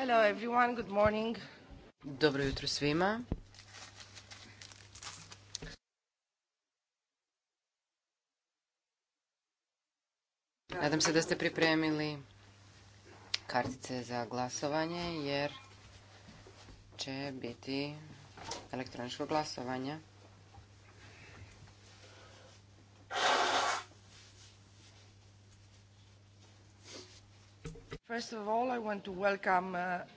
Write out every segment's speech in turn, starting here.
Hello everyone, good morning. Dobro jutro svima. Nadam se da ste pripremili kartice za glasovanje jer će biti elektroničko glasovanje. Uh,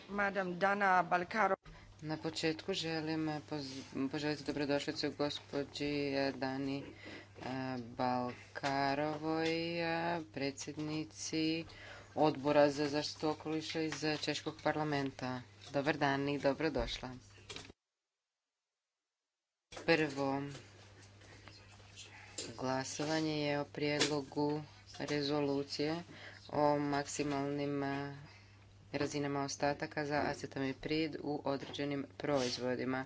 Madam Dana Balkarov. Na početku želim uh, poželjeti dobrodošlicu gospođi uh, Dani Balkarovoj, predsjednici odbora za zaštitu okoliša iz Češkog parlamenta. Dobar dan i dobrodošla. Prvo glasovanje je o prijedlogu rezolucije o maksimalnim e, razinama ostataka za acetamiprid u određenim proizvodima.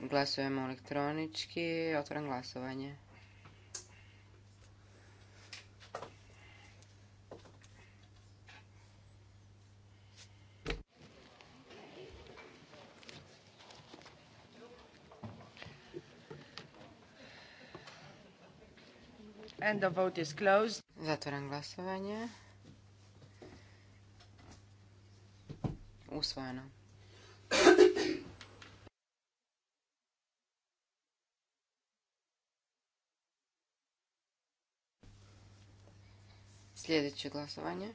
Glasujemo elektronički, otvaram glasovanje. End Zatvaram glasovanje. usvojeno. Sljedeće glasovanje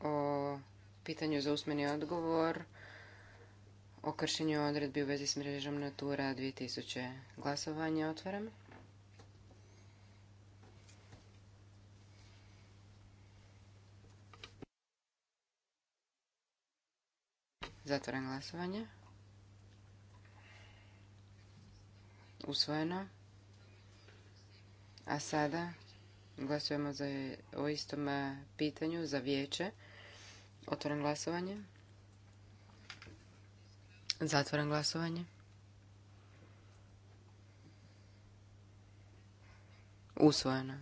o pitanju za usmeni odgovor o kršenju odredbi u vezi s mrežom Natura 2000. Glasovanje otvaram. Zatvoren glasovanje. Usvojeno. A sada glasujemo za, o istom e, pitanju za vijeće. Otvoren glasovanje. Zatvoren glasovanje. Usvojeno.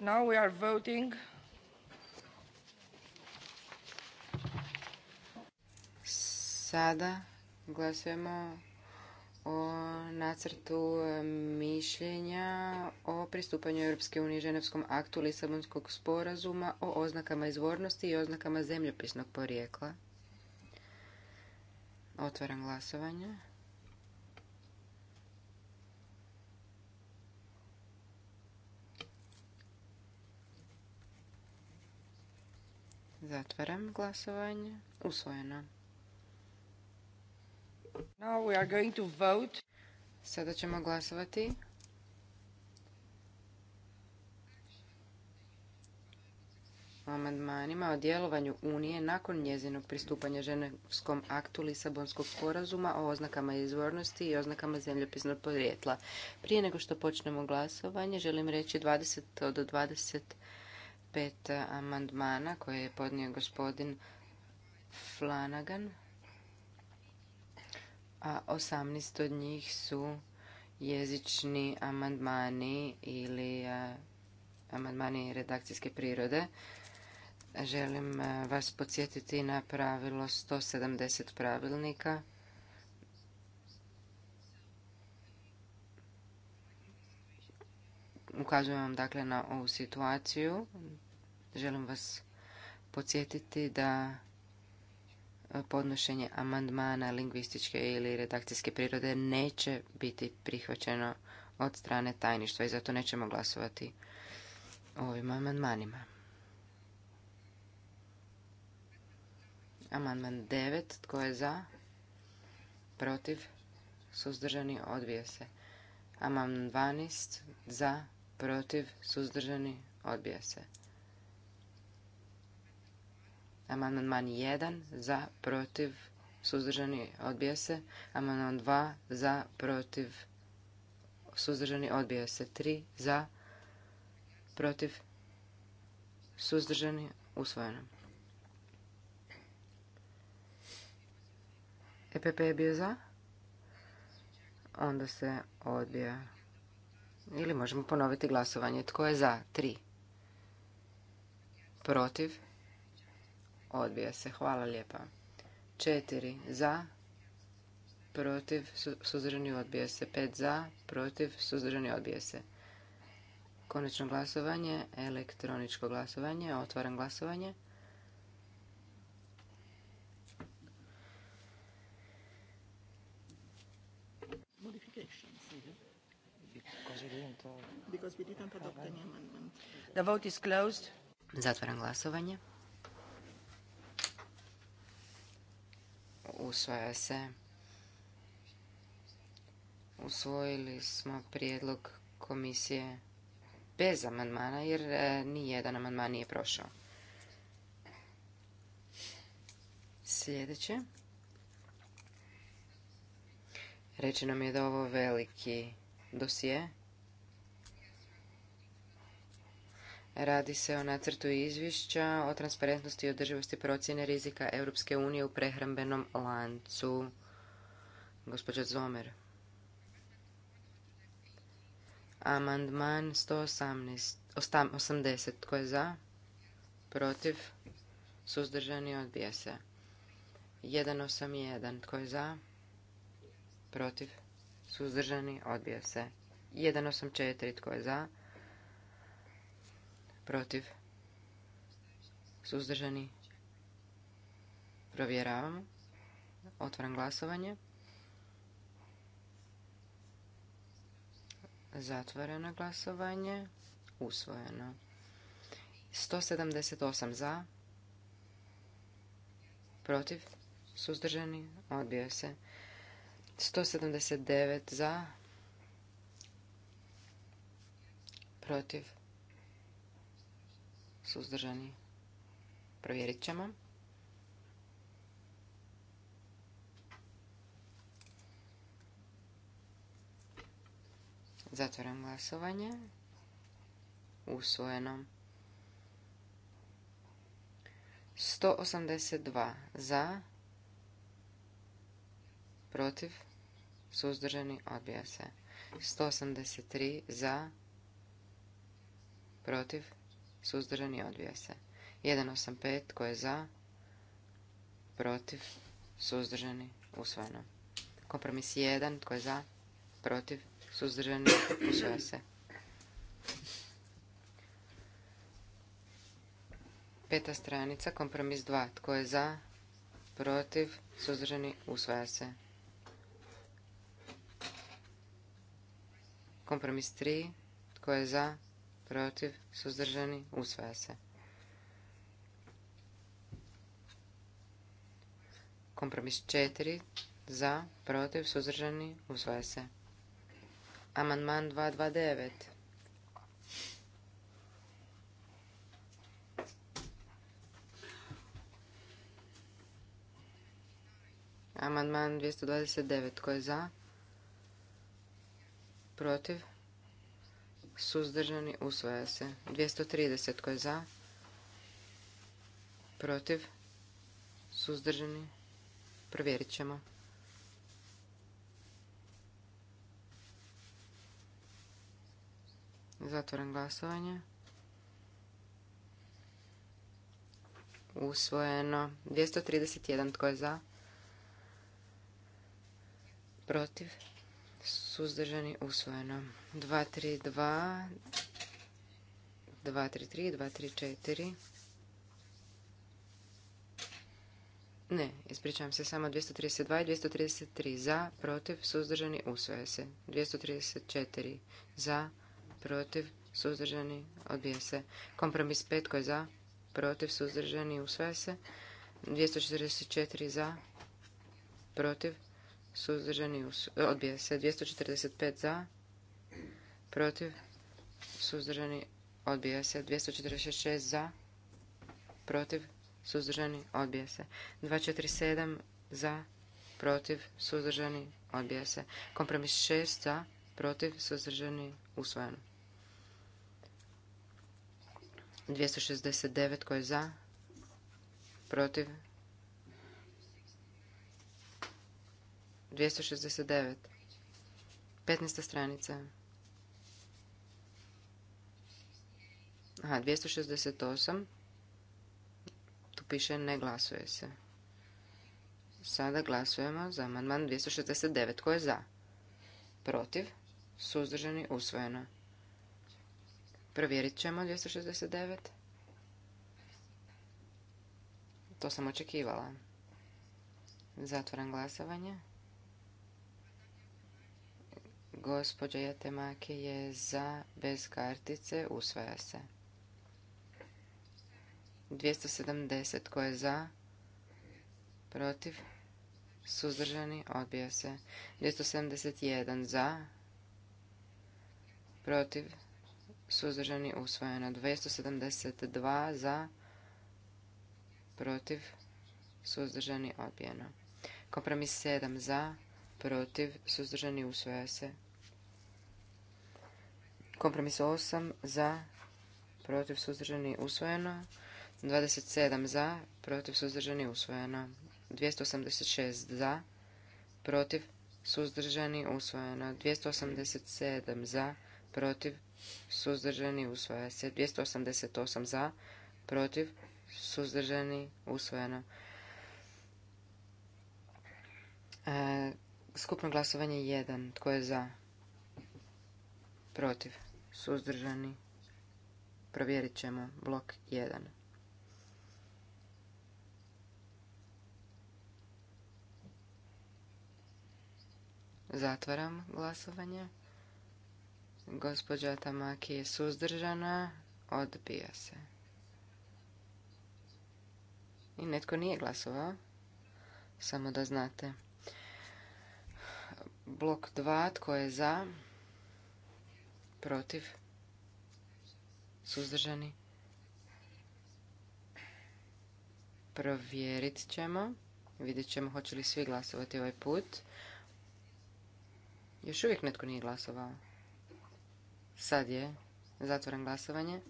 Now we are voting Sada glasujemo o nacrtu e, mišljenja o pristupanju Europske unije ženevskom aktu Lisabonskog sporazuma o oznakama izvornosti i oznakama zemljopisnog porijekla. Otvaram glasovanje. Zatvaram glasovanje. Usvojeno. Now we Sada ćemo glasovati. o amandmanima o djelovanju Unije nakon njezinog pristupanja ženevskom aktu Lisabonskog sporazuma o oznakama izvornosti i oznakama zemljopisnog podrijetla. Prije nego što počnemo glasovanje, želim reći 20 do 25 amandmana koje je podnio gospodin Flanagan a 18 od njih su jezični amandmani ili amandmani redakcijske prirode. Želim vas podsjetiti na pravilo 170 pravilnika. Ukazujem vam dakle na ovu situaciju. Želim vas podsjetiti da podnošenje amandmana lingvističke ili redakcijske prirode neće biti prihvaćeno od strane tajništva i zato nećemo glasovati o ovim amandmanima. Amandman 9. Tko je za? Protiv? Suzdržani? Odbija se. Amandman 12. Za? Protiv? Suzdržani? Odbija se. Amandman 1 za, protiv, suzdržani, odbija se. Amandman 2 za, protiv, suzdržani, odbija se. 3 za, protiv, suzdržani, usvojeno. EPP je bio za? Onda se odbija. Ili možemo ponoviti glasovanje. Tko je za? 3. Protiv? Odbija se. Hvala lijepa. Četiri za, protiv, suzdržani odbija se. 5 za, protiv, suzdržani odbija se. Konačno glasovanje, elektroničko glasovanje, otvaram glasovanje. The Zatvaram glasovanje. usvaja se. Usvojili smo prijedlog komisije bez amandmana jer e, ni jedan amandman nije prošao. Sljedeće. Rečeno mi je da ovo veliki dosije. Radi se o nacrtu izvješća o transparentnosti i održivosti procjene rizika Europske unije u prehrambenom lancu. Gospođa Zomer. Amandman 118. 80. Tko je za? Protiv? Suzdržani odbija se. 181. Tko je za? Protiv? Suzdržani odbija se. 184. Tko je za? protiv, suzdržani, provjeravamo, otvaram glasovanje, zatvoreno glasovanje, usvojeno. 178 za, protiv, suzdržani, odbio se. 179 za, protiv, Suzdržani. Provjerit ćemo. Zatvaram glasovanje. Usvojeno. 182 za, protiv, suzdržani, odbija se. 183 za, protiv, suzdržani, odbija se. 185 tko je za, protiv, suzdržani, usvojeno. Kompromis 1 tko je za, protiv, suzdržani, usvoja se. 5. stranica, kompromis 2 tko je za, protiv, suzdržani, usvaja se. Kompromis 3 tko je za, protiv, suzdržani, usvaja se. Kompromis 4, za, protiv, suzdržani, usvaja se. Amandman 229. Amandman 229. Tko je za? Protiv? suzdržani, usvaja se. 230 tko je za, protiv, suzdržani, provjerit ćemo. Zatvoren glasovanje. Usvojeno. 231. Tko je za? Protiv. Suzdržani. Usvojeno. 232, 233, 234. Ne, ispričavam se, samo 232 i 233. Za, protiv, suzdržani, usvaja se. 234. Za, protiv, suzdržani, odbije se. Kompromis 5 koji je za, protiv, suzdržani, usvaja se. 244 za, protiv, suzdržani, odbija se. 245 za, protiv, suzdržani, odbija se. 246 za, protiv, suzdržani, odbija se. 247 za, protiv, suzdržani, odbija se. Kompromis 6 za, protiv, suzdržani, usvojeno. 269 koji je za, protiv, 269. 15. stranica. Aha, 268. Tu piše ne glasuje se. Sada glasujemo za amandman 269. Ko je za? Protiv? Suzdržani? Usvojeno. Provjerit ćemo 269. To sam očekivala. Zatvoram glasovanje. Gospođa Jatemaki je za bez kartice. Usvaja se. 270. koje je za? Protiv? Suzdržani? Odbija se. 271. Za? Protiv? Suzdržani? Usvojeno. 272. Za? Protiv? Suzdržani? Odbijeno. Kompromis 7. Za? Protiv? Suzdržani? usvoja se. Kompromis 8. Za? Protiv? Suzdržani? Usvojeno. 27 za, protiv suzdržani usvojeno. 286 za, protiv suzdržani usvojeno. 287 za, protiv suzdržani usvojeno. se. 288 za, protiv suzdržani usvojeno. E, skupno glasovanje 1. Tko je za? Protiv. Suzdržani. Provjerit ćemo blok 1. Zatvaram glasovanje. Gospođa Tamaki je suzdržana. Odbija se. I netko nije glasovao. Samo da znate. Blok 2. Tko je za? Protiv? Suzdržani? Provjerit ćemo. Vidjet ćemo hoće li svi glasovati ovaj put. Još uvijek netko nije glasovao. Sad je zatvoren glasovanje.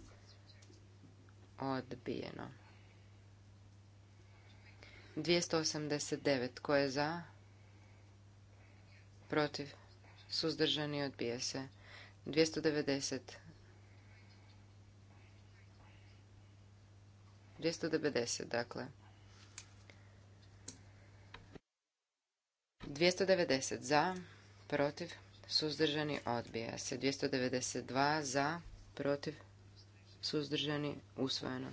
Odbijeno. 289. Ko je za? Protiv. Suzdržani odbije se. 290. 290, dakle. 290 za protiv, suzdržani, odbija se. 292 za, protiv, suzdržani, usvojeno.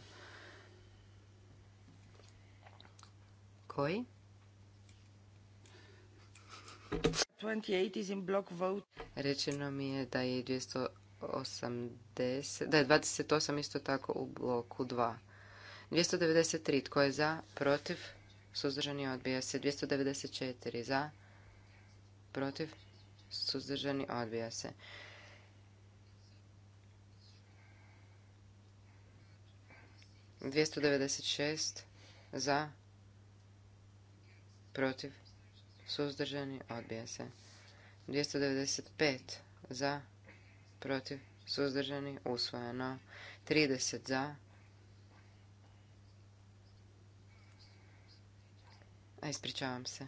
Koji? 28 is in block vote. Rečeno mi je da je 280, da je 28 isto tako u bloku 2. 293 tko je za, protiv, suzdržani odbija se. 294 za, protiv, suzdržani, odbija se. Dvijesto za, protiv, suzdržani, odbija se. 295 za, protiv, suzdržani, usvojeno. Trideset za. A ispričavam se.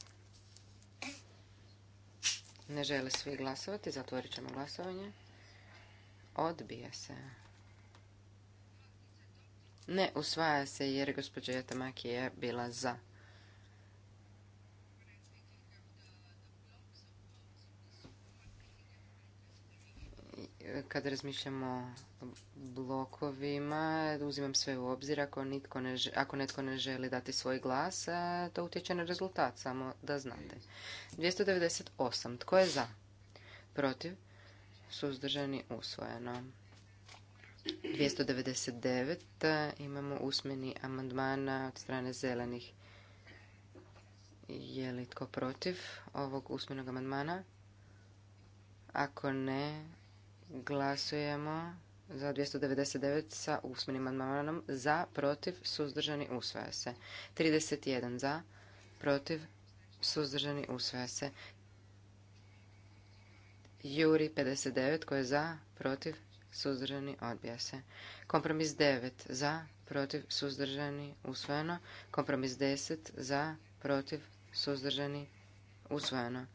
Ne žele svi glasovati, zatvorit ćemo glasovanje. Odbija se. Ne usvaja se jer gospođa Jatamaki je bila za. Kad razmišljamo blokovima, uzimam sve u obzir ako, nitko ako netko ne želi dati svoj glas, to utječe na rezultat, samo da znate. 298. Tko je za? Protiv? Suzdržani usvojeno. 299. Imamo usmeni amandmana od strane zelenih. Je li tko protiv ovog usmenog amandmana? Ako ne, Glasujemo za 299 sa usmenim amandmanom za, protiv, suzdržani, usvaja se. 31 za, protiv, suzdržani, usvaja se. Juri 59 koje je za, protiv, suzdržani, odbija se. Kompromis 9 za, protiv, suzdržani, usvojeno. Kompromis 10 za, protiv, suzdržani, usvojeno.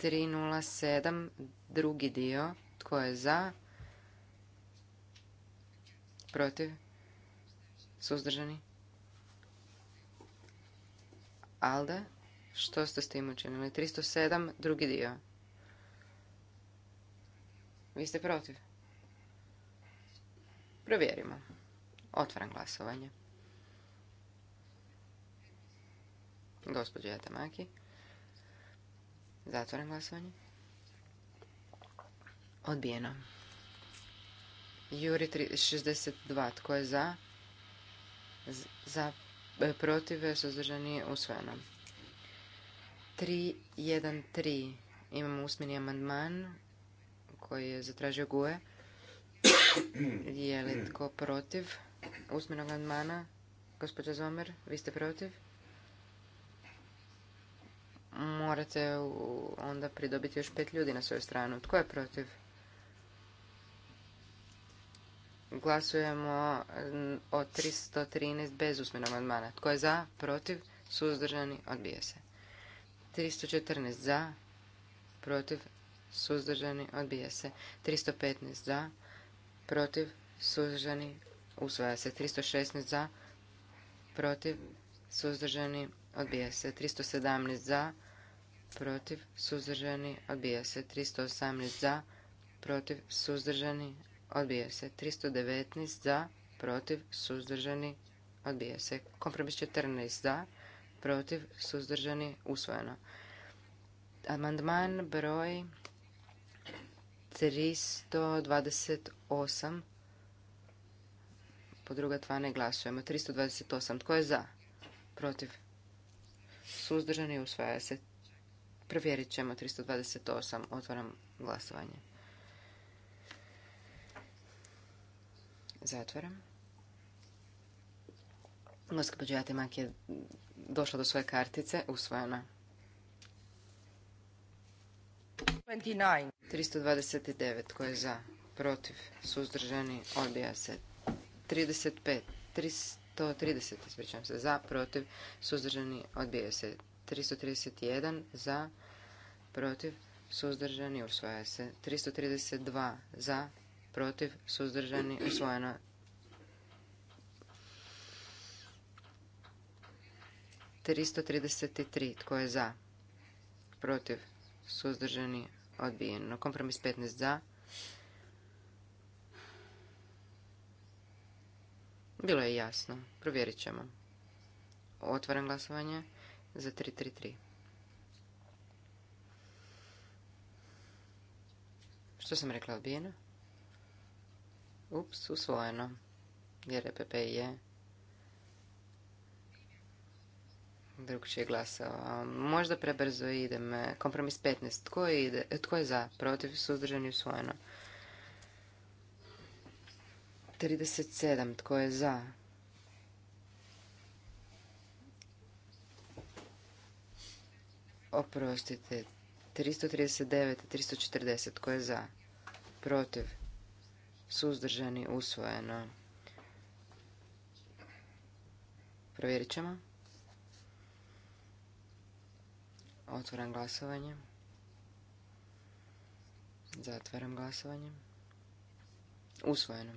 307, drugi dio, tko je za, protiv, suzdržani. Alda, što ste s tim učinili? 307, drugi dio. Vi ste protiv? Provjerimo. Otvaram glasovanje. Gospođo Jatamaki. Zatvoren glasovanje. Odbijeno. Juri 62. Tko je za? Za e, protiv suzdržani usvojeno. 3.1.3. Imamo usmeni amandman koji je zatražio guje je li tko protiv usmenog amandmana? Gospođa Zomer, vi ste protiv? morate onda pridobiti još pet ljudi na svoju stranu. Tko je protiv? Glasujemo mm, o 313 bez usmenog amandmana. Tko je za? Protiv? Suzdržani? Odbije se. 314 za? Protiv? Suzdržani? Odbije se. 315 za? Protiv? Suzdržani? Usvaja se. 316 za? Protiv? Suzdržani? Odbije se. 317 za? protiv, suzdržani, odbija se. 318 za, protiv, suzdržani, odbija se. 319 za, protiv, suzdržani, odbija se. Kompromis 14 za, protiv, suzdržani, usvojeno. Amandman broj 328. Po druga tva ne glasujemo. 328. Tko je za? Protiv. Suzdržani usvaja se. Provjerit ćemo 328. Otvaram glasovanje. Zatvaram. Gospođa Jatimak je došla do svoje kartice, usvojena. 329. Tko je za? Protiv? Suzdržani? Odbija se. 35. 330. Ispričavam se. Za? Protiv? Suzdržani? Odbija se. 331 za, protiv, suzdržani, usvaja se. 332 za, protiv, suzdržani, usvojeno. Tristo trideset Tko je za? Protiv. Suzdržani. Odbijeno. Kompromis 15 za. Bilo je jasno. Provjerit ćemo. Otvaram glasovanje za 3-3-3. Što sam rekla odbijeno? Ups, usvojeno. Jer EPP je drugčije glasao. Možda prebrzo idem. Kompromis 15. Tko je, Tko je za? Protiv? Suzdržan i usvojeno. 37. Tko je za? Oprostite. 339 i 340. Tko je za? Protiv. Suzdržani. Usvojeno. Provjerit ćemo. Otvaram glasovanje. Zatvaram glasovanje. Usvojeno.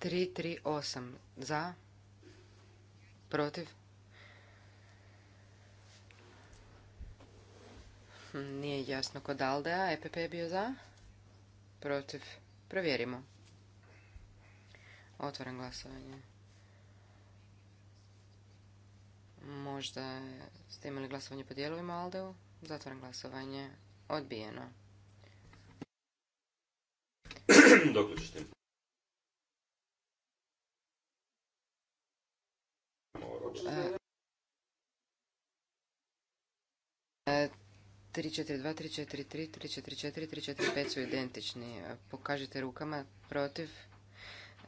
338 za. Protiv? Nije jasno kod Aldea. EPP je bio za? Protiv? Provjerimo. Otvoram glasovanje. Možda ste imali glasovanje po dijelovima Aldeu? Zatvoram glasovanje. Odbijeno. ćete. 3, 4, 2, 3, 4, 3 3, 4, 4, 3, 4, 5 su identični pokažite rukama protiv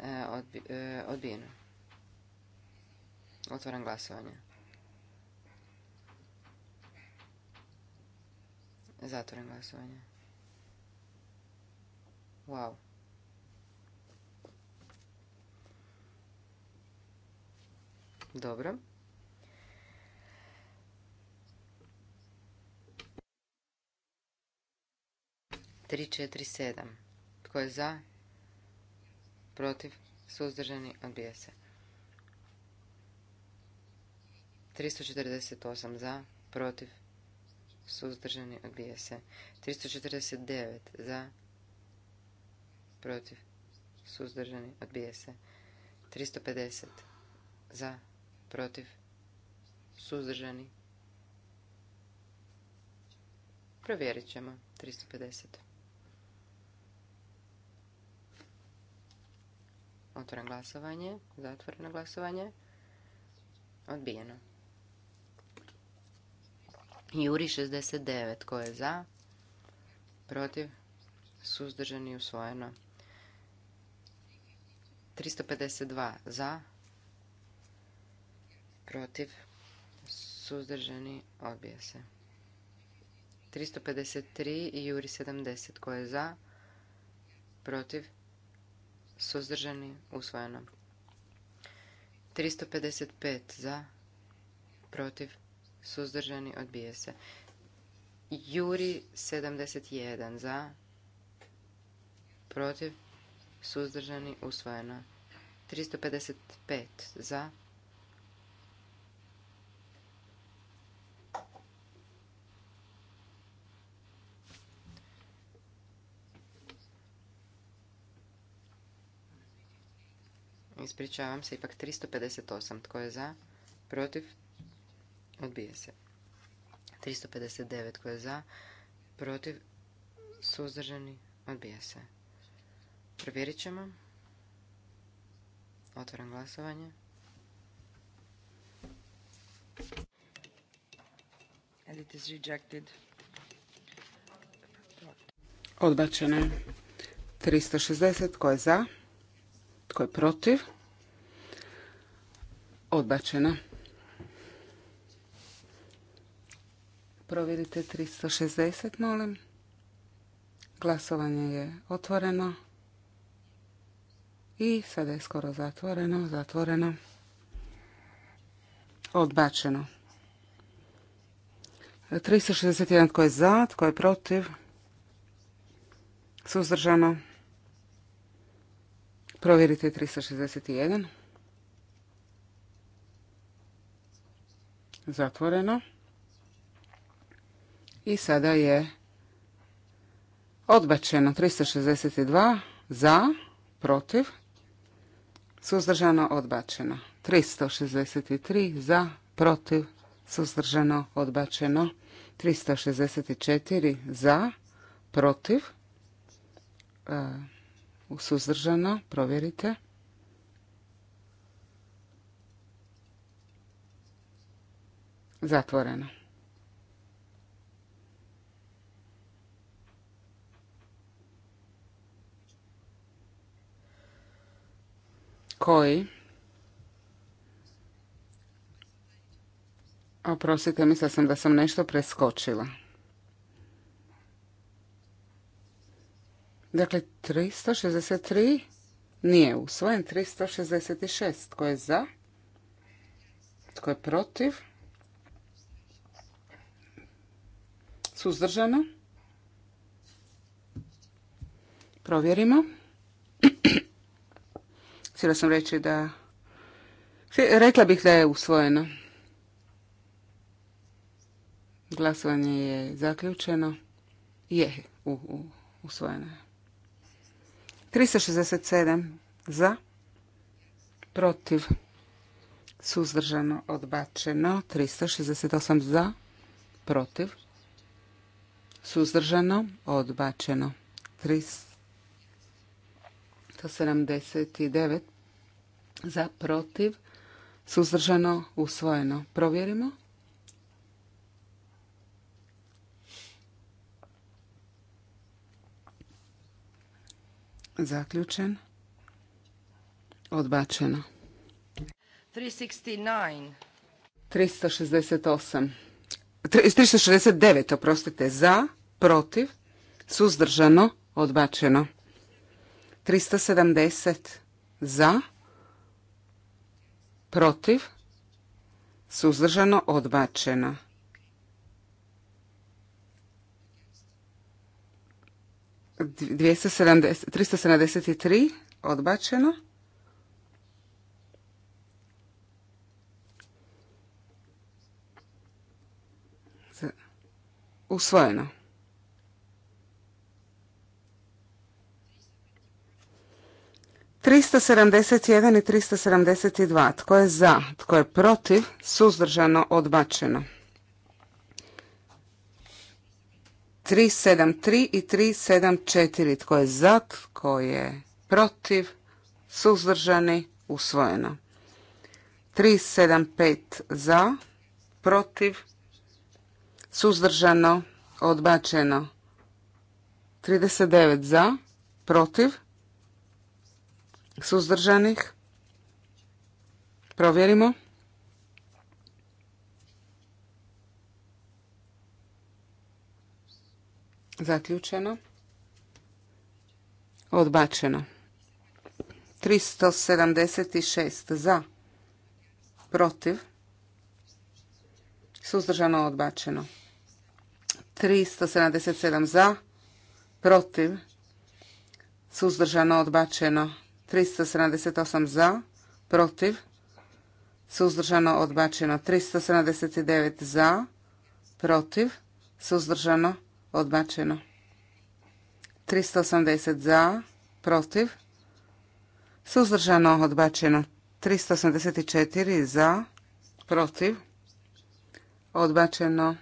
e, e, odbijenu otvoran glasovanje Zatvorim glasovanje uau Dobro. Tri, četiri, sedam. Tko je za? Protiv? Suzdržani? Odbija se. 348 za, protiv, suzdržani, odbija se. 349 za, protiv, suzdržani, odbija se. 350 za, protiv, suzdržani. Provjerit ćemo 350. Otvoreno glasovanje, zatvoreno glasovanje, odbijeno. Juri 69, ko je za, protiv, suzdržani, usvojeno. 352 za, protiv, suzdržani, odbija se. 353 i juri 70 koje je za, protiv, suzdržani, usvojeno. 355 za, protiv, suzdržani, odbije se. Juri 71 za, protiv, suzdržani, usvojeno. 355 za, Ispričavam se, ipak 358. Tko je za? Protiv? Odbije se. 359. Tko je za? Protiv? Suzdržani? Odbija se. Provjerit ćemo. Otvoram glasovanje. is rejected. Odbačeno je. 360. Tko je za? Tko je protiv? Odbačeno. Provjerite 360, molim. Glasovanje je otvoreno. I sada je skoro zatvoreno, zatvoreno. Odbačeno. 361 tko je za, tko je protiv. Suzdržano. Provjerite 361. Zatvoreno. I sada je odbačeno 362 za, protiv, suzdržano odbačeno. 363 za, protiv, suzdržano odbačeno. 364 za, protiv, Suzdržano? Provjerite. Zatvoreno. Koji? Oprostite, mislila sam da sam nešto preskočila. Dakle, 363 nije usvojen. 366. Tko je za? Tko je protiv? Suzdržano? Provjerimo. Htjela sam reći da... Rekla bih da je usvojeno. Glasovanje je zaključeno. Je, u, usvojeno je. 367 za, protiv, suzdržano, odbačeno. 368 za, protiv, suzdržano, odbačeno. 379 za, protiv, suzdržano, usvojeno. Provjerimo. Zaključen. Odbačeno. 369. 369, oprostite, za, protiv, suzdržano, odbačeno. 370 za, protiv, suzdržano, odbačeno. 373 odbačeno. Usvojeno. tristo sedamdeset jedan i tristo sedamdeset dva Tko je za? Tko je protiv? Suzdržano odbačeno. 373 i 374. Tko je za, tko je protiv, suzdržani, usvojeno. 375 za, protiv, suzdržano, odbačeno. 39 za, protiv, suzdržanih. Provjerimo. Zaključeno. Odbačeno. 376 za. Protiv. Suzdržano odbačeno. 377 za. Protiv. Suzdržano odbačeno. 378 za. Protiv. Suzdržano odbačeno. 379 za. Protiv. Suzdržano odbačeno Odbačeno. 380 za, protiv. Suzdržano odbačeno. 384 za, protiv. Odbačeno.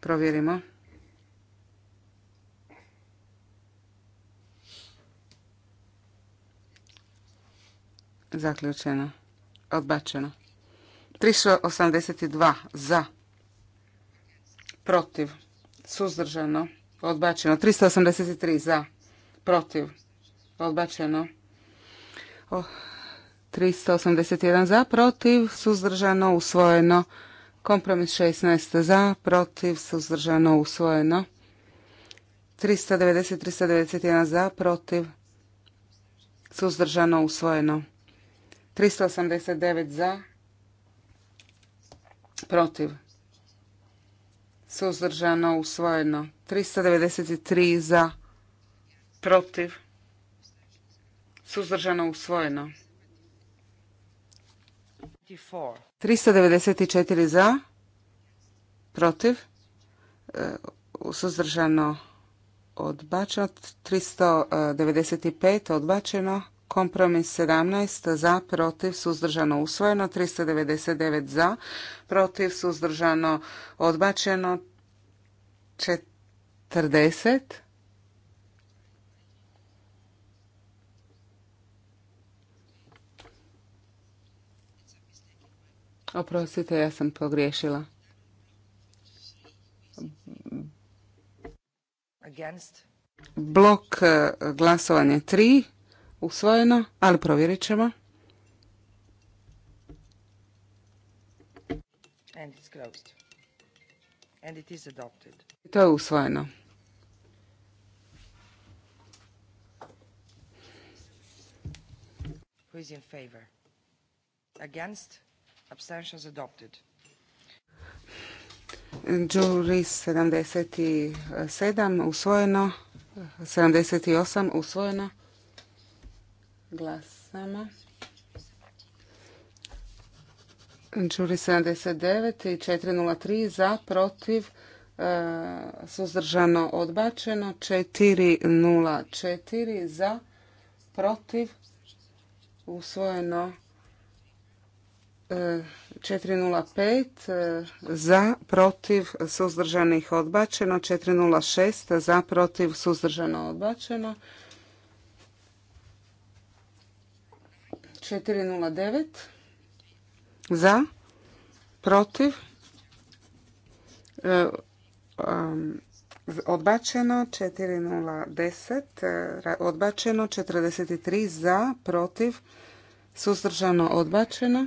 Provjerimo. Zaključeno. Odbačeno. 382 za, protiv suzdržano, odbačeno. 383 za, protiv, odbačeno. Oh, 381 za, protiv, suzdržano, usvojeno. Kompromis 16 za, protiv, suzdržano, usvojeno. 390, 391 za, protiv, suzdržano, usvojeno. 389 za, protiv, suzdržano, usvojeno. 393 za, protiv, suzdržano, usvojeno. 394 za, protiv, e, suzdržano, odbačeno. 395 odbačeno. Kompromis 17 za, protiv, suzdržano usvojeno, 399 za, protiv, suzdržano odbačeno, 40. Oprostite, ja sam pogriješila. Blok glasovanje 3 usvojeno, ali provjerit ćemo. And it's closed. And it is adopted. To je usvojeno. Who is in favor? Against? Abstentions adopted. Jury 77 usvojeno, 78 usvojeno. Glasamo. Čuli 79 i 403 e, e, e, za, protiv, suzdržano odbačeno, 404 za, protiv, usvojeno 405 za, protiv, suzdržanih odbačeno, 406 za, protiv, suzdržano odbačeno, 409 za, protiv, e, odbačeno 4010, e, odbačeno 43 za, protiv, suzdržano odbačeno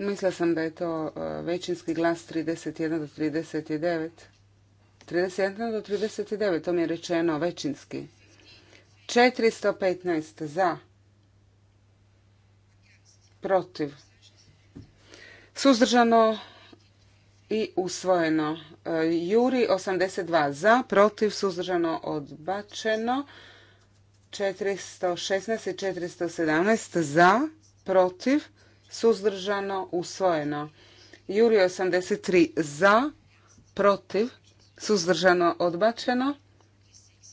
Mislila sam da je to e, većinski glas 31 do 39. 31 do 39, to mi je rečeno većinski. 415 za. Protiv. Suzdržano i usvojeno. E, Juri 82 za, protiv, suzdržano, odbačeno. 416 i 417 za, protiv, suzdržano, usvojeno. Julio 83 za, protiv, suzdržano, odbačeno.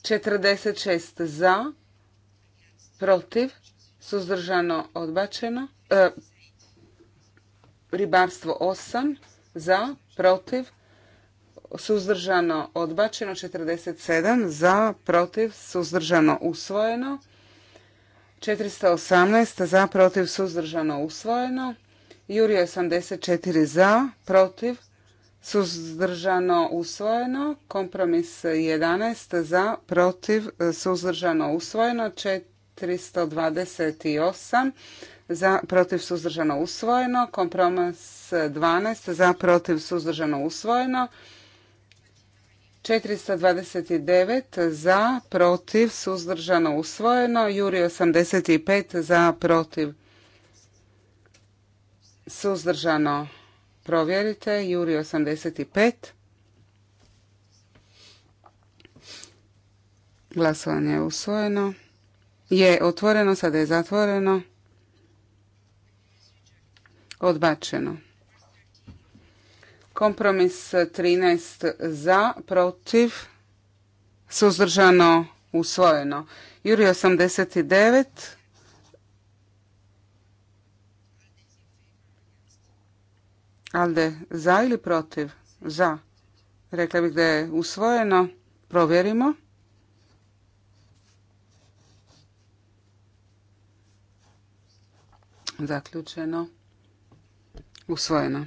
46 za, protiv, suzdržano, odbačeno. E, ribarstvo 8 za, protiv, suzdržano, odbačeno. 47 za, protiv, suzdržano, usvojeno. 418 za, protiv, suzdržano, usvojeno. Juri 84 za, protiv, suzdržano, usvojeno. Kompromis 11 za, protiv, suzdržano, usvojeno. 428 za, protiv, suzdržano, usvojeno. Kompromis 12 za, protiv, suzdržano, usvojeno. 429 za, protiv, suzdržano usvojeno. Juri 85 za, protiv, suzdržano provjerite. Juri 85. Glasovanje je usvojeno. Je otvoreno, sada je zatvoreno. Odbačeno. Kompromis 13 za, protiv, suzdržano, usvojeno. Juri 89. Alde, za ili protiv? Za. Rekla bih da je usvojeno. Provjerimo. Zaključeno. Usvojeno.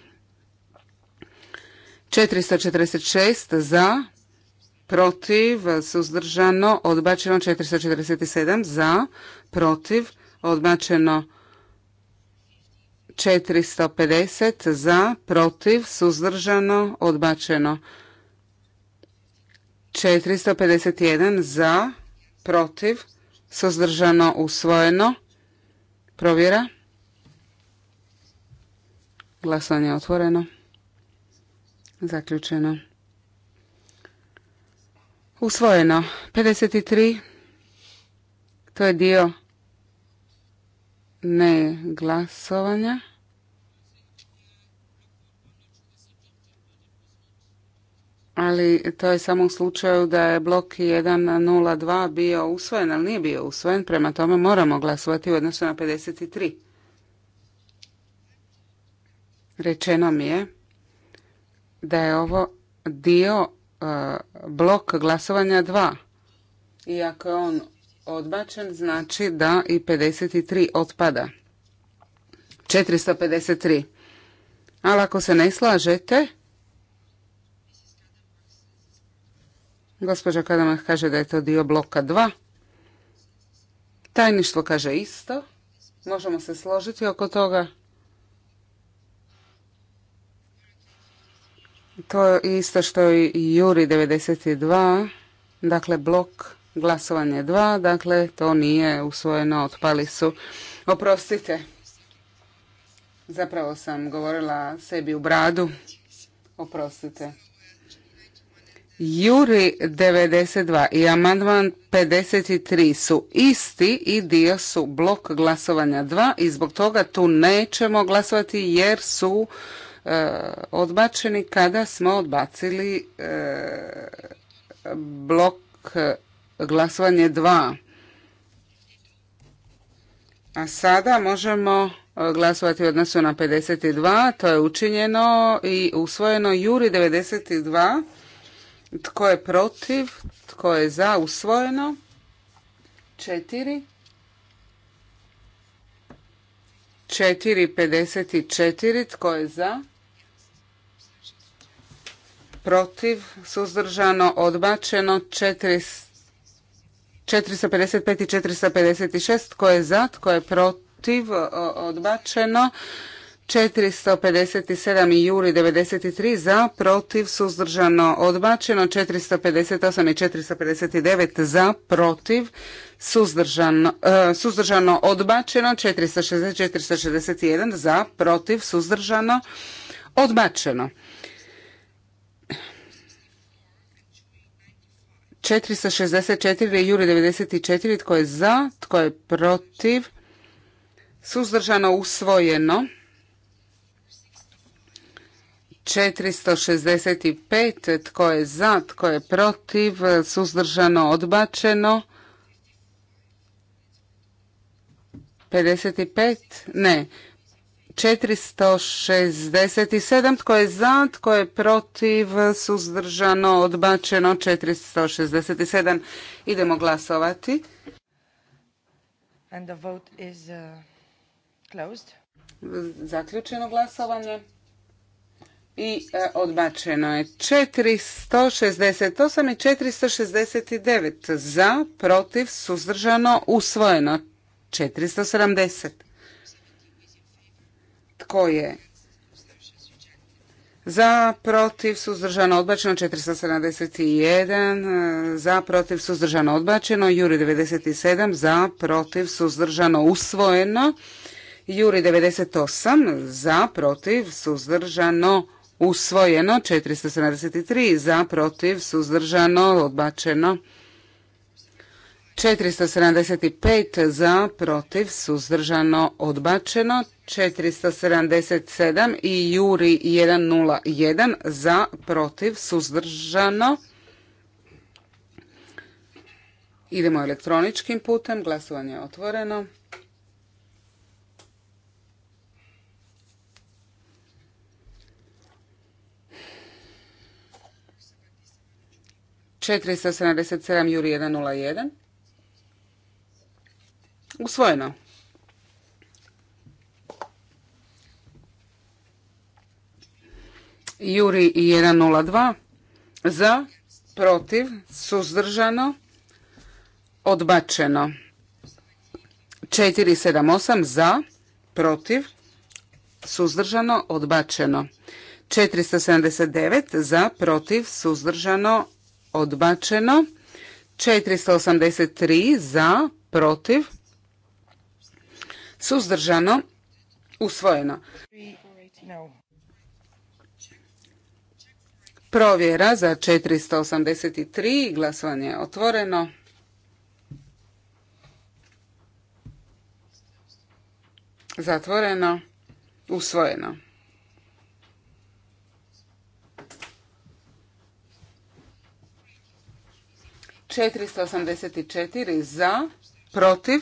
446 za, protiv, suzdržano, odbačeno 447 za, protiv, odbačeno 450 za, protiv, suzdržano, odbačeno 451 za, protiv, suzdržano, usvojeno. Provjera. Glasovanje otvoreno. Zaključeno. Usvojeno. 53. To je dio ne glasovanja. Ali to je samo u slučaju da je blok 1.02 bio usvojen, ali nije bio usvojen, prema tome moramo glasovati u odnosu na 53. Rečeno mi je da je ovo dio e, blok glasovanja 2. Iako je on odbačen, znači da i 53 otpada. 453. Ali ako se ne slažete, gospođa Kadamah kaže da je to dio bloka 2. Tajništvo kaže isto. Možemo se složiti oko toga. To je isto što i Juri 92, dakle blok glasovanje 2, dakle to nije usvojeno, otpali su. Oprostite, zapravo sam govorila sebi u bradu, oprostite. Juri 92 i amandman 53 su isti i dio su blok glasovanja 2 i zbog toga tu nećemo glasovati jer su E, odbačeni kada smo odbacili e, blok e, glasovanje 2. A sada možemo glasovati u odnosu na 52. To je učinjeno i usvojeno Juri 92. Tko je protiv? Tko je za? Usvojeno. Četiri. 4. četiri Tko je za? protiv, suzdržano, odbačeno, 455 i 456, tko je za, tko je protiv, odbačeno. 457 i juri 93 za, protiv, suzdržano, odbačeno. 458 i 459 za, protiv, suzdržano, e, suzdržano odbačeno. 460 461 za, protiv, suzdržano, odbačeno. 464 jure Juri 94. Tko je za? Tko je protiv? Suzdržano usvojeno. 465. Tko je za? Tko je protiv? Suzdržano odbačeno. 55. Ne. 467. Tko je za? Tko je protiv? Suzdržano? Odbačeno? 467. Idemo glasovati. And the vote is uh, closed. Zaključeno glasovanje. I e, odbačeno je 468 i 469. Za, protiv, suzdržano, usvojeno. 470 koje je? Za, protiv, suzdržano, odbačeno, 471. Za, protiv, suzdržano, odbačeno. Juri 97. Za, protiv, suzdržano, usvojeno. Juri 98. Za, protiv, suzdržano, usvojeno. 473. Za, protiv, suzdržano, odbačeno. 475 za, protiv, suzdržano, odbačeno. 477 i Juri 101 za, protiv, suzdržano. Idemo elektroničkim putem, glasovanje je otvoreno. 477 sedamdeset juri 1.0.1. Usvojeno. Juri 102 za, protiv, suzdržano, odbačeno. 478 za, protiv, suzdržano, odbačeno. 479 za, protiv, suzdržano, odbačeno. 483 za, protiv, Suzdržano? Usvojeno. Provjera za 483. Glasovanje je otvoreno. Zatvoreno. Usvojeno. Četiristo osamdeset četiri za, protiv,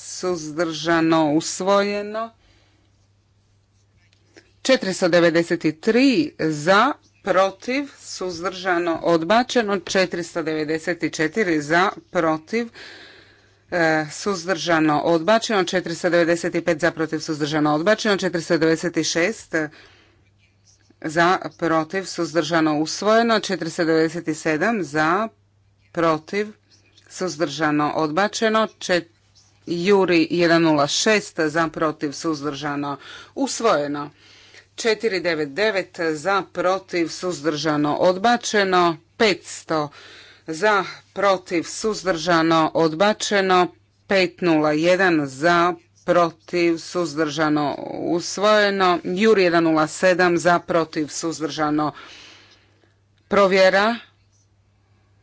suzdržano, usvojeno. 493 za, protiv, suzdržano, odbačeno. 494 e, za, protiv, suzdržano, odbačeno. 495 za, protiv, suzdržano, odbačeno. 496 za, protiv, suzdržano, usvojeno. 497 za, protiv, suzdržano, odbačeno. Juri 106 za protiv suzdržano usvojeno. 499 za protiv suzdržano odbačeno. 500 za protiv suzdržano odbačeno. 501 za protiv suzdržano usvojeno. Juri 107 za protiv suzdržano provjera.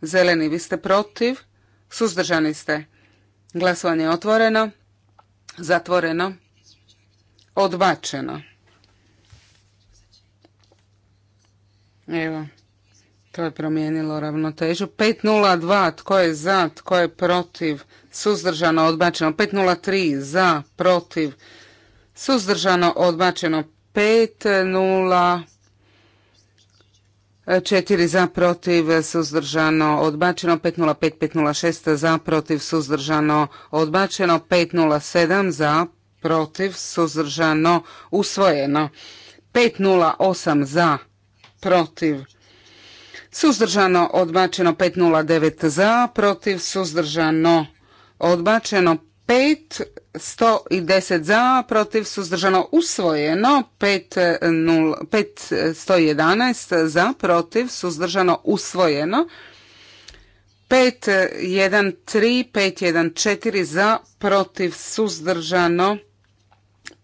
Zeleni vi ste protiv. Suzdržani ste. Glasovanje je otvoreno. Zatvoreno. Odbačeno. Evo. To je promijenilo ravnotežu. 502. Tko je za? Tko je protiv? Suzdržano odbačeno. 503. Za? Protiv? Suzdržano odbačeno. 50. 4 za protiv suzdržano odbačeno, 505, 506 za protiv suzdržano odbačeno, 507 za protiv suzdržano usvojeno, 508 za protiv suzdržano odbačeno, 509 za protiv suzdržano odbačeno, 5 110 za, protiv suzdržano usvojeno, 511 za, protiv suzdržano usvojeno, 513, 514 za, protiv suzdržano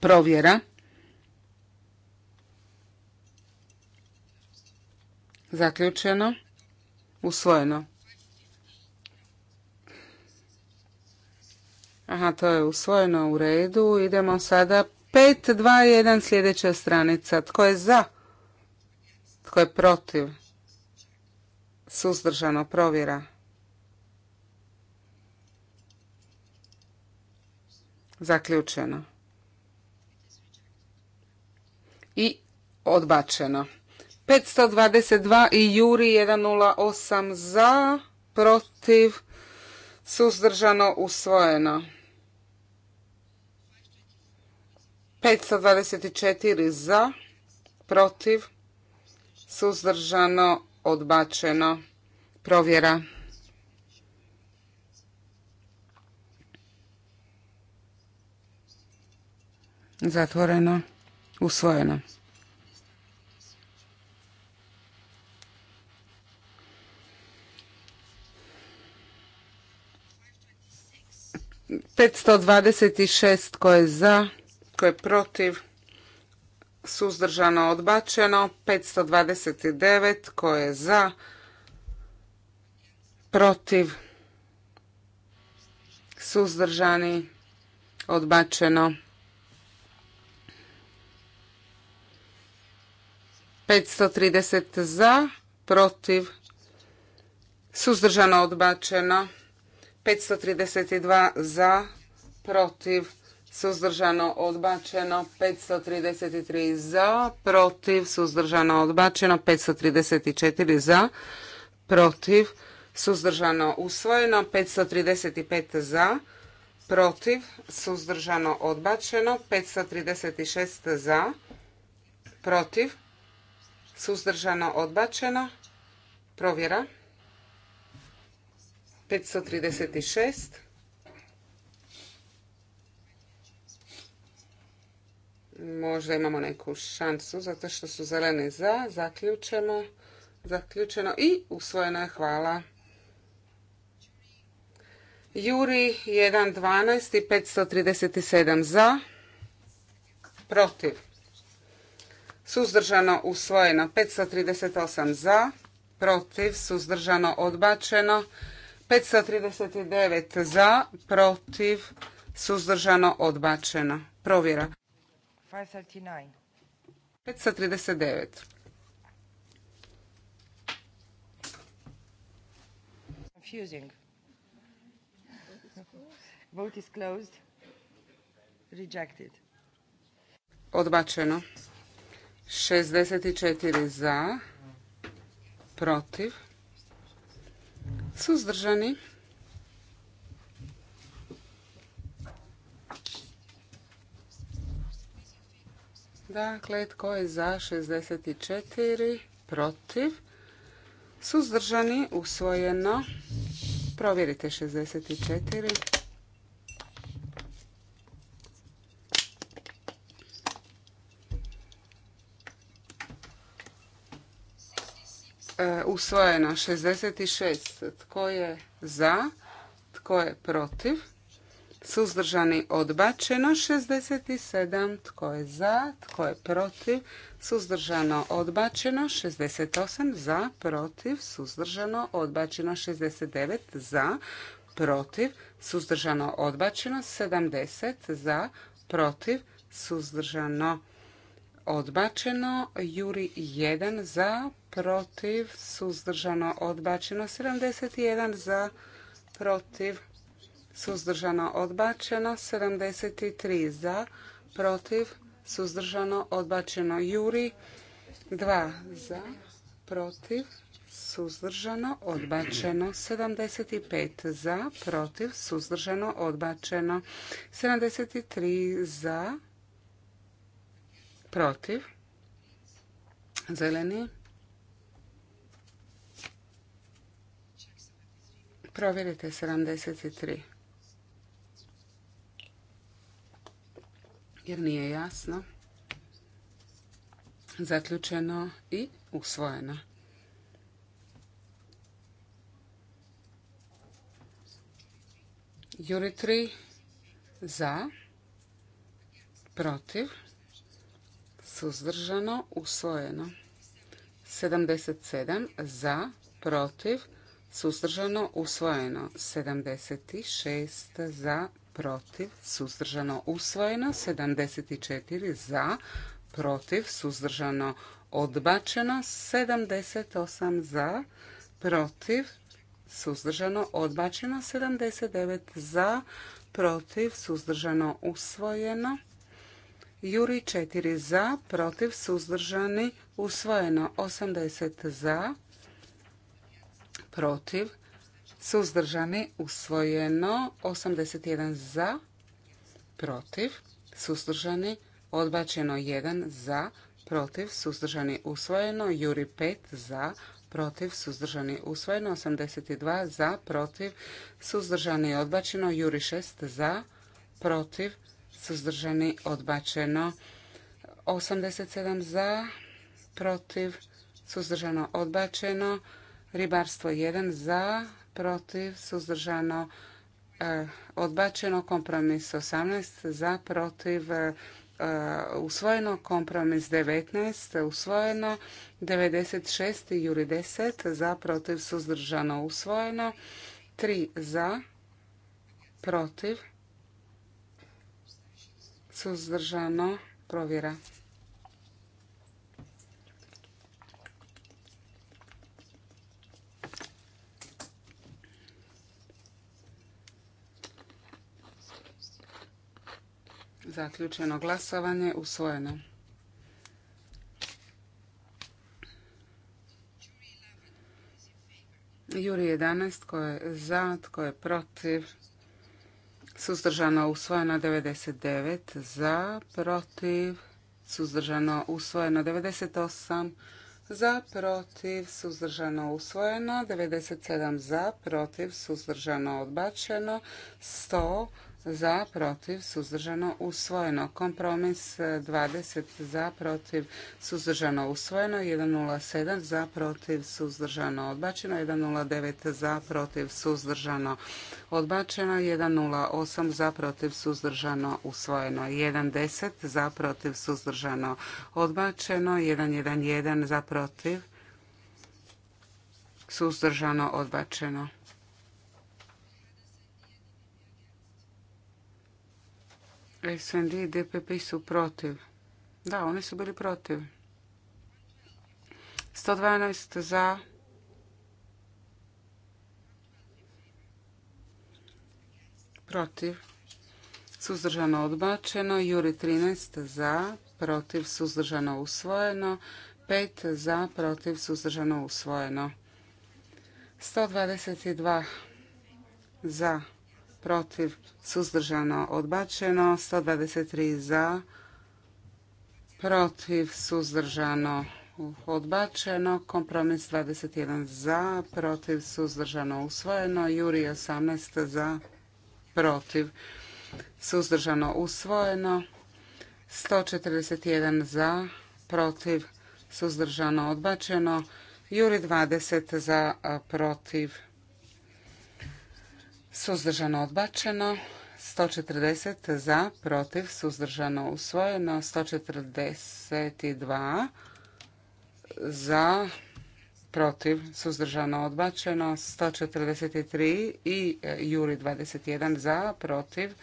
provjera. Zaključeno, usvojeno. Aha, to je usvojeno u redu. Idemo sada 521 sljedeća stranica. Tko je za? Tko je protiv? Suzdržano provjera. Zaključeno. I odbačeno. 522 i Juri 108 za, protiv, suzdržano, usvojeno. 524 za, protiv, suzdržano, odbačeno. Provjera. Zatvoreno, usvojeno. Petsto dvadeset šest tko je za tko je protiv? Suzdržano odbačeno. 529. Tko je za? Protiv? Suzdržani? Odbačeno. 530 za, protiv, suzdržano odbačeno, 532 za, protiv, suzdržano odbačeno 533 za, protiv suzdržano odbačeno 534 za, protiv suzdržano usvojeno 535 za, protiv suzdržano odbačeno 536 za, protiv suzdržano odbačeno provjera 536 Možda imamo neku šansu, zato što su zeleni za, zaključeno, zaključeno i usvojeno je, hvala. Juri 1.12 i 537 za, protiv, suzdržano usvojeno 538 za, protiv, suzdržano odbačeno 539 za, protiv, suzdržano odbačeno. Provjera. 539. 539. Confusing. Vote is closed. Rejected. Odbačeno. 64 za, protiv, suzdržani. Dakle, tko je za 64, protiv, suzdržani, usvojeno. Provjerite 64. E, usvojeno 66. Tko je za? Tko je protiv? suzdržani odbačeno 67 tko je za tko je protiv suzdržano odbačeno 68 za protiv suzdržano odbačeno 69 za protiv suzdržano odbačeno 70 za protiv suzdržano odbačeno Juri 1 za protiv suzdržano odbačeno 71 za protiv suzdržano odbačeno 73 za protiv suzdržano odbačeno juri 2 za protiv suzdržano odbačeno 75 za protiv suzdržano odbačeno 73 za protiv zeleni provjerite 73 jer nije jasno. Zaključeno i usvojeno. Juri 3 za, protiv, suzdržano, usvojeno. 77 za, protiv, suzdržano, usvojeno. 76 za, protiv, suzdržano usvojeno, 74 za, protiv, suzdržano odbačeno, 78 za, protiv, suzdržano odbačeno, 79 za, protiv, suzdržano usvojeno, Juri 4 za, protiv, suzdržani, usvojeno 80 za, protiv, suzdržani, usvojeno, 81 za, protiv, suzdržani, odbačeno 1 za, protiv, suzdržani, usvojeno, Juri 5 za, protiv, suzdržani, usvojeno, 82 za, protiv, suzdržani, odbačeno, Juri 6 za, protiv, suzdržani, odbačeno, 87 za, protiv, suzdržano, odbačeno, ribarstvo 1 za, protiv, suzdržano, e, odbačeno. Kompromis 18 za, protiv, e, e, usvojeno. Kompromis 19 usvojeno. 96 juri 10 za, protiv, suzdržano, usvojeno. 3 za, protiv, suzdržano, provjera. Zaključeno glasovanje. Usvojeno. Juri 11. Tko je za? Tko je protiv? Suzdržano usvojeno 99. Za? Protiv? Suzdržano usvojeno 98. Za, protiv, suzdržano, usvojeno. 97 za, protiv, suzdržano, odbačeno. 100 za, protiv, suzdržano, usvojeno. Kompromis 20 e, za, protiv, suzdržano, usvojeno. 107 za, protiv, suzdržano, odbačeno. 109 za, protiv, suzdržano, odbačeno. 108 za, protiv, suzdržano, usvojeno. 110 za, protiv, suzdržano, odbačeno. 111 za, protiv, suzdržano, odbačeno. SND i DPP su protiv. Da, oni su bili protiv. 112 za. Protiv. Suzdržano odbačeno. Juri 13 za. Protiv. Suzdržano usvojeno. 5 za. Protiv. Suzdržano usvojeno. 122 za protiv, suzdržano, odbačeno. 123 za, protiv, suzdržano, odbačeno. Kompromis 21 za, protiv, suzdržano, usvojeno. Juri 18 za, protiv, suzdržano, usvojeno. 141 za, protiv, suzdržano, odbačeno. Juri 20 za, protiv, Suzdržano odbačeno. 140 za, protiv, suzdržano usvojeno. 142 za, protiv, suzdržano odbačeno. 143 i e, Juri 21 za, protiv,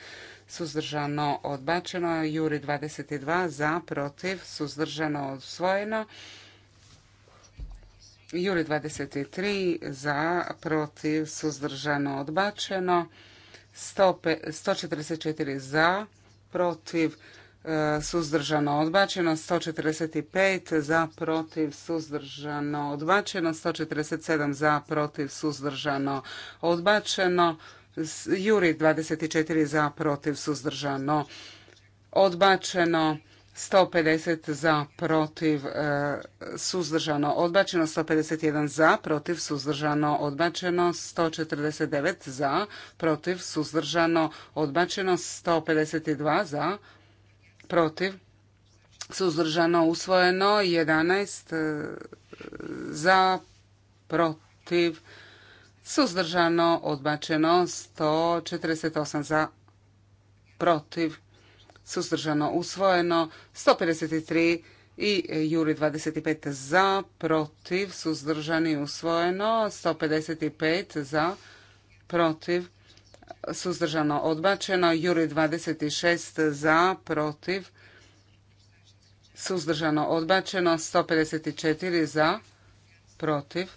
suzdržano odbačeno. Juri 22 za, protiv, suzdržano usvojeno. Juri 23 za, protiv, suzdržano, odbačeno. 144 e, za, protiv, suzdržano, odbačeno. 145 za, protiv, suzdržano, odbačeno. 147 za, protiv, suzdržano, odbačeno. Juri 24 za, protiv, suzdržano, odbačeno. 150 e, za, protiv, suzdržano, odbačeno. 151 za, protiv, suzdržano, odbačeno. 149 e, za, protiv, suzdržano, odbačeno. 152 za, protiv, suzdržano, usvojeno. 11 za, protiv, suzdržano, odbačeno. 148 za, protiv, suzdržano usvojeno, 153 i Juri 25 za, protiv, suzdržani usvojeno, 155 za, protiv, suzdržano odbačeno, Juri 26 za, protiv, suzdržano odbačeno, 154 za, protiv,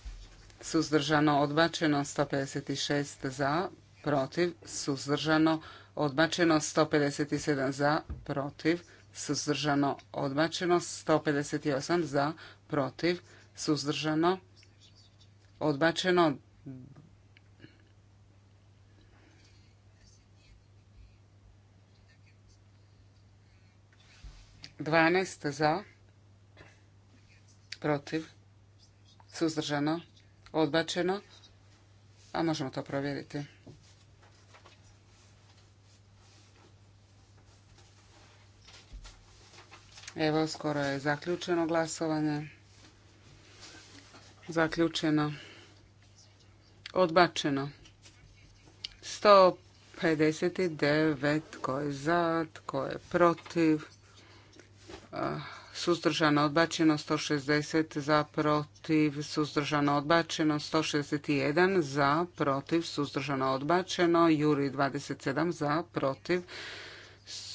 suzdržano odbačeno, 156 za, protiv, suzdržano odbačeno odbačeno 157 za, protiv, suzdržano, odbačeno 158 za, protiv, suzdržano, odbačeno 12 za, protiv, suzdržano, odbačeno, a možemo to provjeriti. Evo, skoro je zaključeno glasovanje. Zaključeno. Odbačeno. 159. Tko je za? Tko je protiv? Suzdržano odbačeno 160 za protiv, suzdržano odbačeno 161 za protiv, suzdržano odbačeno, Juri 27 za protiv,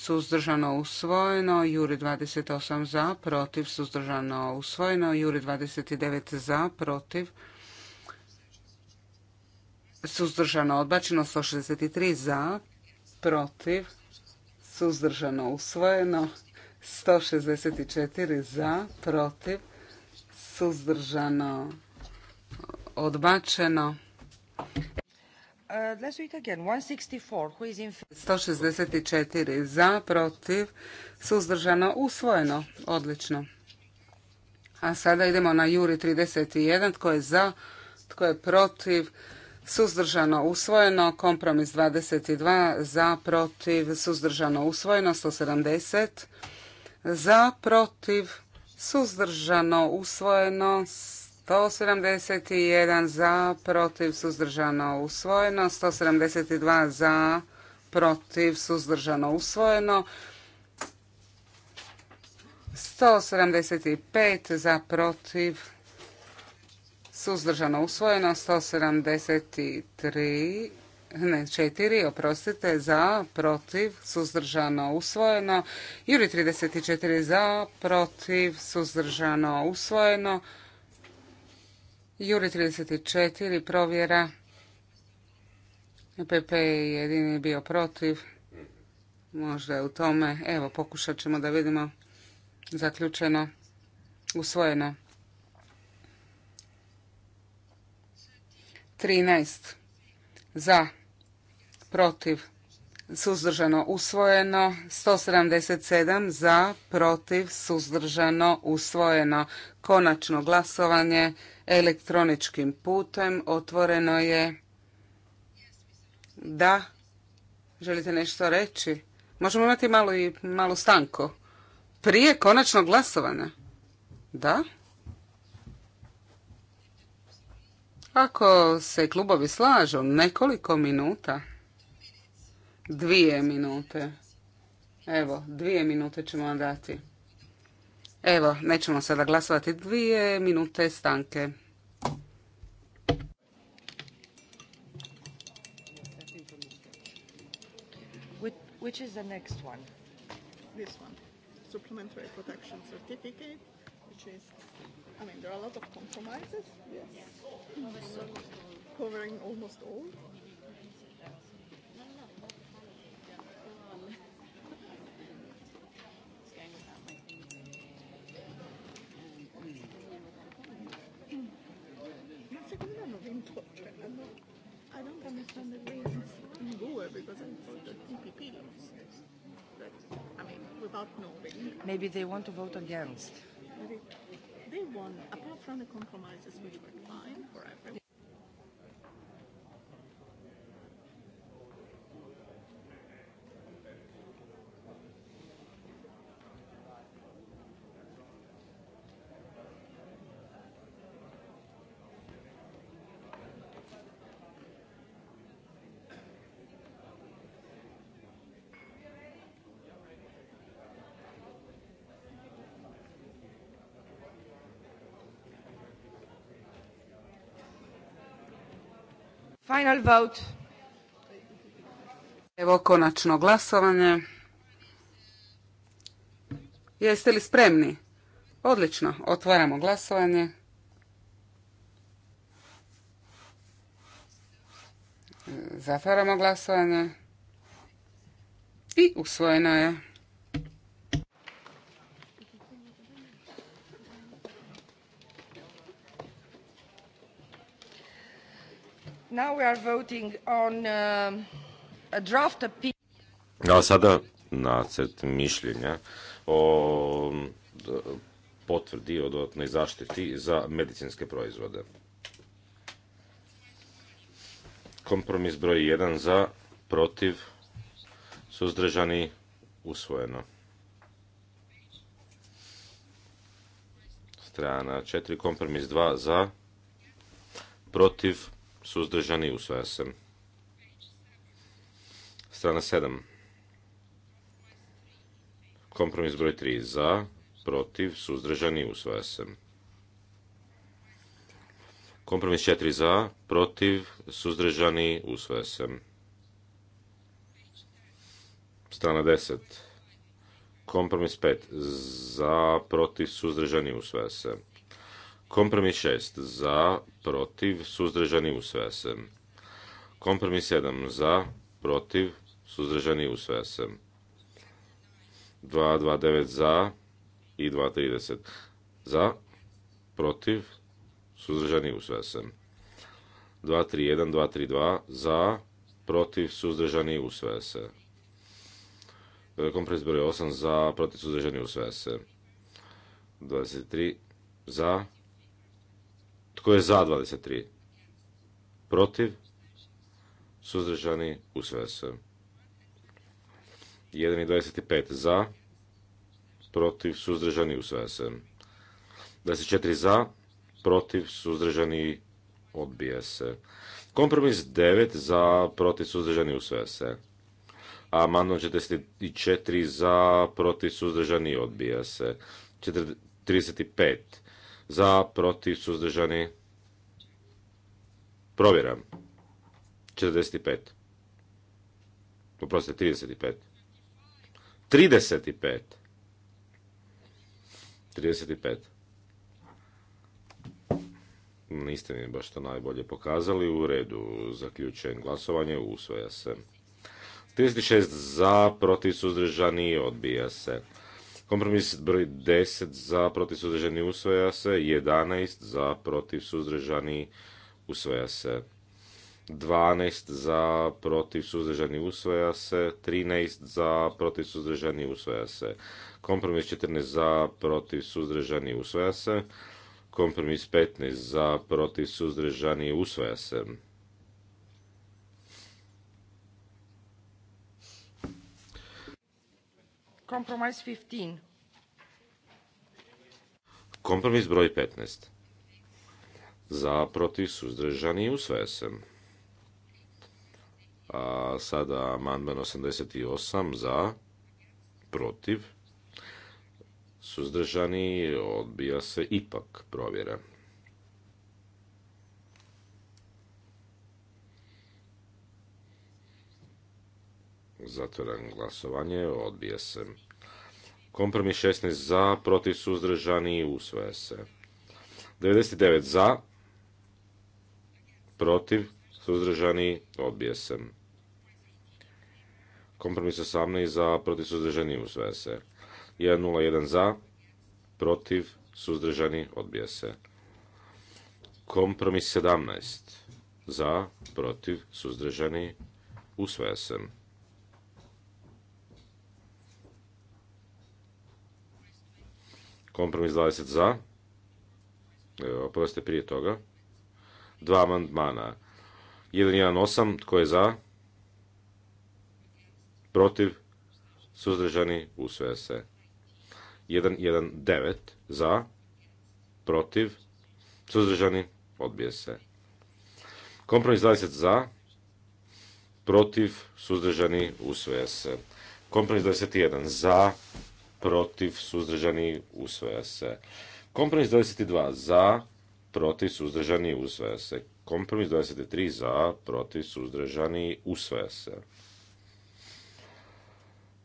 suzdržano usvojeno, Juri 28 za, protiv, suzdržano usvojeno, Juri 29 za, protiv, suzdržano odbačeno, 163 za, protiv, suzdržano usvojeno, 164 za, protiv, suzdržano odbačeno. 164. Uh, 164 za, protiv, suzdržano, usvojeno. Odlično. A sada idemo na Juri 31. Tko je za, tko je protiv, suzdržano, usvojeno. Kompromis 22 za, protiv, suzdržano, usvojeno. 170 za, protiv, suzdržano, usvojeno. 171 pa za, protiv, suzdržano, usvojeno. 172 za, protiv, suzdržano, usvojeno. 175 za, protiv, suzdržano, usvojeno. 173 ne, četiri, oprostite, za, protiv, suzdržano, usvojeno. Juri 34 za, protiv, suzdržano, usvojeno. Juri 34, provjera. PP je jedini bio protiv. Možda je u tome. Evo, pokušat ćemo da vidimo. Zaključeno. Usvojeno. 13. Za. Protiv suzdržano usvojeno, 177 za, protiv, suzdržano usvojeno. Konačno glasovanje elektroničkim putem otvoreno je. Da, želite nešto reći? Možemo imati malo i malu stanku. Prije konačnog glasovanja? Da? Ako se klubovi slažu nekoliko minuta. Dvije minute. Evo, dvije minute ćemo vam dati. Evo, nećemo sada glasovati. Dvije minute stanke. Which is the next one? This one. Supplementary protection certificate, which is, I mean, there are a lot of compromises, yes. Mm -hmm. covering almost all. I don't understand the reasons in Goa because I thought that EPP lost. That, I mean, without knowing. Maybe they want to vote against. They, they won, apart from the compromises which were fine for everyone. Final vote. Evo konačno glasovanje. Jeste li spremni? Odlično, otvaramo glasovanje. Zatvaramo glasovanje. I usvojeno je. Uh, a sada nacrt mišljenja o potvrdi o dodatnoj zaštiti za medicinske proizvode. Kompromis broj 1 za, protiv, suzdržani, usvojeno. Strana 4, kompromis 2 za, protiv, suzdržani, usvaja se. Strana 7. Kompromis broj 3 za, protiv, suzdržani, usvaja se. Kompromis 4 za, protiv, suzdržani, usvaja se. Strana 10. Kompromis 5 za, protiv, suzdržani, usvaja se. Kompromis 6 za, protiv, suzdržani usvaja Kompromis 7 za, protiv, suzdržani usvaja 229 za i 230 za, protiv, suzdržani usvaja 231, 232 za, protiv, suzdržani usvese. se. Kompromis broj 8 za, protiv, suzdržani usvese. se. 23 za, tko je za 23? Protiv? Suzdržani? Usvaja se. 25. za, protiv, suzdržani, usvaja se. 24 za, protiv, suzdržani, odbija se. Kompromis 9 za, protiv, suzdržani, usvaja se. Amandman 44 za, protiv, suzdržani, odbija se. 35 za, protiv, suzdržani. Provjeram. 45. poprostite 35. 35. 35. Niste mi baš to najbolje pokazali. U redu, zaključen, glasovanje, usvoja se. 36 za, protiv suzdržani, odbija se. Kompromis broj 10 za protiv suzdržani usvoja se, 11 za protiv suzdržani usvoja se, 12 za protiv suzdržani usvoja se, 13 za protiv suzdržani usvoja se, kompromis 14 za protiv suzdržani usvoja se, kompromis 15 za protiv suzdržani usvoja se. Kompromis broj 15. Za, protiv, suzdržani, usvaja se. A sada amandman 88 za, protiv, suzdržani, odbija se ipak provjera. zatvoren glasovanje, odbije se. Kompromis 16 za, protiv suzdržani, usvaja se. 99 za, protiv suzdržani, odbije se. Kompromis 18 za, protiv suzdržani, usvaja se. 101 za, protiv suzdržani, odbije se. Kompromis 17 za, protiv suzdržani, usvaja se. Kompromis 20 za. Evo, prije toga. Dva amandmana. 118, tko je za? Protiv? Suzdržani? Usvaja se. 119 za? Protiv? Suzdržani? Odbije se. Kompromis 20 za? Protiv? Suzdržani? Usvaja se. Kompromis 21 za? protiv, suzdržani, usvaja se. Kompromis 22 za, protiv, suzdržani, usvaja se. Kompromis 23 za, protiv, suzdržani, usvaja se.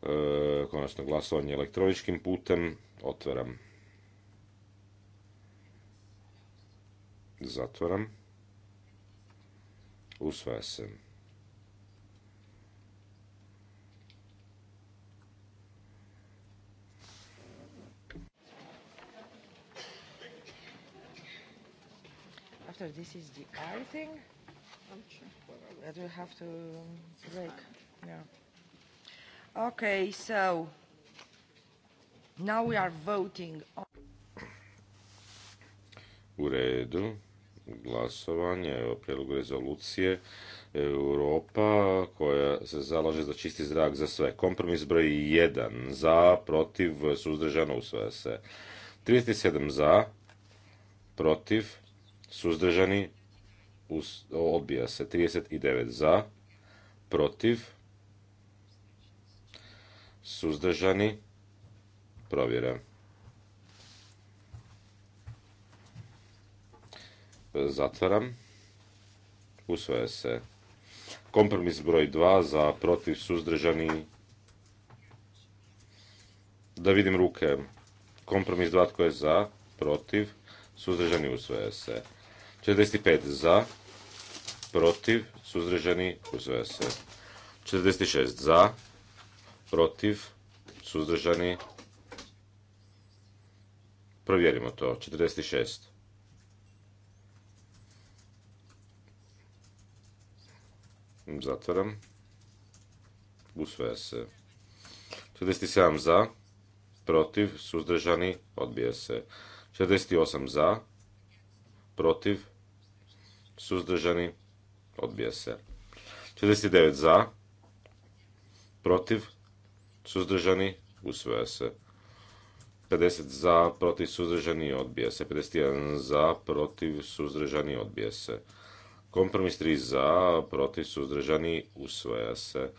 E, konačno glasovanje elektroničkim putem. Otvaram. Zatvaram. Usvaja se. after this is the I thing that we have to break. Yeah. Okay, so now we are voting on... U redu, glasovanje o prijedlogu rezolucije Europa koja se zalaže za čisti zrak za sve. Kompromis broj 1 za, protiv, suzdržano usvaja se. 37 za, protiv, suzdržani, odbija se 39 za, protiv, suzdržani, provjera. Zatvaram. Usvaja se. Kompromis broj 2 za protiv suzdržani. Da vidim ruke. Kompromis 2 tko je za, protiv, suzdržani usvaja se. 45 za, protiv, suzdržani, uzve se. 46 za, protiv, suzdržani. Provjerimo to. 46. Zatvaram. Usvaja se. 47 za, protiv, suzdržani, odbije se. 48 za, protiv, suzdržani, odbija se. 49 za, protiv, suzdržani, usvoja se. 50 za, protiv, suzdržani, odbija se. 51 za, protiv, suzdržani, odbija se. Kompromis 3 za, protiv, suzdržani, usvoja se.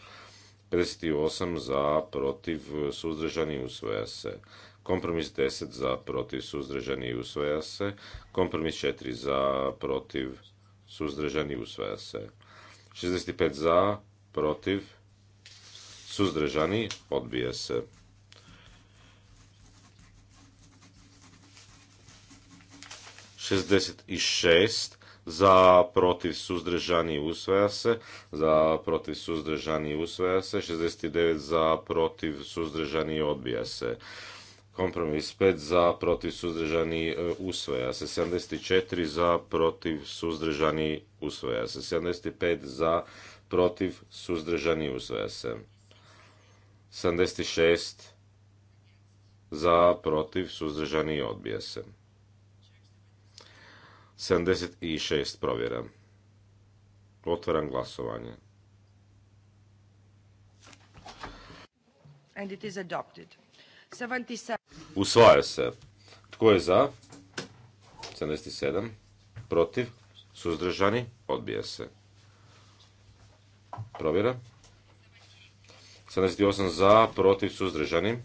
58 za, protiv, suzdržani, usvaja se. Kompromis 10 za, protiv, suzdržani, usvoja se. Kompromis 4 za, protiv, suzdržani, usvaja se. 65 za, protiv, suzdržani, odbije se. Šestdeset šest za protiv suzdržani usvaja se, za protiv suzdržani usvaja se, 69 za protiv suzdržani odbija se, Kompromis 5 e, za, protiv, suzdržani, usvoja. se. 74 za, protiv, suzdržani, usvoja se. 75 za, protiv, suzdržani, usvaja se. 76 za, protiv, suzdržani, odbija se. 76 provjera. Otvaram glasovanje. And it is adopted. Usvaja se. Tko je za? 77. Protiv? Suzdržani? Odbija se. Provjera. 78 za, protiv, suzdržani.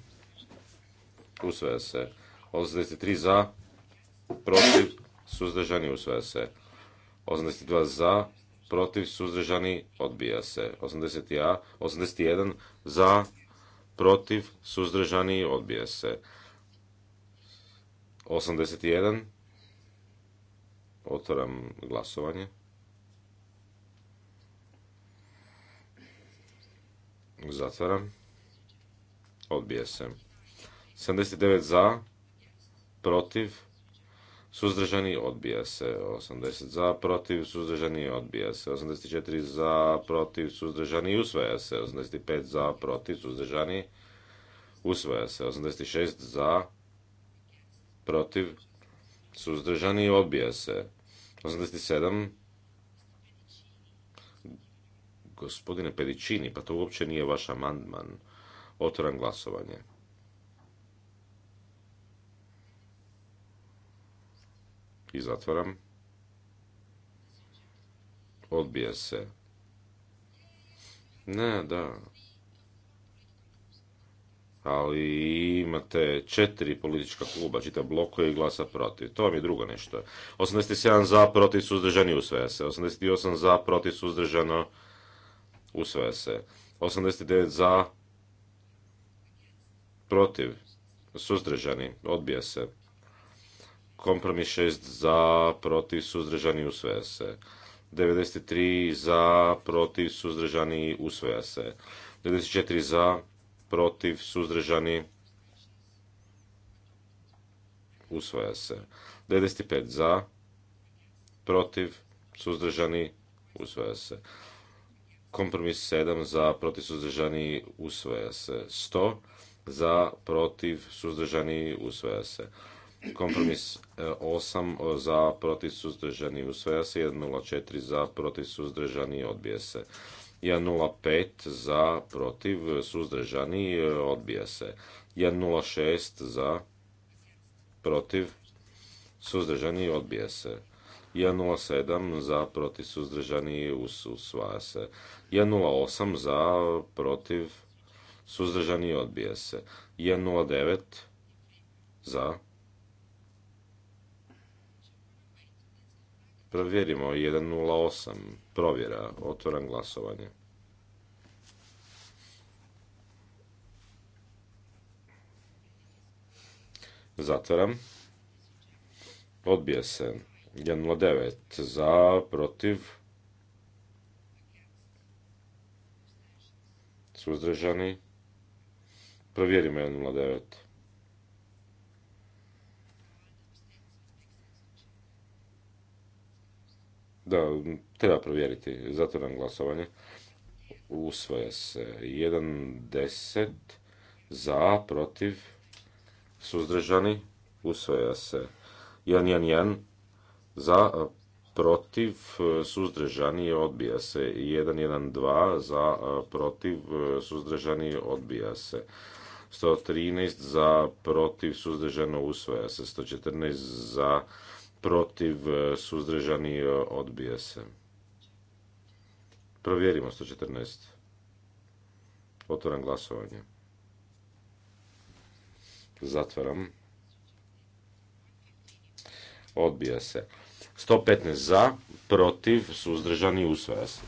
Usvaja se. 83 za, protiv, suzdržani, usvaja se. 82 za, protiv, suzdržani, odbija se. 80 ja, 81 za, protiv, suzdržani, odbija se. 81. Otvaram glasovanje. Zatvaram. Odbija se. 79 za, protiv, suzdržani, odbija se 80 za, protiv, suzdržani, odbija se 84 za, protiv, suzdržani, usvaja se 85 za, protiv, suzdržani, usvaja se 86 za, protiv, suzdržani, odbija se 87 Gospodine Pedicini, pa to uopće nije vaš amandman. Otvoram glasovanje. i zatvaram. Odbija se. Ne, da. Ali imate četiri politička kluba, čita blok i glasa protiv. To vam je drugo nešto. 87 za, protiv, suzdržani, usvaja se. 88 za, protiv, suzdržano, usvaja se. 89 za, protiv, suzdržani, odbija se. Kompromis 6 za, protiv, suzdržani, usvaja se. 93 za, protiv, suzdržani, usvaja se. 94 za, protiv, suzdržani, usvaja se. 95 za, protiv, suzdržani, usvaja se. Kompromis 7 za, protiv, suzdržani, usvaja se. 100 za, protiv, suzdržani, usvaja se. Kompromis 8 e, e, za protiv suzdržani usvaja se, 1.04 za protiv suzdržani odbije se. 1.05 za protiv suzdržani odbija se. 1.06 e, za protiv suzdržani odbija se. 1.07 za protiv suzdržani usvaja se. 1.08 za protiv suzdržani odbija se. 1.09 za Provjerimo 108. Provjera. Otvoram glasovanje. Zatvaram. Odbije se. 109 za, protiv. Suzdržani. Provjerimo 109. Da, treba provjeriti zatvoreno glasovanje. Usvaja se 1.10 za, protiv, suzdržani. Usvaja se 1.1.1 za, protiv, suzdržani. Odbija se 1.1.2 za, protiv, suzdržani. Odbija se 113 za, protiv, suzdržano. Usvoja se 114 za, protiv, e, suzdržani, e, odbija se. Provjerimo 114. Otvoram glasovanje. Zatvaram. Odbija se. 115 za, protiv, suzdržani, usvaja se.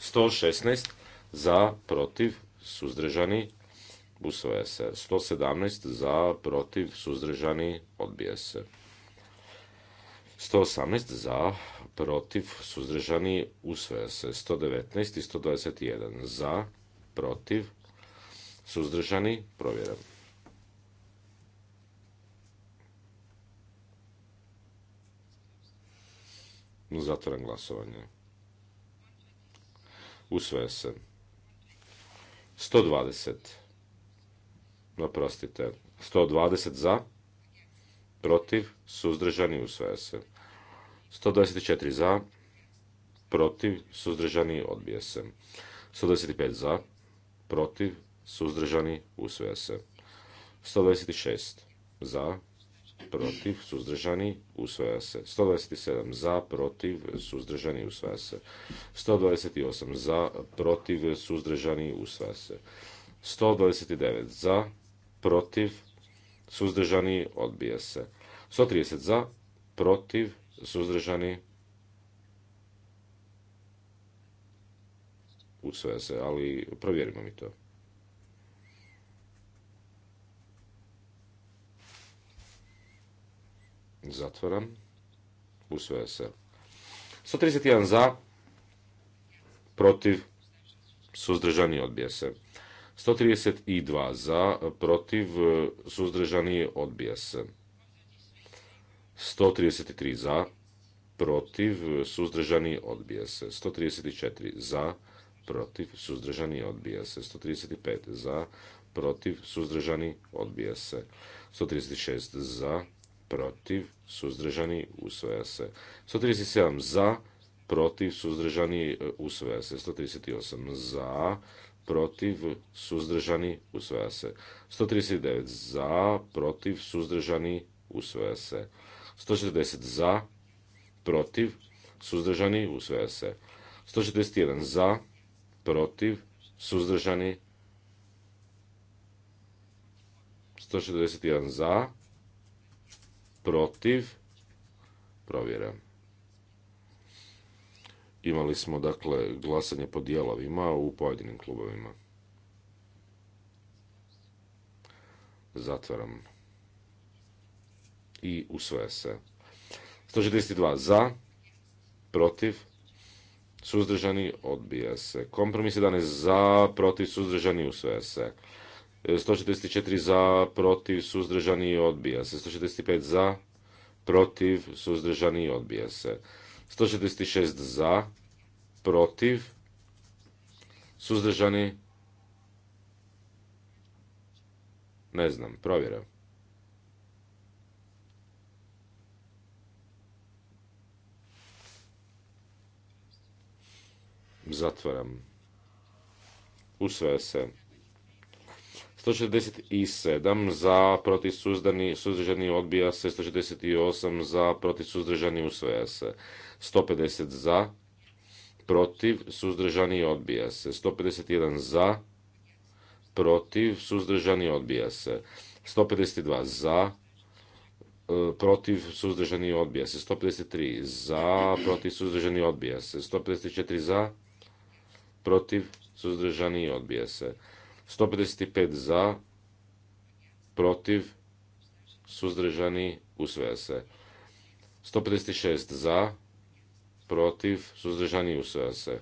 116 za, protiv, suzdržani, usvaja se. 117 za, protiv, suzdržani, odbija se. 118 za, protiv, suzdržani, usvaja se. 119 i 121 za, protiv, suzdržani, provjeram. Zatvoram glasovanje. Usvaja se. 120. Naprostite. 120 za protiv, suzdržani, usvaja se. 124 za, protiv, suzdržani, odbija se. 125 za, protiv, suzdržani, usvaja se. 126 za, protiv, suzdržani, usvaja se. 127 za, protiv, suzdržani, usvaja se. 128 za, protiv, suzdržani, usvaja se. 129 za, protiv, suzdržani, odbija se. 130 za, protiv, suzdržani, usvaja se, ali provjerimo mi to. Zatvaram. Usvaja se. 131 za, protiv, suzdržani, odbija se. 132 za, protiv, suzdržani, odbija se. 133 za, protiv, suzdržani, odbija se. 134 za, protiv, suzdržani, odbija se. 135 za, protiv, suzdržani, odbija se. 136 za, protiv, suzdržani, usvaja se. 137 za, protiv, suzdržani, usvaja se. 138 za, protiv, suzdržani, usvaja se. 139 za, protiv, suzdržani, usvaja se. 140 za, protiv, suzdržani, usvaja se. 141 za, protiv, suzdržani, 161 za, protiv, provjeram. Imali smo dakle glasanje po dijelovima u pojedinim klubovima. Zatvaram. I usvaja se. 162 za, protiv, suzdržani, odbija se. Kompromis 11 za, protiv, suzdržani, usvaja se. 144 za, protiv, suzdržani, odbija se. 165 za, protiv, suzdržani, odbija se. 146 za, protiv, suzdržani, ne znam, provjeram. Zatvaram. Usvaja se. 167 za, protiv suzdani, suzdržani odbija se, 168 za, protiv suzdržani usvaja se, 150 za, protiv suzdržani odbija se, 151 za, protiv suzdržani odbija se, 152 e, za, protiv suzdržani odbija se, 153 za, protiv suzdržani odbija se, 154 za, protiv suzdržani odbija se. 155 za, protiv, suzdržani, usvaja se. 156 za, protiv, suzdržani, usvaja se.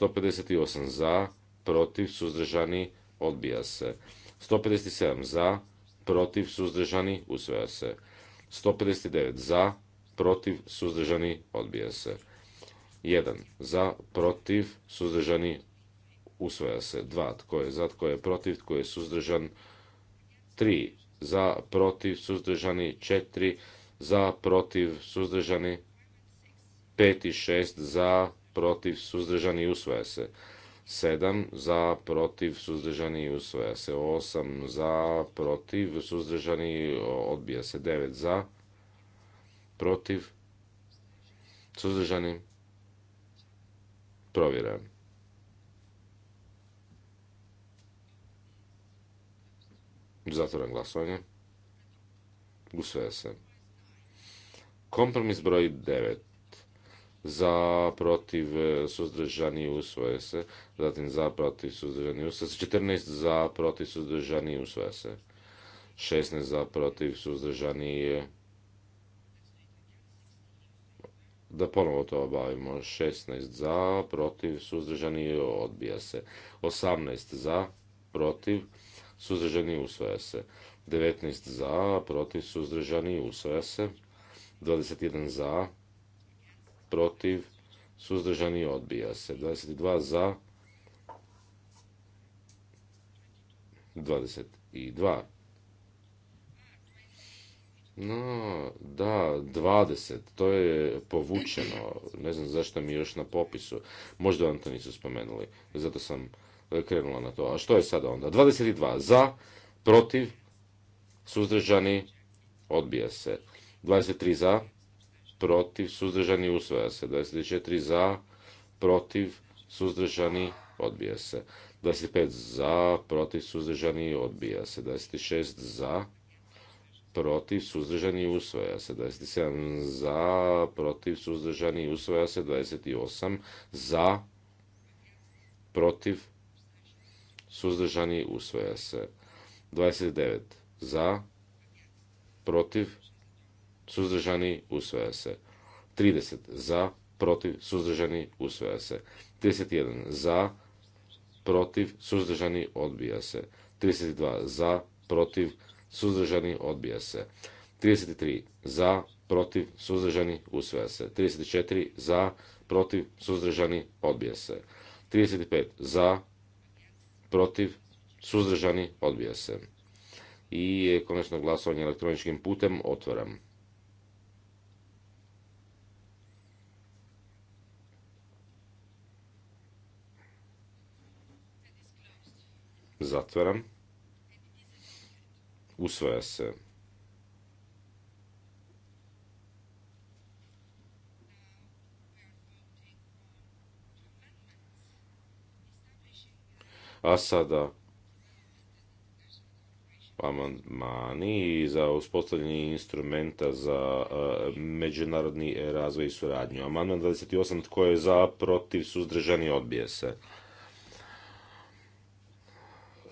158 za, protiv, suzdržani, odbija se. 157 za, protiv, suzdržani, usvaja se. 159 za, protiv, suzdržani, odbija se. 1 za, protiv, suzdržani, usvaja se. 2 tko je za, tko je protiv, tko je suzdržan. Tri za, protiv, suzdržani. Četiri za, protiv, suzdržani. pet i 6 za, protiv, suzdržani i usvaja se. 7 za, protiv, suzdržani i usvaja se. osam za, protiv, suzdržani odbija se. 9 za, protiv, suzdržani. Provjerujem. Zatvoram glasovanje. Usvaja se. Kompromis broj 9. Za, protiv, suzdržani, usvoja se. Zatim za, protiv, suzdržani, usvoja se. 14 za, protiv, suzdržani, usvoja se. 16 za, protiv, suzdržani je... Da ponovo to obavimo. 16 za, protiv, suzdržani, odbija se. 18 za, protiv, suzdržani, usvaja se. 19 za, protiv, suzdržani, usvaja se. 21 za, protiv, suzdržani, odbija se. 22 za, 22. No, da, 20, to je povučeno, ne znam zašto mi je još na popisu, možda vam to nisu spomenuli, zato sam E, krenula na to. A što je sada onda? 22 za, protiv, suzdržani, odbija se. 23 za, protiv, suzdržani, usvaja se. 24 za, protiv, suzdržani, odbija se. 25 za, protiv, suzdržani, odbija se. 26 za, protiv, suzdržani, usvaja se. 27 za, protiv, suzdržani, usvaja se. 28 za, protiv, suzdržani, usvaja se. 29 za, protiv, suzdržani, usvaja se. 30 za, protiv, suzdržani, usvaja se. 31 za, protiv, suzdržani, odbija se. 32 za, protiv, suzdržani, odbija se. 33 za, protiv, suzdržani, usvaja se. 34 za, protiv, suzdržani, odbija se. 35 za, protiv, suzdržani, odbija se. I konačno glasovanje elektroničkim putem otvaram. Zatvaram. Usvaja se. Asada amandmani za uspostavljanje instrumenta za e, međunarodni razvoj i suradnju. Amandman 28. Tko je za, protiv, suzdržani, odbije se.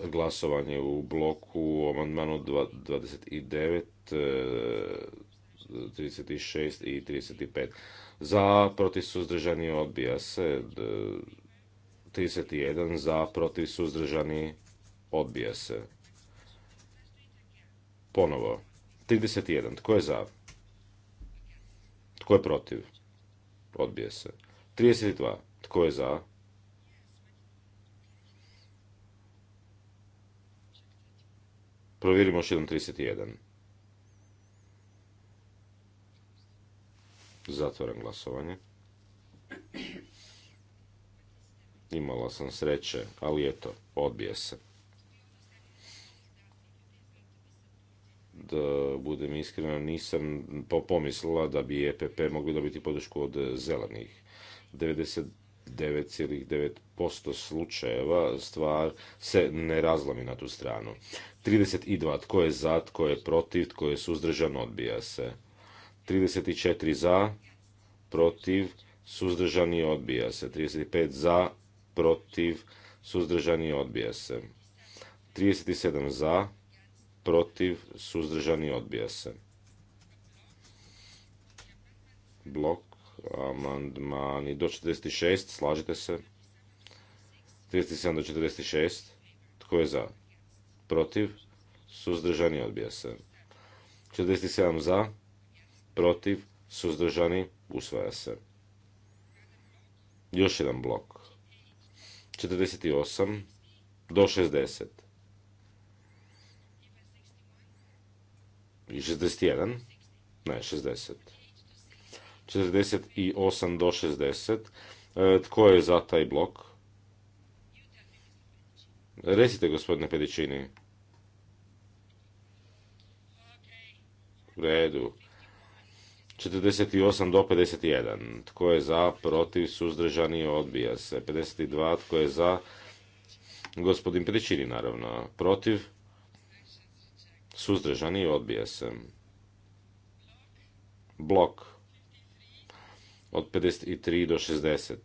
Glasovanje u bloku amandmanu 29, 36 e, i 35. Za, protiv, suzdržani, odbija se. 31 za, protiv, suzdržani, odbija se. Ponovo. 31. Tko je za? Tko je protiv? Odbije se. 32. Tko je za? Provjerimo još jednom 31. Zatvoram glasovanje. Imala sam sreće, ali eto, odbije se. da budem iskren, nisam pomislila da bi EPP mogli dobiti podršku od zelenih. 99,9% slučajeva stvar se ne razlomi na tu stranu. 32 tko je za, tko je protiv, tko je suzdržan, odbija se. 34 za, protiv, i odbija se. 35 za, protiv, suzdržani, odbija se. 37 za, protiv, suzdržani, odbija se. Blok, amandmani do 46, slažete se. 37 do 46, tko je za? Protiv, suzdržani, odbija se. 47 za, protiv, suzdržani, usvaja se. Još jedan blok. 48 do 60. I 61. Ne, 60. 48 do 60. E, tko je za taj blok? Resite, gospodine Pedićini. U redu. 48 do 51. Tko je za, protiv, suzdržani, odbija se. 52. Tko je za, gospodin Pričini, naravno. Protiv, suzdržani, odbija se. Blok od 53 do 60.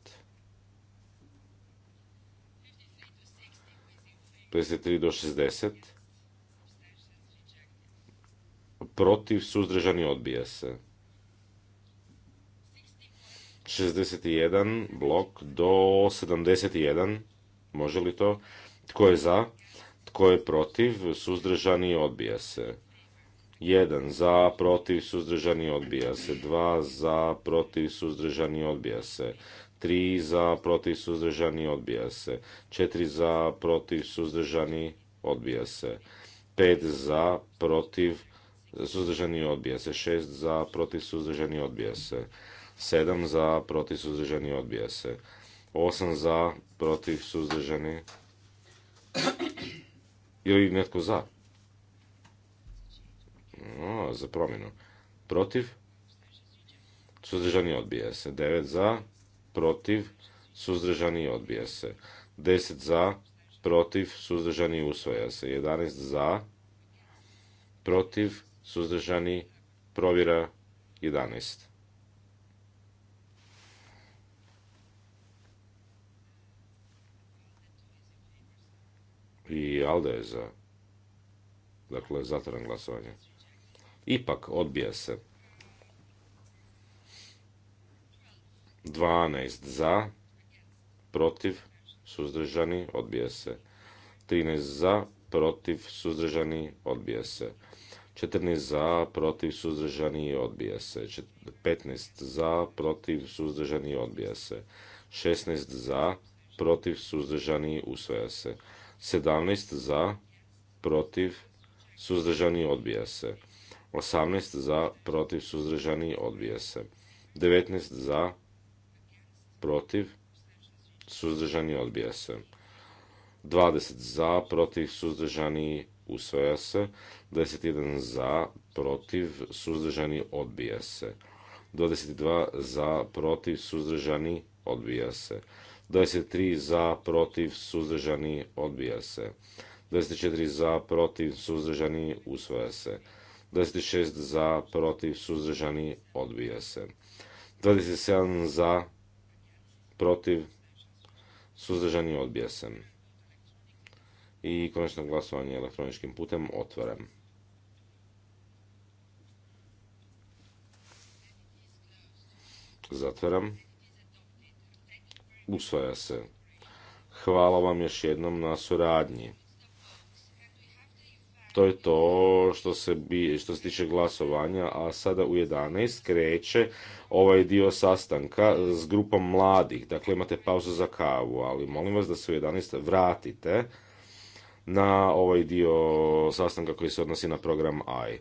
53 do 60. Protiv, suzdržani, odbija se. 61 blok do 71. Može li to? Tko je za? Tko je protiv? Suzdržani odbija se. 1 za, protiv, suzdržani odbija se. 2 za, protiv, suzdržani odbija se. 3 za, protiv, suzdržani odbija se. 4 za, protiv, suzdržani odbija se. 5 za, protiv, suzdržani odbija se. 6 za, protiv, suzdržani odbija se. Sedam za, protiv suzdržani odbija se. Osam za, protiv suzdržani. Ili netko za? O, za promjenu. Protiv? Suzdržani odbija se. 9 za, protiv, suzdržani odbija se. 10 za, protiv, suzdržani usvaja se. 11 za, protiv, suzdržani provjera 11. i Alde je za. Dakle, zatvoren glasovanje. Ipak odbija se. 12 za, protiv, suzdržani, odbija se. 13 za, protiv, suzdržani, odbija se. 14 za, protiv, suzdržani, odbija se. 15 za, protiv, suzdržani, odbija se. 16 za, protiv, suzdržani, usvaja se. 17 za, protiv, suzdržani, odbija se. 18 za, protiv, suzdržani, odbija se. 19 za, protiv, suzdržani, odbija se. 20 za, protiv, suzdržani, usvaja se. 21 za, protiv, suzdržani, odbija se. 22 za, protiv, suzdržani, odbija se. 23 za, protiv, suzdržani, odbija se. 24 za, protiv, suzdržani, usvaja se. 26 za, protiv, suzdržani, odbija se. 27 za, protiv, suzdržani, odbija se. I konačno glasovanje elektroničkim putem otvaram. Zatvaram usvaja se. Hvala vam još jednom na suradnji. To je to što se, bi, što se tiče glasovanja, a sada u 11 kreće ovaj dio sastanka s grupom mladih. Dakle, imate pauzu za kavu, ali molim vas da se u 11 vratite na ovaj dio sastanka koji se odnosi na program AI.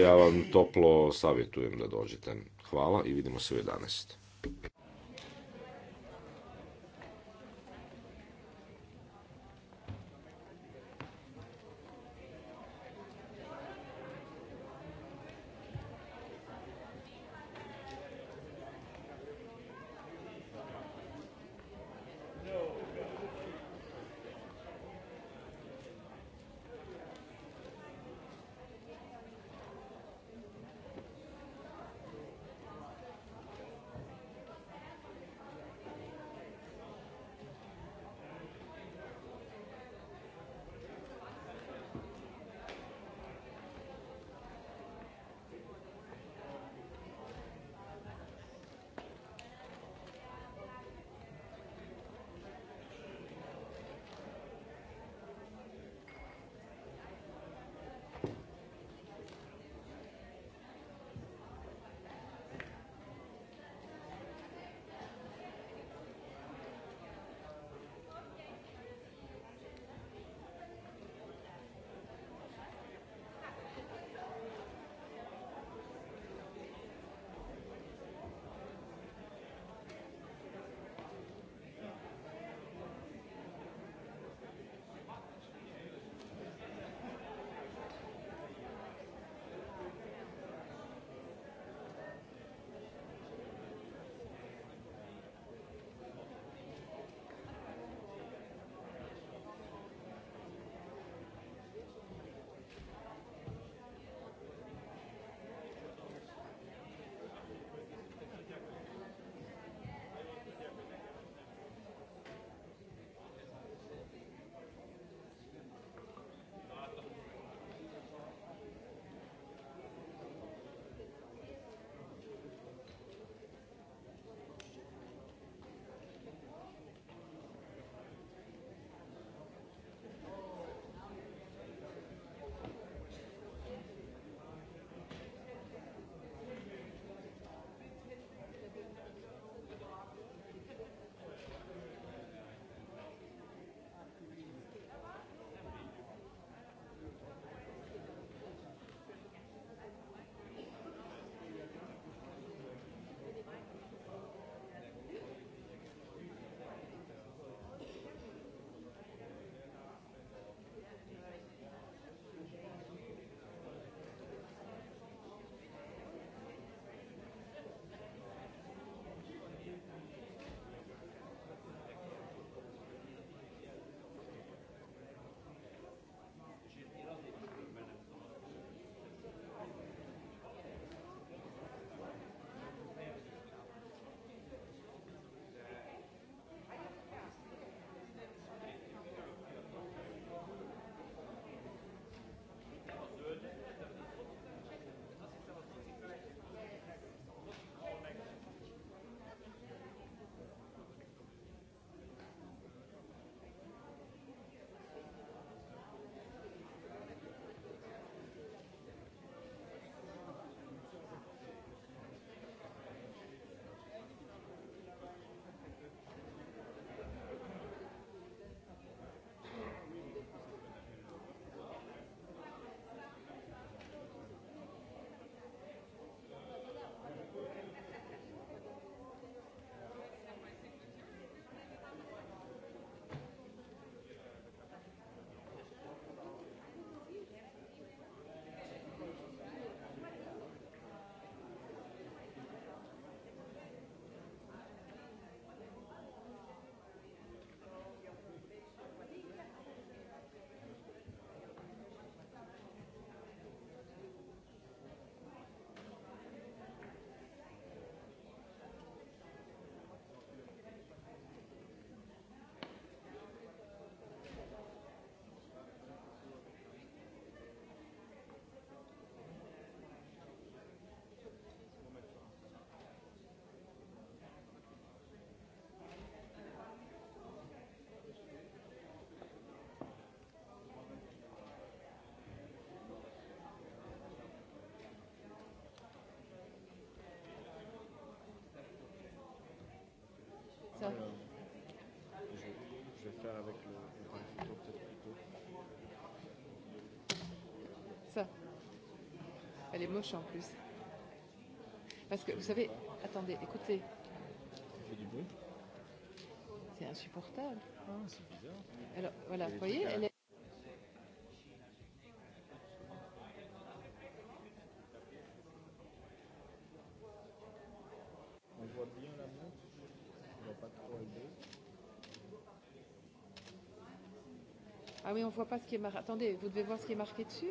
Ja vam toplo savjetujem da dođete. Hvala i vidimo se u 11. ça. Je vais faire avec le, ça. Elle est moche en plus. Parce que vous savez, attendez, écoutez. C'est insupportable. Ah, c'est bizarre. Alors voilà, vous voyez, elle est... voit pas ce qui est marqué. Attendez, vous devez voir ce qui est marqué dessus.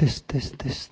Test, test, test.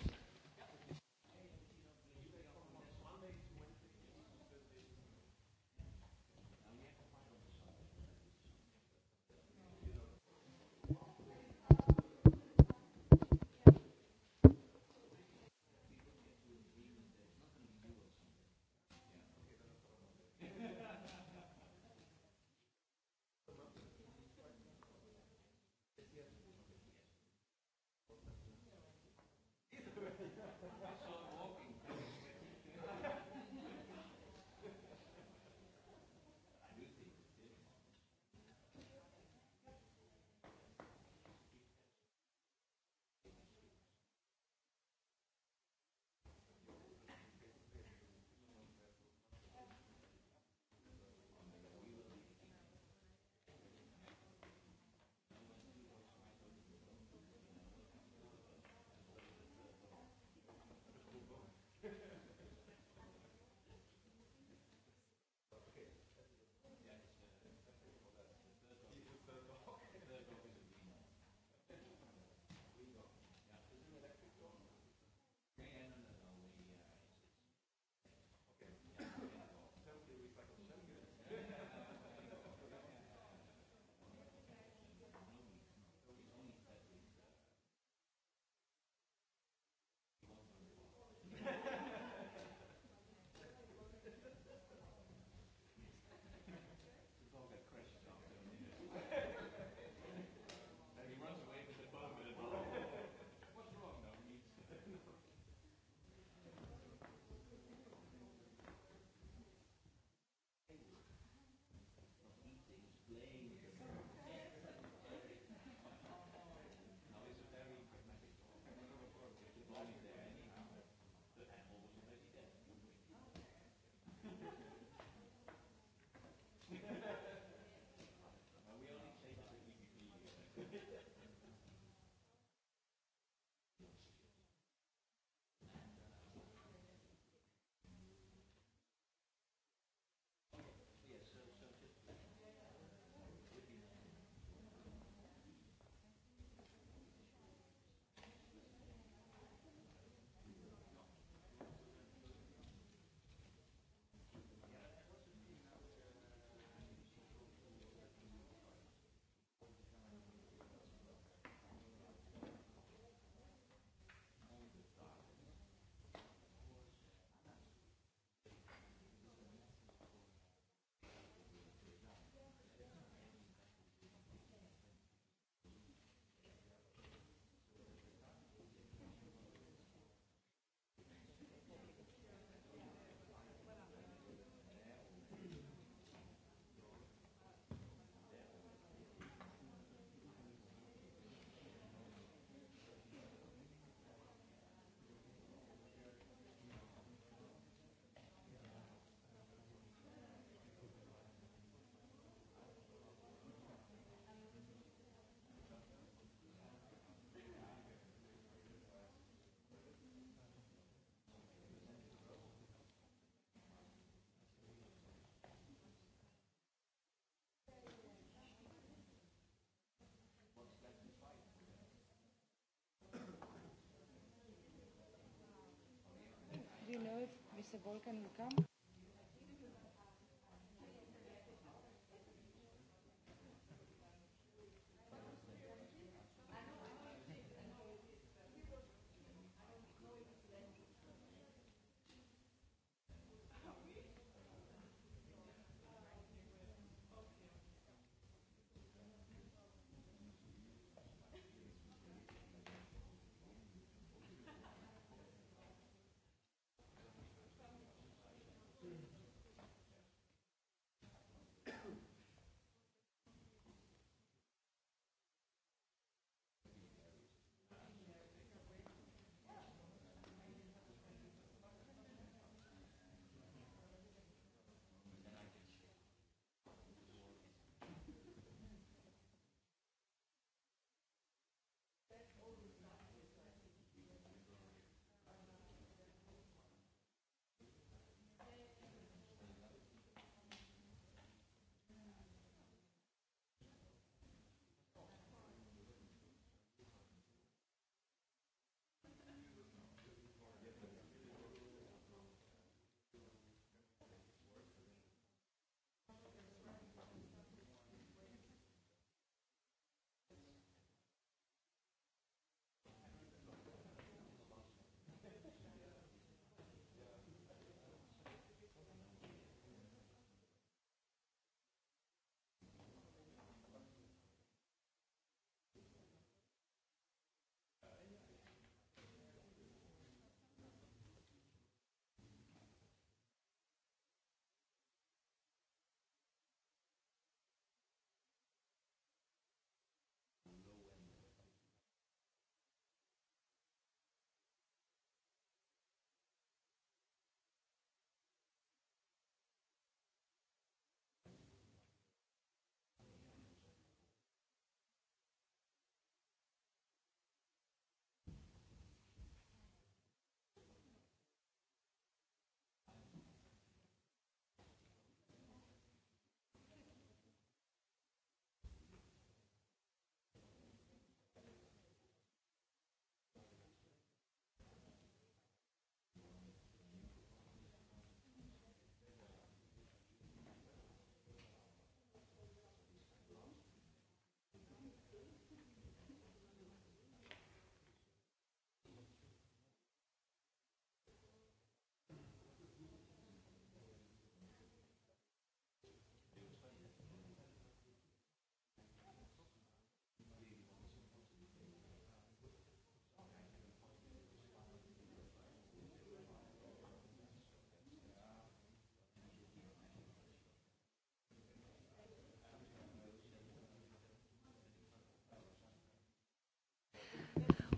Mr. Volkan Luka.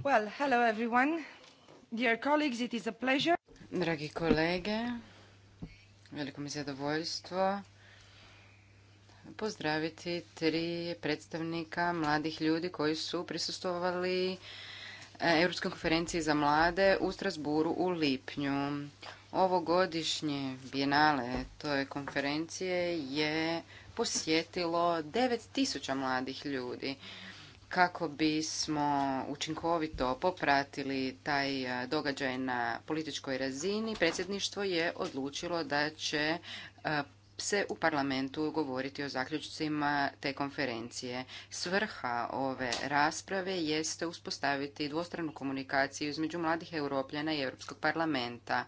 Well, Dragi kolege, veliko mi je zadovoljstvo pozdraviti tri predstavnika mladih ljudi koji su prisustovali eh, Europskoj konferenciji za mlade u Strasburu u lipnju. godišnje bijenale toj konferencije je posjetilo 9000 mladih ljudi kako bismo učinkovito popratili taj događaj na političkoj razini, predsjedništvo je odlučilo da će se u parlamentu govoriti o zaključcima te konferencije. Svrha ove rasprave jeste uspostaviti dvostranu komunikaciju između mladih europljana i Europskog parlamenta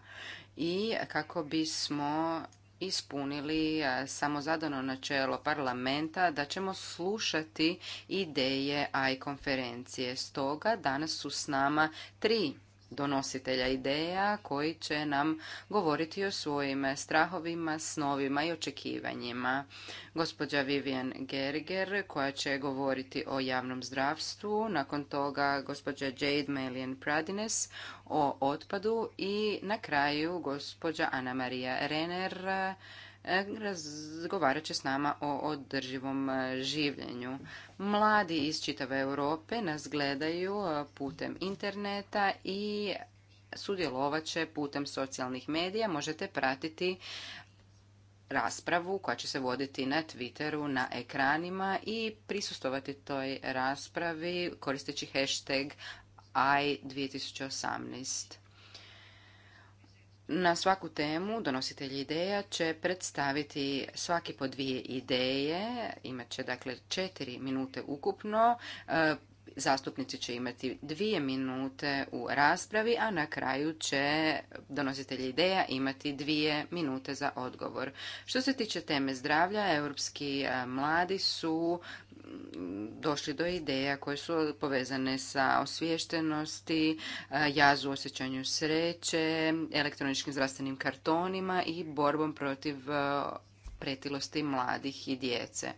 i kako bismo ispunili e, samozadano načelo parlamenta da ćemo slušati ideje i konferencije. Stoga danas su s nama tri donositelja ideja koji će nam govoriti o svojim strahovima, snovima i očekivanjima. Gospođa Vivian Gerger koja će govoriti o javnom zdravstvu, nakon toga gospođa Jade Melian Pradines o otpadu i na kraju gospođa Ana Marija Renner E, razgovarat će s nama o održivom e, življenju. Mladi iz čitave Europe nas gledaju e, putem interneta i sudjelovat će putem socijalnih medija. Možete pratiti raspravu koja će se voditi na Twitteru, na ekranima i prisustovati toj raspravi koristeći hashtag i2018. Na svaku temu donositelji ideja će predstaviti svaki po dvije ideje, imat će dakle četiri minute ukupno, e, Zastupnici će imati dvije minute u raspravi, a na kraju će donositelji ideja imati dvije minute za odgovor. Što se tiče teme zdravlja, europski eh, mladi su mm, došli do ideja koje su povezane sa osviještenosti, eh, jazu osjećanju sreće, elektroničkim zdravstvenim kartonima i borbom protiv eh, pretilosti mladih i djece.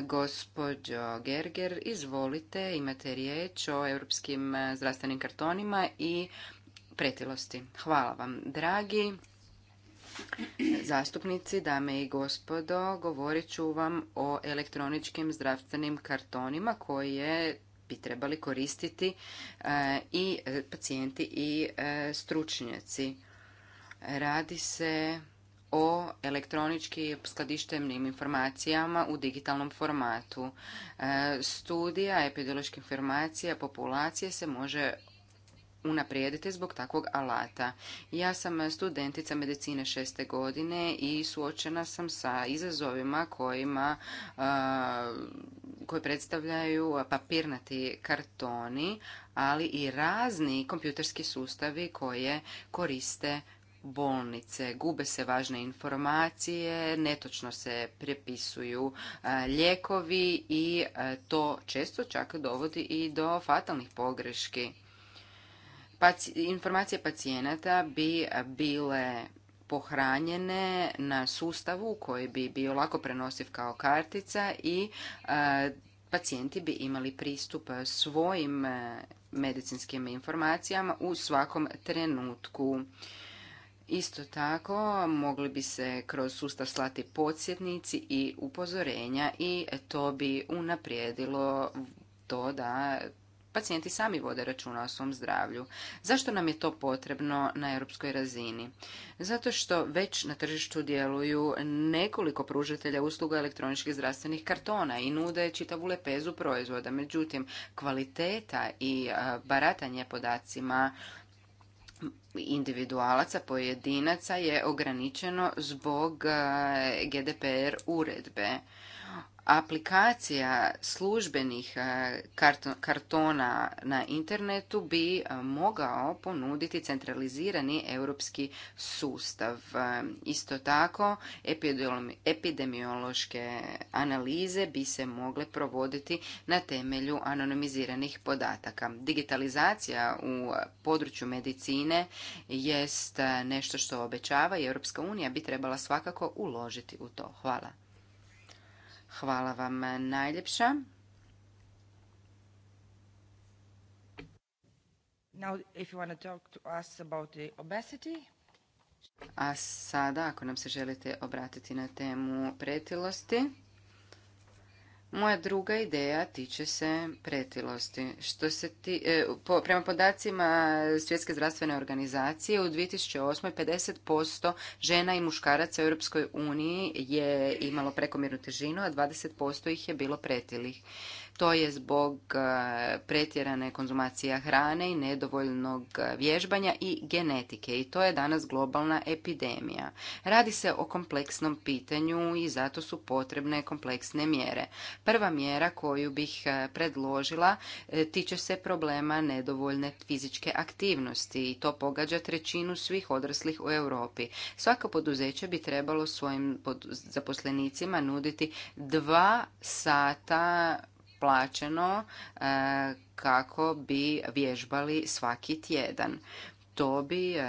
Gospodjo Gerger, izvolite, imate riječ o europskim e, zdravstvenim kartonima i pretilosti. Hvala vam, dragi zastupnici, dame i gospodo. Govorit ću vam o elektroničkim zdravstvenim kartonima koje bi trebali koristiti e, i pacijenti i e, stručnjaci. Radi se o elektronički skladištenim informacijama u digitalnom formatu. E, studija epidemioloških informacija populacije se može unaprijediti zbog takvog alata. Ja sam studentica medicine šeste godine i suočena sam sa izazovima kojima e, koje predstavljaju papirnati kartoni, ali i razni kompjuterski sustavi koje koriste bolnice, gube se važne informacije, netočno se prepisuju e, lijekovi i e, to često čak dovodi i do fatalnih pogreški. Informacije pacijenata bi bile pohranjene na sustavu koji bi bio lako prenosiv kao kartica i e, pacijenti bi imali pristup svojim medicinskim informacijama u svakom trenutku. Isto tako mogli bi se kroz sustav slati podsjetnici i upozorenja i to bi unaprijedilo to da pacijenti sami vode računa o svom zdravlju. Zašto nam je to potrebno na europskoj razini? Zato što već na tržištu djeluju nekoliko pružatelja usluga elektroničkih zdravstvenih kartona i nude čitavu lepezu proizvoda. Međutim, kvaliteta i baratanje podacima individualaca, pojedinaca je ograničeno zbog eh, GDPR uredbe aplikacija službenih e, kartona na internetu bi e, mogao ponuditi centralizirani europski sustav. E, isto tako, epidemiološke analize bi se mogle provoditi na temelju anonimiziranih podataka. Digitalizacija u području medicine jest nešto što obećava i Europska unija bi trebala svakako uložiti u to. Hvala. Hvala vam najljepša. to A sada, ako nam se želite obratiti na temu pretilosti. Moja druga ideja tiče se pretilosti. Što se ti, e, prema podacima Svjetske zdravstvene organizacije u 2008. 50% žena i muškaraca u Europskoj uniji je imalo prekomjernu težinu, a 20% ih je bilo pretilih. To je zbog e, pretjerane konzumacije hrane i nedovoljnog e, vježbanja i genetike i to je danas globalna epidemija. Radi se o kompleksnom pitanju i zato su potrebne kompleksne mjere. Prva mjera koju bih e, predložila tiče se problema nedovoljne fizičke aktivnosti i to pogađa trećinu svih odraslih u Europi. Svako poduzeće bi trebalo svojim zaposlenicima nuditi dva sata plaćeno e, kako bi vježbali svaki tjedan. To bi e,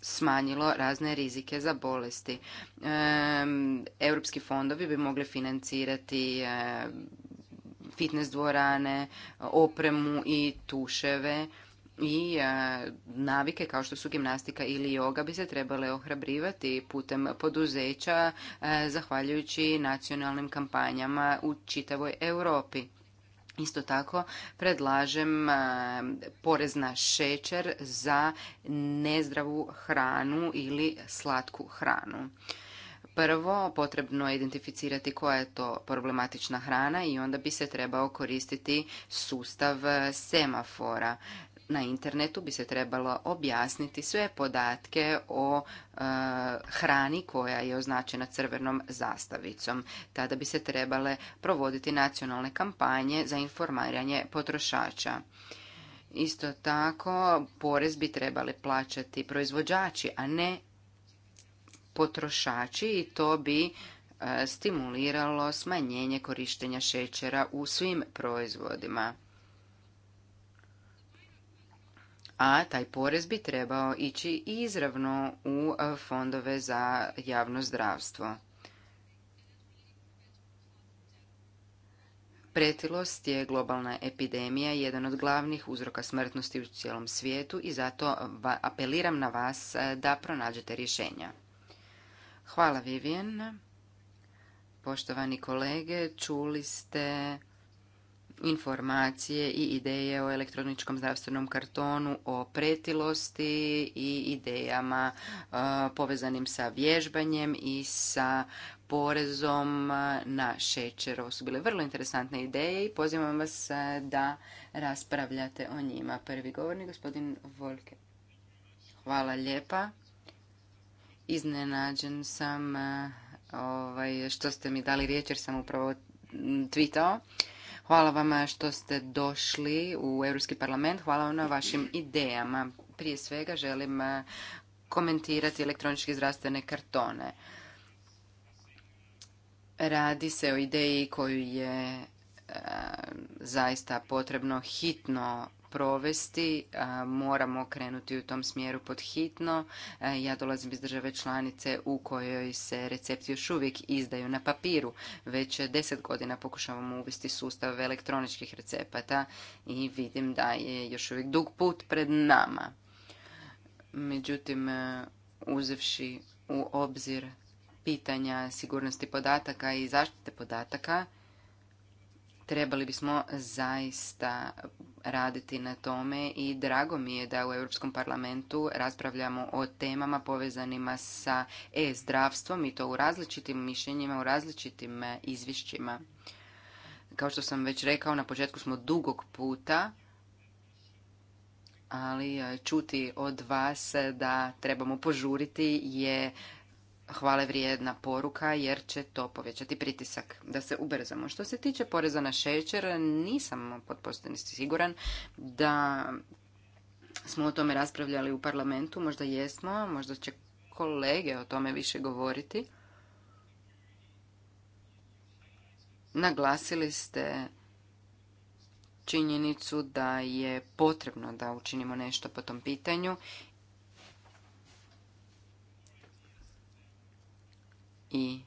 smanjilo razne rizike za bolesti. E, europski fondovi bi mogli financirati fitness dvorane, opremu i tuševe i e, navike kao što su gimnastika ili joga bi se trebale ohrabrivati putem poduzeća e, zahvaljujući nacionalnim kampanjama u čitavoj Europi. Isto tako predlažem e, porez na šećer za nezdravu hranu ili slatku hranu. Prvo, potrebno je identificirati koja je to problematična hrana i onda bi se trebao koristiti sustav semafora na internetu bi se trebalo objasniti sve podatke o e, hrani koja je označena crvenom zastavicom. Tada bi se trebale provoditi nacionalne kampanje za informiranje potrošača. Isto tako, porez bi trebali plaćati proizvođači, a ne potrošači i to bi e, stimuliralo smanjenje korištenja šećera u svim proizvodima. a taj porez bi trebao ići izravno u e, fondove za javno zdravstvo. Pretilost je globalna epidemija, jedan od glavnih uzroka smrtnosti u cijelom svijetu i zato apeliram na vas e, da pronađete rješenja. Hvala Vivian. Poštovani kolege, čuli ste informacije i ideje o elektroničkom zdravstvenom kartonu, o pretilosti i idejama e, povezanim sa vježbanjem i sa porezom na šećer. Ovo su bile vrlo interesantne ideje i pozivam vas da raspravljate o njima. Prvi govornik, gospodin Volke. Hvala lijepa. Iznenađen sam e, ovaj, što ste mi dali riječ jer sam upravo tvitao. Hvala vam što ste došli u Europski parlament. Hvala vam na vašim idejama. Prije svega želim eh, komentirati elektroničke zdravstvene kartone. Radi se o ideji koju je eh, zaista potrebno hitno provesti, moramo krenuti u tom smjeru pod hitno. E, ja dolazim iz države članice u kojoj se recepti još uvijek izdaju na papiru. Već deset godina pokušavamo uvesti sustav elektroničkih recepata i vidim da je još uvijek dug put pred nama. Međutim, e, uzevši u obzir pitanja sigurnosti podataka i zaštite podataka, trebali bismo zaista raditi na tome i drago mi je da u Europskom parlamentu raspravljamo o temama povezanima sa e-zdravstvom i to u različitim mišljenjima, u različitim e, izvješćima. Kao što sam već rekao, na početku smo dugog puta, ali e, čuti od vas e, da trebamo požuriti je hvale vrijedna poruka jer će to povećati pritisak da se ubrzamo. Što se tiče poreza na šećer, nisam potpuno siguran da smo o tome raspravljali u parlamentu, možda jesmo, možda će kolege o tome više govoriti. Naglasili ste činjenicu da je potrebno da učinimo nešto po tom pitanju i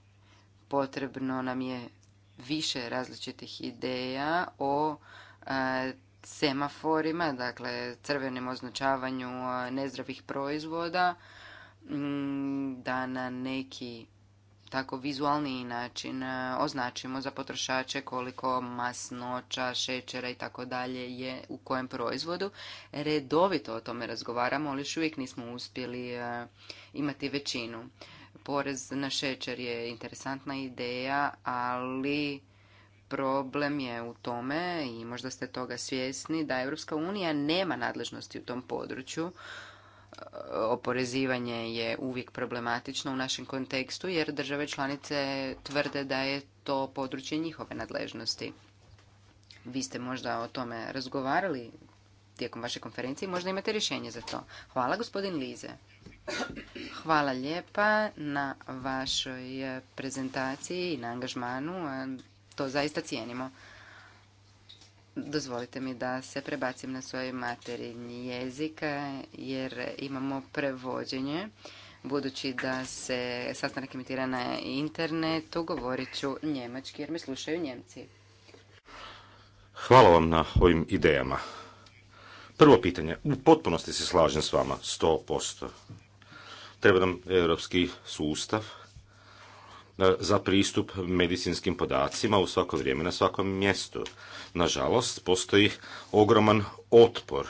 potrebno nam je više različitih ideja o e, semaforima, dakle crvenim označavanju e, nezdravih proizvoda, mm, da na neki tako vizualniji način e, označimo za potrošače koliko masnoća, šećera i tako dalje je u kojem proizvodu. Redovito o tome razgovaramo, ali još uvijek nismo uspjeli imati većinu porez na šećer je interesantna ideja, ali problem je u tome i možda ste toga svjesni da Europska unija nema nadležnosti u tom području. E, oporezivanje je uvijek problematično u našem kontekstu jer države članice tvrde da je to područje njihove nadležnosti. Vi ste možda o tome razgovarali tijekom vaše konferencije. Možda imate rješenje za to. Hvala gospodin Lize. Hvala lijepa na vašoj eh, prezentaciji i na angažmanu. Eh, to zaista cijenimo. Dozvolite mi da se prebacim na svoj materinji jezik eh, jer imamo prevođenje. Budući da se sastanak emitira na internetu, govorit ću njemački jer me slušaju njemci. Hvala vam na ovim idejama. Prvo pitanje, u potpunosti se slažem s vama, 100%. Treba nam europski sustav e, za pristup medicinskim podacima u svako vrijeme, na svakom mjestu. Nažalost, postoji ogroman otpor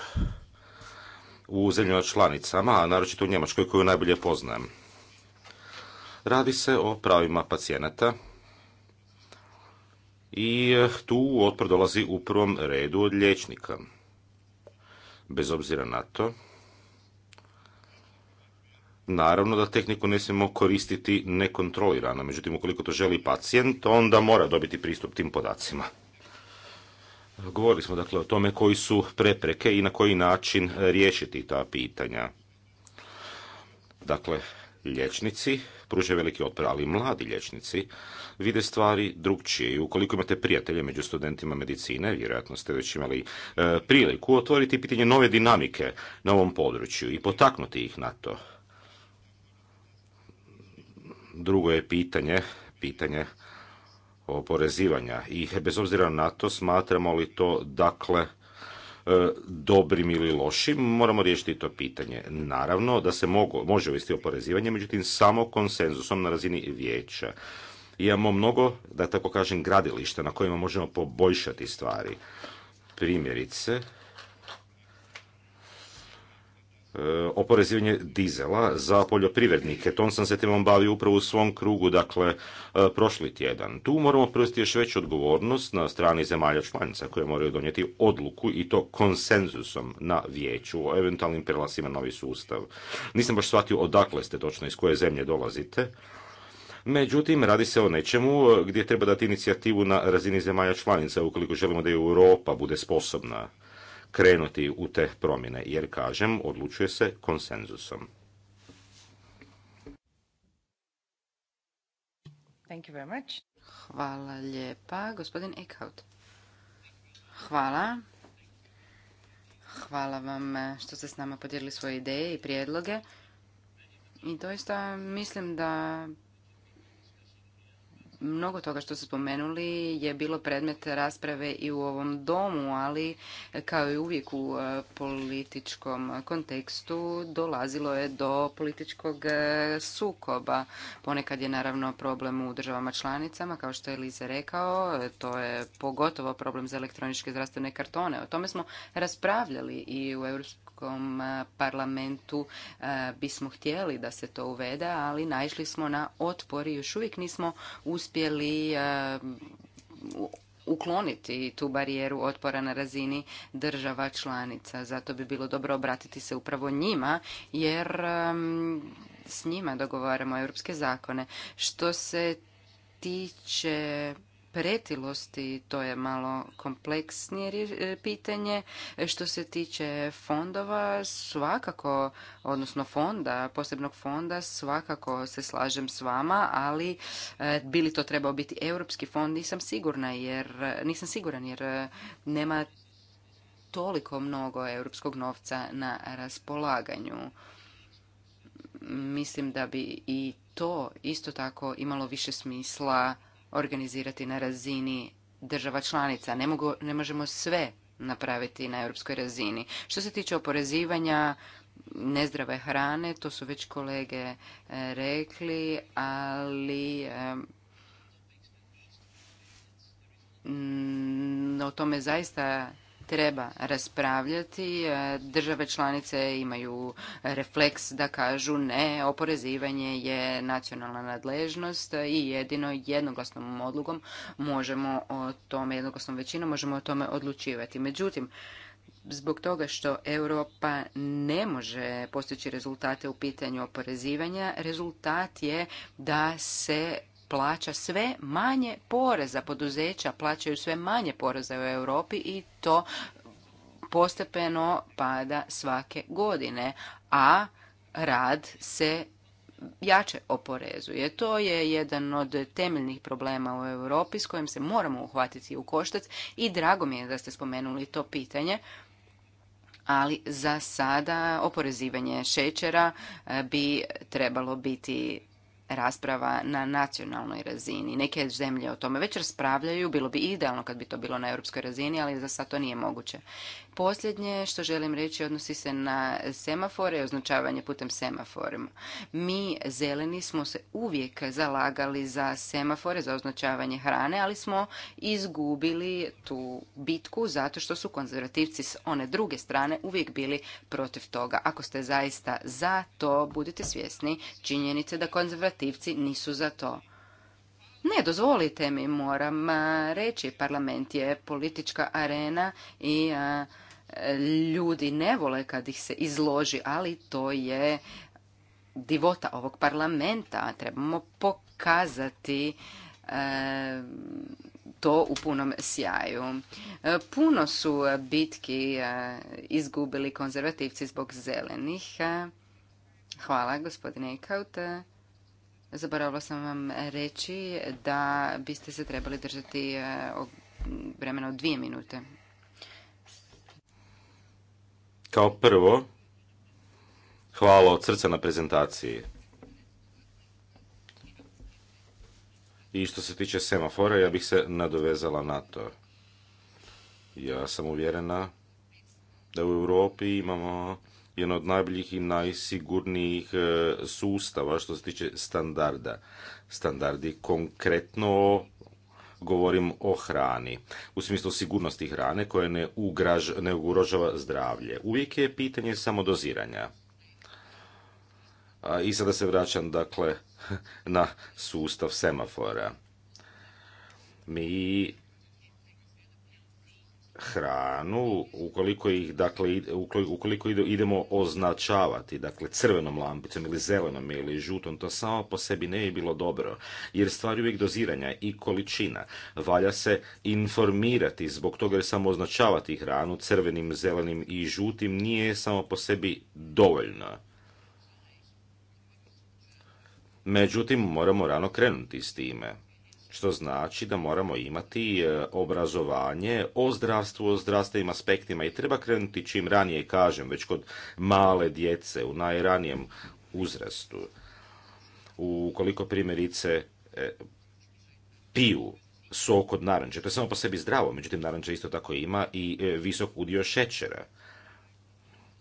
u zemljama članicama, a naročito u Njemačkoj koju najbolje poznajem. Radi se o pravima pacijenata i e, tu otpor dolazi u prvom redu od liječnika bez obzira na to. Naravno da tehniku ne smijemo koristiti nekontrolirano, međutim ukoliko to želi pacijent, onda mora dobiti pristup tim podacima. Govorili smo dakle o tome koji su prepreke i na koji način riješiti ta pitanja. Dakle, liječnici pružaju veliki otpor, ali mladi liječnici vide stvari drugčije. I ukoliko imate prijatelje među studentima medicine, vjerojatno ste već imali e, priliku otvoriti pitanje nove dinamike na ovom području i potaknuti ih na to. Drugo je pitanje, pitanje oporezivanja i bez obzira na to smatramo li to dakle E, dobrim ili lošim, moramo riješiti to pitanje. Naravno da se mogu, može uvesti oporezivanje, međutim samo konsenzusom na razini vijeća. Imamo mnogo, da tako kažem, gradilišta na kojima možemo poboljšati stvari. Primjerice, E, oporezivanje dizela za poljoprivrednike. Tom sam se temom bavio upravo u svom krugu, dakle, e, prošli tjedan. Tu moramo preuzeti još veću odgovornost na strani zemalja članica koje moraju donijeti odluku i to konsenzusom na vijeću o eventualnim prelasima novi sustav. Nisam baš shvatio odakle ste točno iz koje zemlje dolazite. Međutim, radi se o nečemu e, gdje treba dati inicijativu na razini zemalja članica ukoliko želimo da je Europa bude sposobna krenuti u te promjene, jer kažem, odlučuje se konsenzusom. Thank you very much. Hvala lijepa. Gospodin Eckhout. Hvala. Hvala vam što ste s nama podijelili svoje ideje i prijedloge. I doista mislim da mnogo toga što ste spomenuli je bilo predmet rasprave i u ovom domu, ali kao i uvijek u e, političkom kontekstu dolazilo je do političkog e, sukoba. Ponekad je naravno problem u državama članicama, kao što je Lize rekao, e, to je pogotovo problem za elektroničke zdravstvene kartone. O tome smo raspravljali i u EU. Europskom eh, parlamentu eh, bismo htjeli da se to uvede, ali naišli smo na otpor i još uvijek nismo uspjeli eh, ukloniti tu barijeru otpora na razini država članica. Zato bi bilo dobro obratiti se upravo njima, jer s njima dogovaramo europske zakone. Što se tiče pretilosti, to je malo kompleksnije e, pitanje. Što se tiče fondova, svakako, odnosno fonda, posebnog fonda, svakako se slažem s vama, ali e, bili to trebao biti europski fond, nisam sigurna jer, nisam siguran jer e, nema toliko mnogo europskog novca na raspolaganju. Mislim da bi i to isto tako imalo više smisla organizirati na razini država članica. Ne, mogu, ne možemo sve napraviti na europskoj razini. Što se tiče oporezivanja nezdrave hrane, to su već kolege e, rekli, ali e, o tome zaista treba raspravljati. E, države članice imaju refleks da kažu ne, oporezivanje je nacionalna nadležnost i jedino jednoglasnom odlugom možemo o tome, jednoglasnom većinom možemo o tome odlučivati. Međutim, zbog toga što Europa ne može postići rezultate u pitanju oporezivanja, rezultat je da se plaća sve manje poreza, poduzeća plaćaju sve manje poreza u Europi i to postepeno pada svake godine, a rad se jače oporezuje. To je jedan od temeljnih problema u Europi s kojim se moramo uhvatiti u koštac i drago mi je da ste spomenuli to pitanje. Ali za sada oporezivanje šećera eh, bi trebalo biti rasprava na nacionalnoj razini. Neke zemlje o tome već raspravljaju, bilo bi idealno kad bi to bilo na europskoj razini, ali za sad to nije moguće. Posljednje što želim reći odnosi se na semafore i označavanje putem semaforima. Mi zeleni smo se uvijek zalagali za semafore, za označavanje hrane, ali smo izgubili tu bitku zato što su konzervativci s one druge strane uvijek bili protiv toga. Ako ste zaista za to, budite svjesni činjenice da konzervativci nisu za to. Ne, dozvolite mi, moram reći, parlament je politička arena i ljudi ne vole kad ih se izloži, ali to je divota ovog parlamenta. Trebamo pokazati e, to u punom sjaju. E, puno su bitki e, izgubili konzervativci zbog zelenih. Hvala, gospodine Ekaut. Zaboravila sam vam reći da biste se trebali držati vremena od dvije minute. Kao prvo, hvala od srca na prezentaciji. I što se tiče semafora, ja bih se nadovezala na to. Ja sam uvjerena da u Europi imamo jedan od najboljih i najsigurnijih e, sustava što se tiče standarda. Standardi konkretno govorim o hrani, u smislu sigurnosti hrane koja ne, ugrožava zdravlje. Uvijek je pitanje samodoziranja. I sada se vraćam dakle na sustav semafora. Mi hranu, ukoliko ih, dakle, ukoliko idemo označavati, dakle, crvenom lampicom ili zelenom ili žutom, to samo po sebi ne bi bilo dobro, jer stvar uvijek doziranja i količina. Valja se informirati zbog toga jer samo označavati hranu crvenim, zelenim i žutim nije samo po sebi dovoljno. Međutim, moramo rano krenuti s time što znači da moramo imati e, obrazovanje o zdravstvu, o zdravstvenim aspektima i treba krenuti čim ranije, kažem, već kod male djece u najranijem uzrastu. Ukoliko primjerice e, piju sok od naranče, to je samo po sebi zdravo, međutim naranča isto tako ima i e, visok udio šećera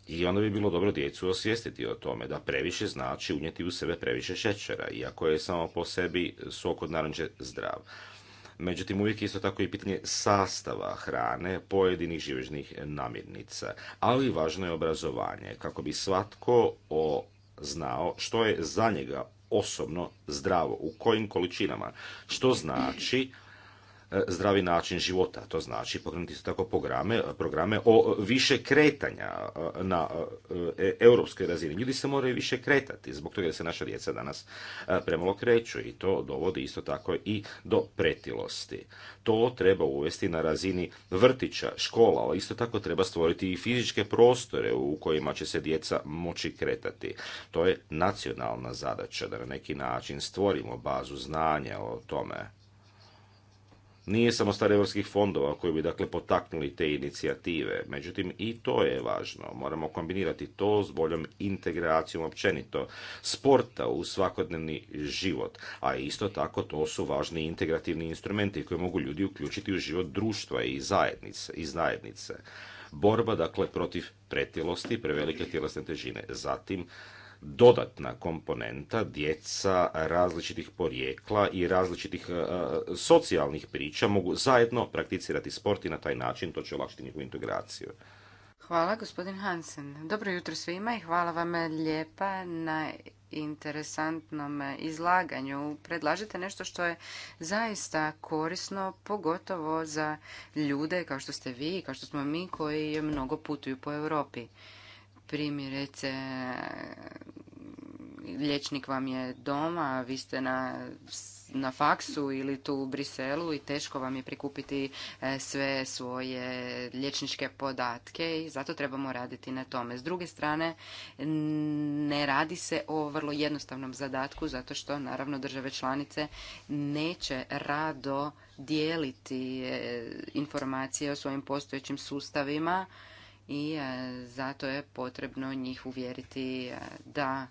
i onda bi bilo dobro djecu osvijestiti o tome da previše znači unijeti u sebe previše šećera, iako je samo po sebi sok od naranđe zdrav. Međutim, uvijek isto tako i pitanje sastava hrane pojedinih živežnih namirnica, ali važno je obrazovanje, kako bi svatko o znao što je za njega osobno zdravo, u kojim količinama, što znači E, zdravi način života. To znači pokrenuti su tako programe, e, programe o e, više kretanja na europskoj razini. Ljudi se moraju više kretati zbog toga da se naša djeca danas premalo kreću i to dovodi isto tako i do pretilosti. To treba uvesti na razini vrtića, škola, ali isto tako treba stvoriti i fizičke prostore u kojima će se djeca moći kretati. To je nacionalna zadaća da na neki način stvorimo bazu znanja o tome nije samo stare europskih fondova koji bi dakle potaknuli te inicijative. Međutim, i to je važno. Moramo kombinirati to s boljom integracijom općenito sporta u svakodnevni život. A isto tako to su važni integrativni instrumenti koji mogu ljudi uključiti u život društva i zajednice. I zajednice. Borba dakle protiv pretilosti, prevelike tjelesne težine. Zatim dodatna komponenta djeca različitih porijekla i različitih e, socijalnih priča mogu zajedno prakticirati sport i na taj način to će olakšiti njihovu integraciju. Hvala gospodin Hansen. Dobro jutro svima i hvala vam lijepa na interesantnom izlaganju. Predlažete nešto što je zaista korisno, pogotovo za ljude kao što ste vi, kao što smo mi koji mnogo putuju po Europi primjerice liječnik vam je doma, vi ste na, na faksu ili tu u Briselu i teško vam je prikupiti e, sve svoje liječničke podatke i zato trebamo raditi na tome. S druge strane, ne radi se o vrlo jednostavnom zadatku zato što naravno države članice neće rado dijeliti e, informacije o svojim postojećim sustavima i e, zato je potrebno njih uvjeriti e, da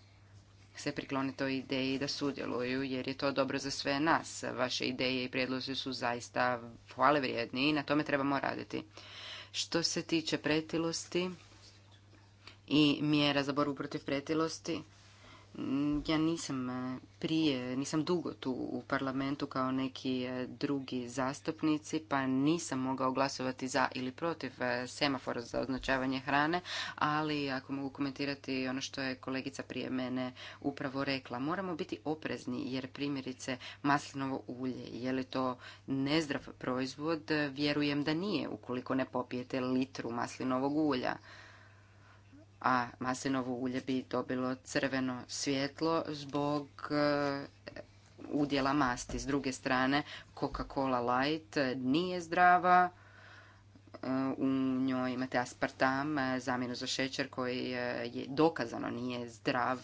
se priklone toj ideji da sudjeluju, jer je to dobro za sve nas. Vaše ideje i prijedlozi su zaista hvale vrijedni i na tome trebamo raditi. Što se tiče pretilosti i mjera za borbu protiv pretilosti, Mm, ja nisam eh, prije, nisam dugo tu u parlamentu kao neki eh, drugi zastupnici, pa nisam mogao glasovati za ili protiv eh, semafora za označavanje hrane, ali ako mogu komentirati ono što je kolegica prije mene upravo rekla, moramo biti oprezni jer primjerice maslinovo ulje, je li to nezdrav proizvod, vjerujem da nije ukoliko ne popijete litru maslinovog ulja a maslinovo ulje bi dobilo crveno svjetlo zbog eh, udjela masti. S druge strane, Coca-Cola Light nije zdrava, eh, u njoj imate aspartam, eh, zamjenu za šećer koji je dokazano nije zdrav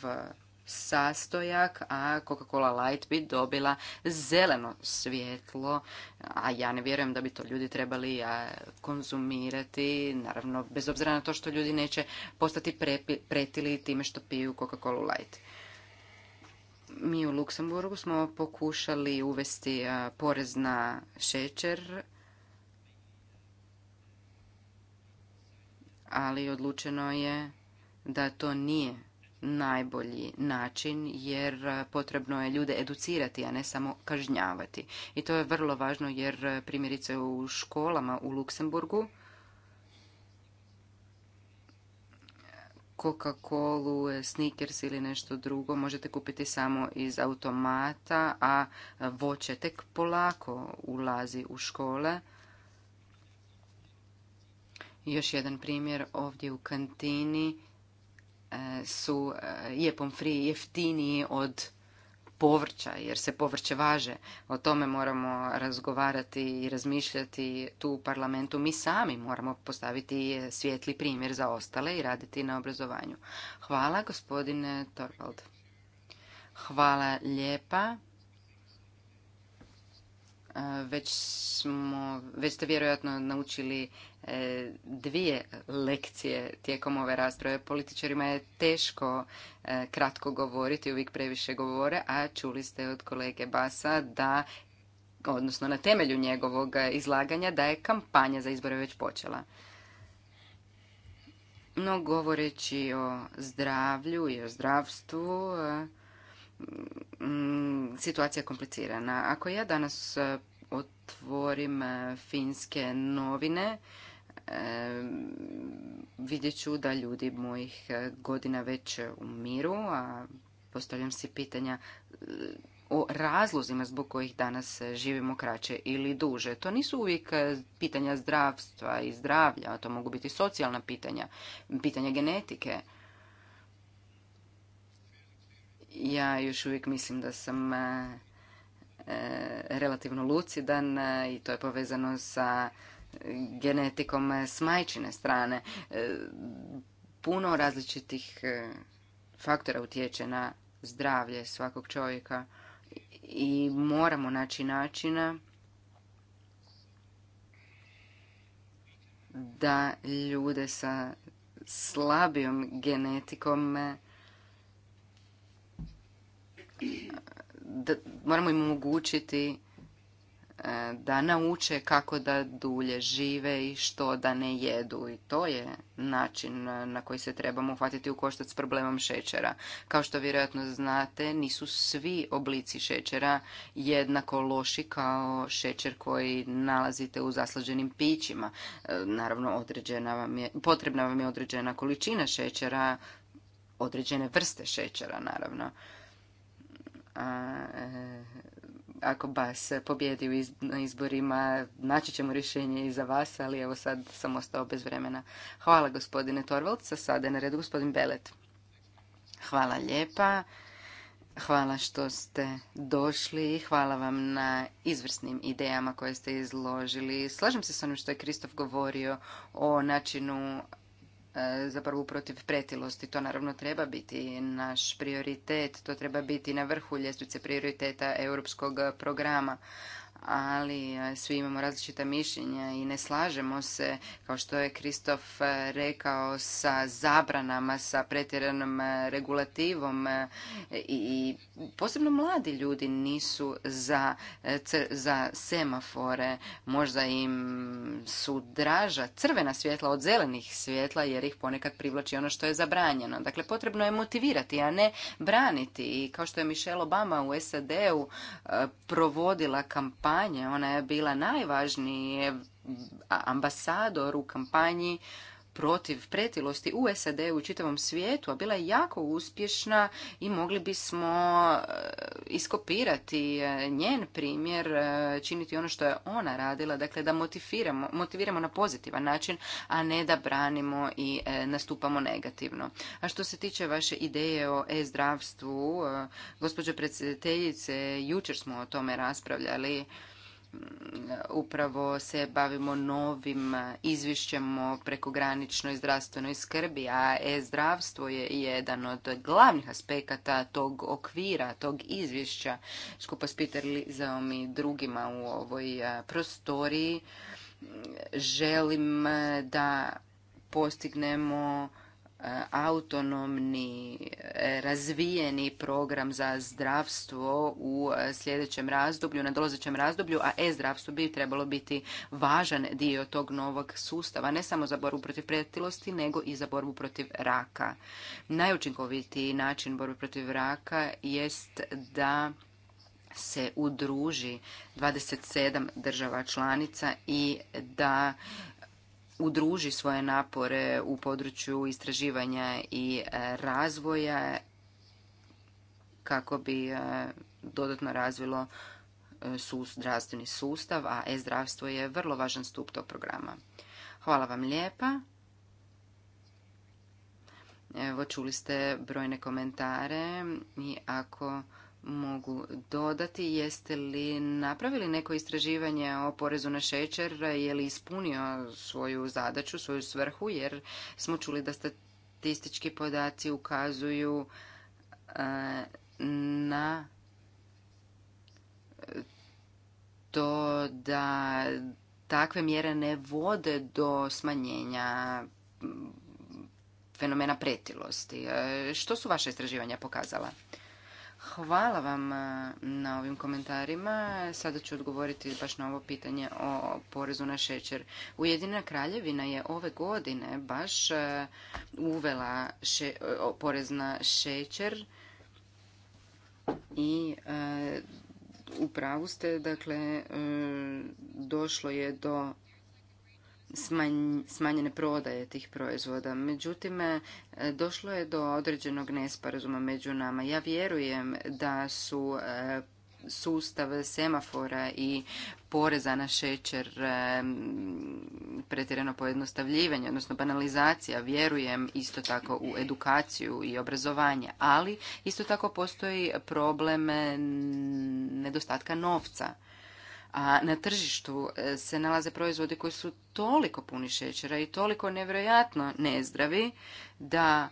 sastojak, a Coca-Cola Light bi dobila zeleno svjetlo, a ja ne vjerujem da bi to ljudi trebali konzumirati, naravno, bez obzira na to što ljudi neće postati pretili time što piju Coca-Cola Light. Mi u Luksemburgu smo pokušali uvesti porez na šećer, ali odlučeno je da to nije najbolji način jer potrebno je ljude educirati, a ne samo kažnjavati. I to je vrlo važno jer primjerice u školama u Luksemburgu Coca-Colu, Snickers ili nešto drugo možete kupiti samo iz automata, a voće tek polako ulazi u škole. Još jedan primjer ovdje u kantini su, eh, je pomfri jeftiniji od povrća, jer se povrće važe. O tome moramo razgovarati i razmišljati tu u parlamentu. Mi sami moramo postaviti svijetli primjer za ostale i raditi na obrazovanju. Hvala, gospodine Torvald. Hvala lijepa već smo, već ste vjerojatno naučili e, dvije lekcije tijekom ove rasprave. Političarima je teško e, kratko govoriti, uvijek previše govore, a čuli ste od kolege Basa da odnosno na temelju njegovog izlaganja da je kampanja za izbore već počela. No govoreći o zdravlju i o zdravstvu, e, Mm, situacija komplicirana. Ako ja danas e, otvorim e, finske novine, e, vidjet ću da ljudi mojih godina već umiru, a postavljam si pitanja o razlozima zbog kojih danas živimo kraće ili duže. To nisu uvijek pitanja zdravstva i zdravlja, to mogu biti socijalna pitanja, pitanja genetike. Ja još uvijek mislim da sam e, e, relativno lucidan e, i to je povezano sa genetikom s majčine strane. Puno različitih faktora utječe na zdravlje svakog čovjeka i moramo naći načina da ljude sa slabijom genetikom moramo im omogućiti e, da nauče kako da dulje žive i što da ne jedu. I to je način e, na koji se trebamo uhvatiti u koštac s problemom šećera. Kao što vjerojatno znate, nisu svi oblici šećera jednako loši kao šećer koji nalazite u zaslađenim pićima. E, naravno, vam je, potrebna vam je određena količina šećera, određene vrste šećera, naravno. Eh, ako Bas pobjedi u na izborima, naći ćemo rješenje i za vas, ali evo sad sam ostao bez vremena. Hvala gospodine Torvalds, a sada je na redu gospodin Belet. Hvala lijepa, hvala što ste došli, hvala vam na izvrsnim idejama koje ste izložili. Slažem se s onim što je Kristof govorio o načinu E, zapravo protiv pretilosti. To naravno treba biti naš prioritet, to treba biti na vrhu ljestvice prioriteta europskog programa ali e, svi imamo različita mišljenja i ne slažemo se, kao što je Kristof e, rekao, sa zabranama, sa pretjeranom e, regulativom i posebno mladi ljudi nisu za, semafore. Možda im su draža crvena svjetla od zelenih svjetla jer ih ponekad privlači ono što je zabranjeno. Dakle, potrebno je motivirati, a ne braniti. I kao što je Michelle Obama u SAD-u provodila kampanju kampanje. Ona je bila najvažniji ambasador u kampanji protiv pretilosti u SAD-u čitavom svijetu, a bila je jako uspješna i mogli bismo eh, iskopirati eh, njen primjer, eh, činiti ono što je ona radila, dakle da motiviramo, motiviramo na pozitivan način, a ne da branimo i nastupamo negativno. A što se tiče vaše ideje o e-zdravstvu, gospođo predsjedateljice, jučer smo o tome raspravljali, upravo se bavimo novim izvješćem o prekograničnoj zdravstvenoj skrbi, a e-zdravstvo je jedan od glavnih aspekata tog okvira, tog izvješća, skupa s Peter Lizaom i drugima u ovoj prostoriji. Želim da postignemo autonomni e, razvijeni program za zdravstvo u e, sljedećem razdoblju, na dolazećem razdoblju, a e-zdravstvo bi trebalo biti važan dio tog novog sustava, ne samo za borbu protiv pretilosti, nego i za borbu protiv raka. Najučinkovitiji način borbe protiv raka jest da se udruži 27 država članica i da udruži svoje napore u području istraživanja i e, razvoja kako bi e, dodatno razvilo e, zdravstveni sustav, a e-zdravstvo je vrlo važan stup tog programa. Hvala vam lijepa. Evo, čuli ste brojne komentare i ako mogu dodati. Jeste li napravili neko istraživanje o porezu na šećer? Je li ispunio svoju zadaću, svoju svrhu? Jer smo čuli da statistički podaci ukazuju e, na to da takve mjere ne vode do smanjenja fenomena pretilosti. E, što su vaše istraživanja pokazala? Hvala vam eh, na ovim komentarima. Sada ću odgovoriti baš na ovo pitanje o porezu na šećer. Ujedina kraljevina je ove godine baš eh, uvela eh, porez na šećer i u pravu ste, dakle, došlo je do smanjene prodaje tih proizvoda. Međutim, e, došlo je do određenog nesporazuma među nama. Ja vjerujem da su e, sustav semafora i poreza na šećer, e, pretjerano pojednostavljivanje, odnosno banalizacija, vjerujem isto tako u edukaciju i obrazovanje, ali isto tako postoji problem nedostatka novca a na tržištu e, se nalaze proizvodi koji su toliko puni šećera i toliko nevjerojatno nezdravi da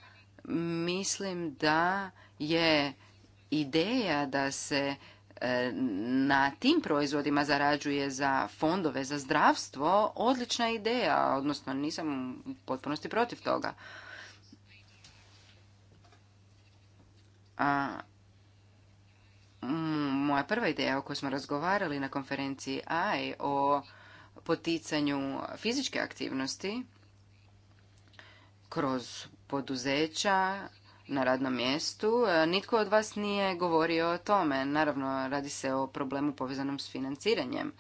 mislim da je ideja da se e, na tim proizvodima zarađuje za fondove za zdravstvo odlična ideja, odnosno nisam u potpunosti protiv toga. A Mm, moja prva ideja o kojoj smo razgovarali na konferenciji AI o poticanju fizičke aktivnosti kroz poduzeća na radnom mjestu. E, nitko od vas nije govorio o tome. Naravno, radi se o problemu povezanom s financiranjem,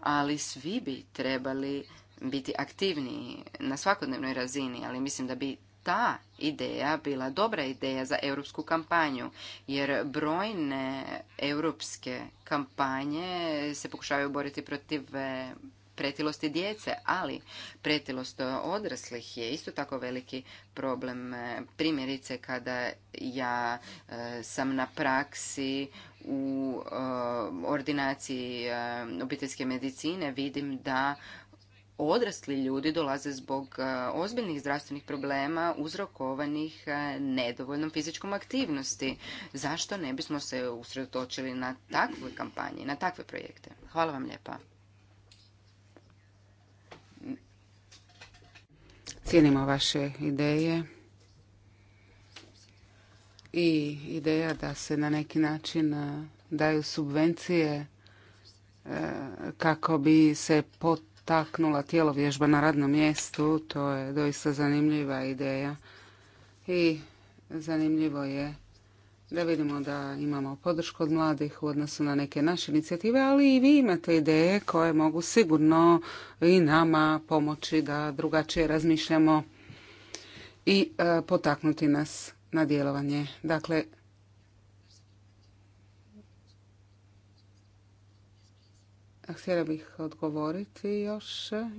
ali svi bi trebali biti aktivniji na svakodnevnoj razini, ali mislim da bi ta ideja bila dobra ideja za europsku kampanju, jer brojne europske kampanje se pokušavaju boriti protiv e, pretilosti djece, ali pretilost odraslih je isto tako veliki problem. E, primjerice kada ja e, sam na praksi u ordinaciji obiteljske medicine vidim da odrasli ljudi dolaze zbog e, ozbiljnih zdravstvenih problema uzrokovanih e, nedovoljnom fizičkom aktivnosti. Zašto ne bismo se usredotočili na takve kampanje, na takve projekte? Hvala vam lijepa. Cijenimo vaše ideje i ideja da se na neki način e, daju subvencije kako bi se pot tijelo vježba na radnom mjestu, to je doista zanimljiva ideja. I zanimljivo je da vidimo da imamo podršku od mladih u odnosu na neke naše inicijative, ali i vi imate ideje koje mogu sigurno i nama pomoći da drugačije razmišljamo i e, potaknuti nas na djelovanje. Dakle, Htjela bih odgovoriti još.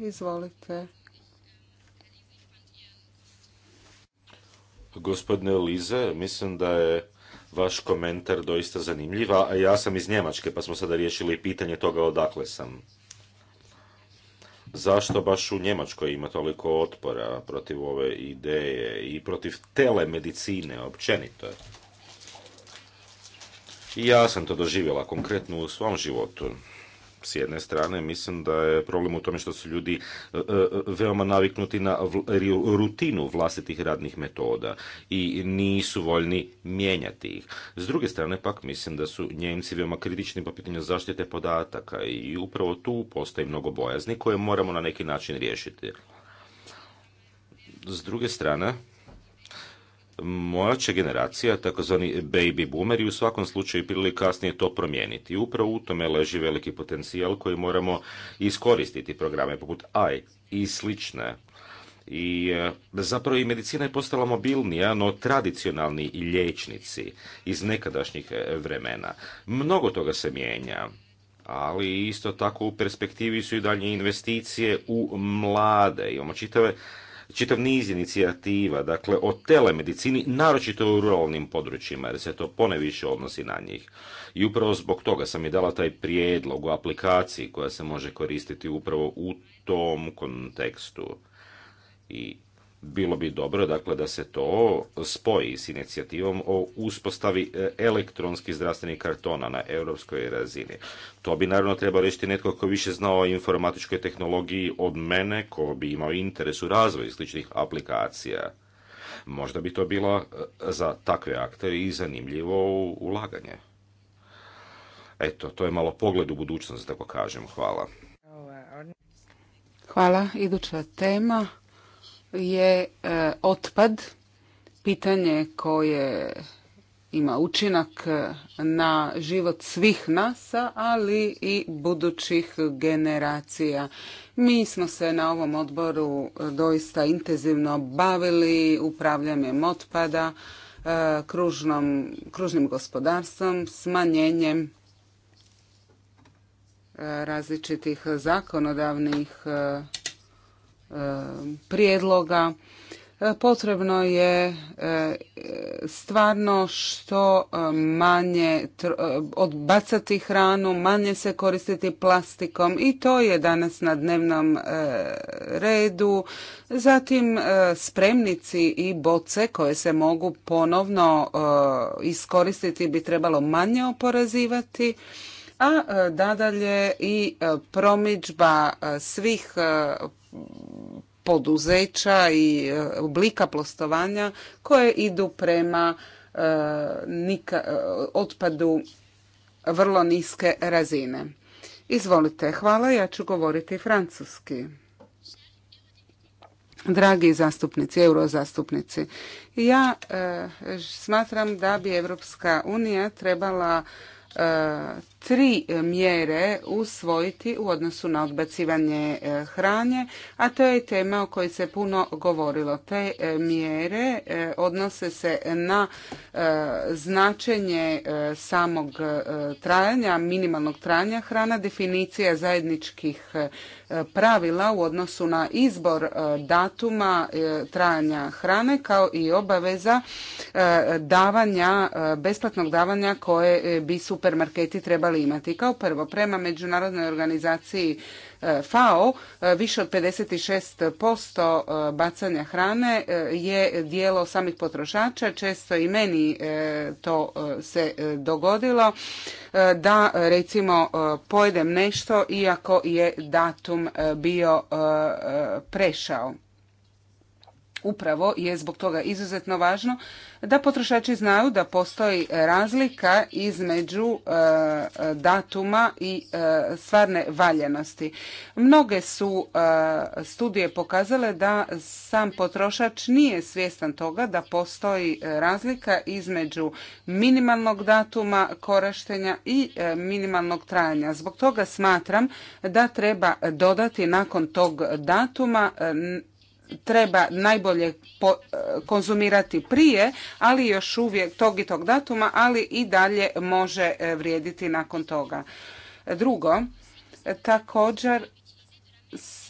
Izvolite. Gospodine Lize, mislim da je vaš komentar doista zanimljiv, a ja sam iz Njemačke, pa smo sada riješili pitanje toga odakle sam. Zašto baš u Njemačkoj ima toliko otpora protiv ove ideje i protiv telemedicine općenito? I ja sam to doživjela konkretno u svom životu s jedne strane mislim da je problem u tome što su ljudi e, e, veoma naviknuti na rutinu vlastitih radnih metoda i nisu voljni mijenjati ih. S druge strane pak mislim da su Njemci veoma kritični po pitanju zaštite podataka i upravo tu postoji mnogo bojazni koje moramo na neki način riješiti. S druge strane, moja će generacija, takozvani baby boomeri, u svakom slučaju prilike kasnije to promijeniti. Upravo u tome leži veliki potencijal koji moramo iskoristiti programe poput AI i slične. I e, zapravo i medicina je postala mobilnija, no tradicionalni liječnici iz nekadašnjih e, vremena. Mnogo toga se mijenja ali isto tako u perspektivi su i dalje investicije u mlade. Imamo čitave čitav niz inicijativa, dakle o telemedicini, naročito u ruralnim područjima, jer se to poneviše odnosi na njih. I upravo zbog toga sam i dala taj prijedlog u aplikaciji koja se može koristiti upravo u tom kontekstu. I bilo bi dobro dakle, da se to spoji s inicijativom o uspostavi e, elektronskih zdravstvenih kartona na europskoj razini. To bi naravno trebao reći netko ko više zna o informatičkoj tehnologiji od mene, ko bi imao interes u razvoju sličnih aplikacija. Možda bi to bilo e, za takve aktere i zanimljivo ulaganje. Eto, to je malo pogled u budućnost, tako kažem. Hvala. Hvala. Iduća tema je e, otpad pitanje koje ima učinak e, na život svih nas, ali i budućih generacija. Mi smo se na ovom odboru doista intenzivno bavili upravljanjem otpada, e, kružnom, kružnim gospodarstvom, smanjenjem različitih zakonodavnih prijedloga. Potrebno je e, stvarno što e, manje e, odbacati hranu, manje se koristiti plastikom i to je danas na dnevnom redu. Zatim spremnici i boce koje se mogu ponovno iskoristiti bi trebalo manje oporazivati, a dadalje i promidžba svih poduzeća i e, oblika plostovanja koje idu prema e, e, otpadu vrlo niske razine. Izvolite, hvala, ja ću govoriti francuski. Dragi zastupnici, eurozastupnici, ja smatram da bi Evropska unija trebala tri e, mjere usvojiti u odnosu na odbacivanje e, hranje, a to je tema o kojoj se puno govorilo. Te e, mjere odnose se na značenje samog trajanja, minimalnog trajanja hrana, definicija zajedničkih pravila u odnosu na izbor datuma trajanja hrane kao i obaveza davanja, besplatnog davanja koje bi supermarketi trebali trebali imati. Kao prvo, prema Međunarodnoj organizaciji e, FAO, e, više od 56% e, bacanja hrane je dijelo samih potrošača. Često i meni to se dogodilo da recimo pojedem nešto iako je datum bio prešao upravo je zbog toga izuzetno važno da potrošači znaju da postoji razlika između e, datuma i e, stvarne valjanosti. Mnoge su e, studije pokazale da sam potrošač nije svjestan toga da postoji razlika između minimalnog datuma koraštenja i minimalnog trajanja. Zbog toga smatram da treba dodati nakon tog datuma treba najbolje e, konzumirati prije, ali još uvijek tog i tog datuma, ali i dalje može e, vrijediti nakon toga. Drugo, također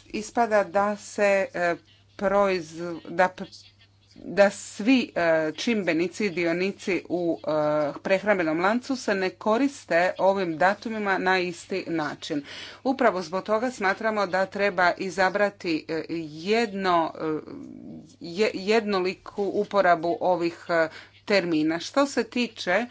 ispada da se e, proiz da da svi e, čimbenici i dionici u e, prehrambenom lancu se ne koriste ovim datumima na isti način. Upravo zbog toga smatramo da treba izabrati e, jedno, jednoliku uporabu ovih termina. Što se tiče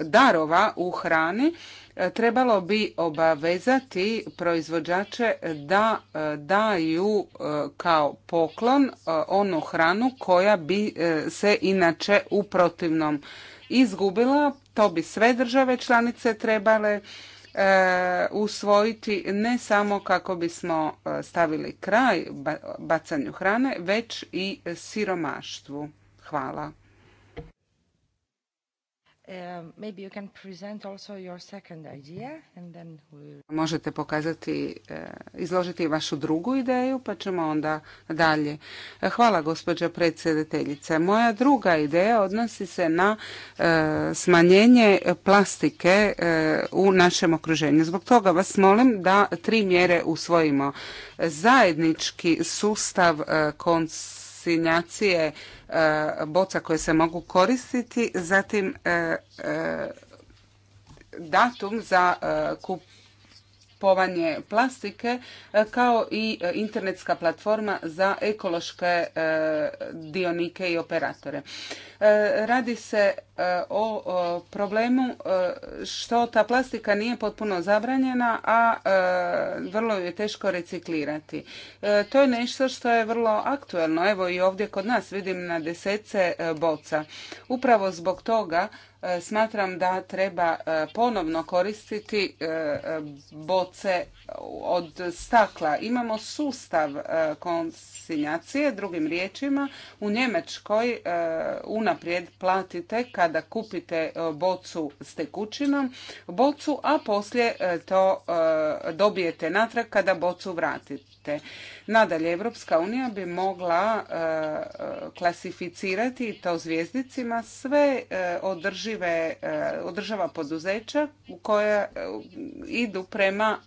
darova u hrani e, trebalo bi obavezati proizvođače da e, daju e, kao poklon onu hranu koja bi se inače u protivnom izgubila. To bi sve države članice trebale usvojiti ne samo kako bismo stavili kraj bacanju hrane, već i siromaštvu. Hvala. Um, maybe you can present also your second idea and then Možete pokazati, eh, izložiti vašu drugu ideju pa ćemo onda dalje. Eh, hvala gospođo predsjedateljice. Moja druga ideja odnosi se na eh, smanjenje plastike u našem okruženju. Zbog toga vas molim da tri mjere usvojimo. Zajednički sustav destinacije e, boca koje se mogu koristiti, zatim e, e, datum za kup povanje plastike e, kao i e, internetska platforma za ekološke e, dionike i operatore. Radi se o problemu što ta plastika nije potpuno zabranjena, a vrlo je teško reciklirati. To je nešto što je vrlo aktuelno. Evo i ovdje kod nas vidim na desetce boca. Upravo zbog toga smatram da treba e, ponovno koristiti e, e, boce od stakla. Imamo sustav konsinjacije, drugim riječima, u Njemačkoj unaprijed platite kada kupite bocu s tekućinom, bocu, a poslije to dobijete natrag kada bocu vratite. Nadalje, Evropska unija bi mogla e, klasificirati to zvijezdicima sve e, održive, e, održava poduzeća koja idu prema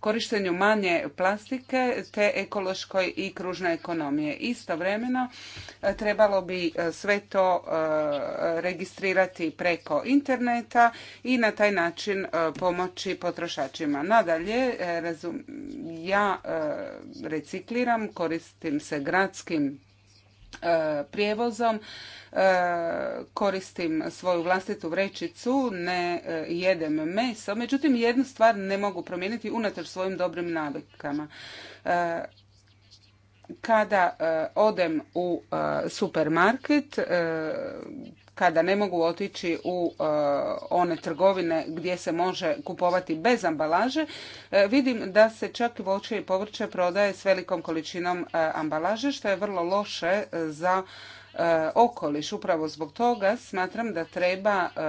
korištenju manje plastike te ekološkoj i kružnoj ekonomije. Istovremeno e, trebalo bi e, sve to e, registrirati preko interneta i na taj način pomoći potrošačima. Nadalje, ja recikliram, koristim se gradskim E, prijevozom. E, koristim svoju vlastitu vrećicu, ne e, jedem meso. Međutim, jednu stvar ne mogu promijeniti unatoč svojim dobrim navikama kada odem u supermarket kada ne mogu otići u e, one trgovine gdje se može kupovati bez ambalaže, e, vidim da se čak i voće i povrće prodaje s velikom količinom e, ambalaže, što je vrlo loše za E, okoliš. Upravo zbog toga smatram da treba e,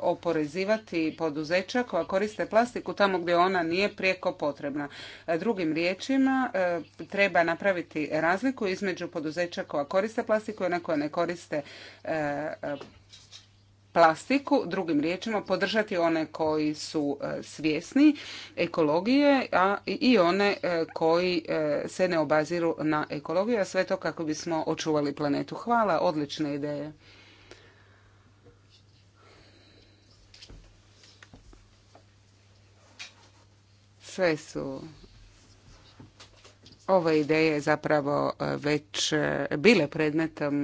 oporezivati poduzeća koja koriste plastiku tamo gdje ona nije prijeko potrebna. E, drugim riječima treba napraviti razliku između poduzeća koja koriste plastiku i ona koja ne koriste plastiku, drugim riječima podržati one koji su e, svjesni ekologije a i one e, koji e, se ne obaziru na ekologiju, a sve to kako bismo očuvali planetu. Hvala, odlične ideje. Sve su ove ideje zapravo već bile predmetom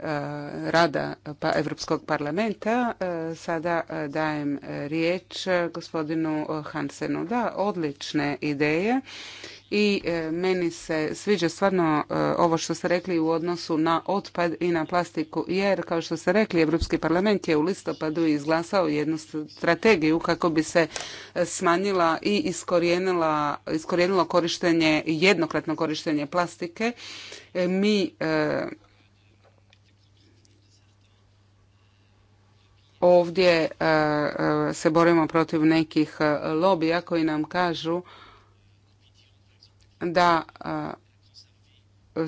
Eh, rada pa Europskog parlamenta. Eh, sada eh, dajem riječ gospodinu Hansenu. Da, odlične ideje i meni se sviđa stvarno ovo što ste rekli u odnosu na otpad i na plastiku jer kao što ste rekli Europski parlament je u listopadu izglasao jednu strategiju kako bi se smanjila i iskorijenila, iskorijenilo korištenje jednokratno korištenje plastike. Mi ovdje e, e, se borimo protiv nekih e, lobija koji nam kažu da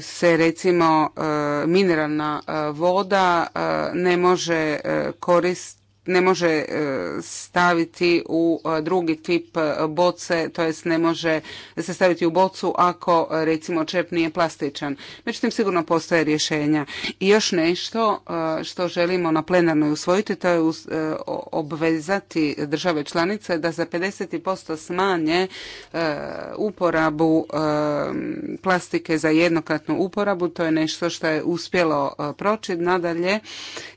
se recimo mineralna voda ne može korist ne može e, staviti u e, drugi tip e, boce, to jest ne može se staviti u bocu ako recimo čep nije plastičan. Međutim, sigurno postoje rješenja. I još nešto što želimo na plenarnoj usvojiti, to je obvezati države članice da za 50% smanje uporabu plastike za jednokratnu uporabu. To je nešto što je uspjelo proći. Nadalje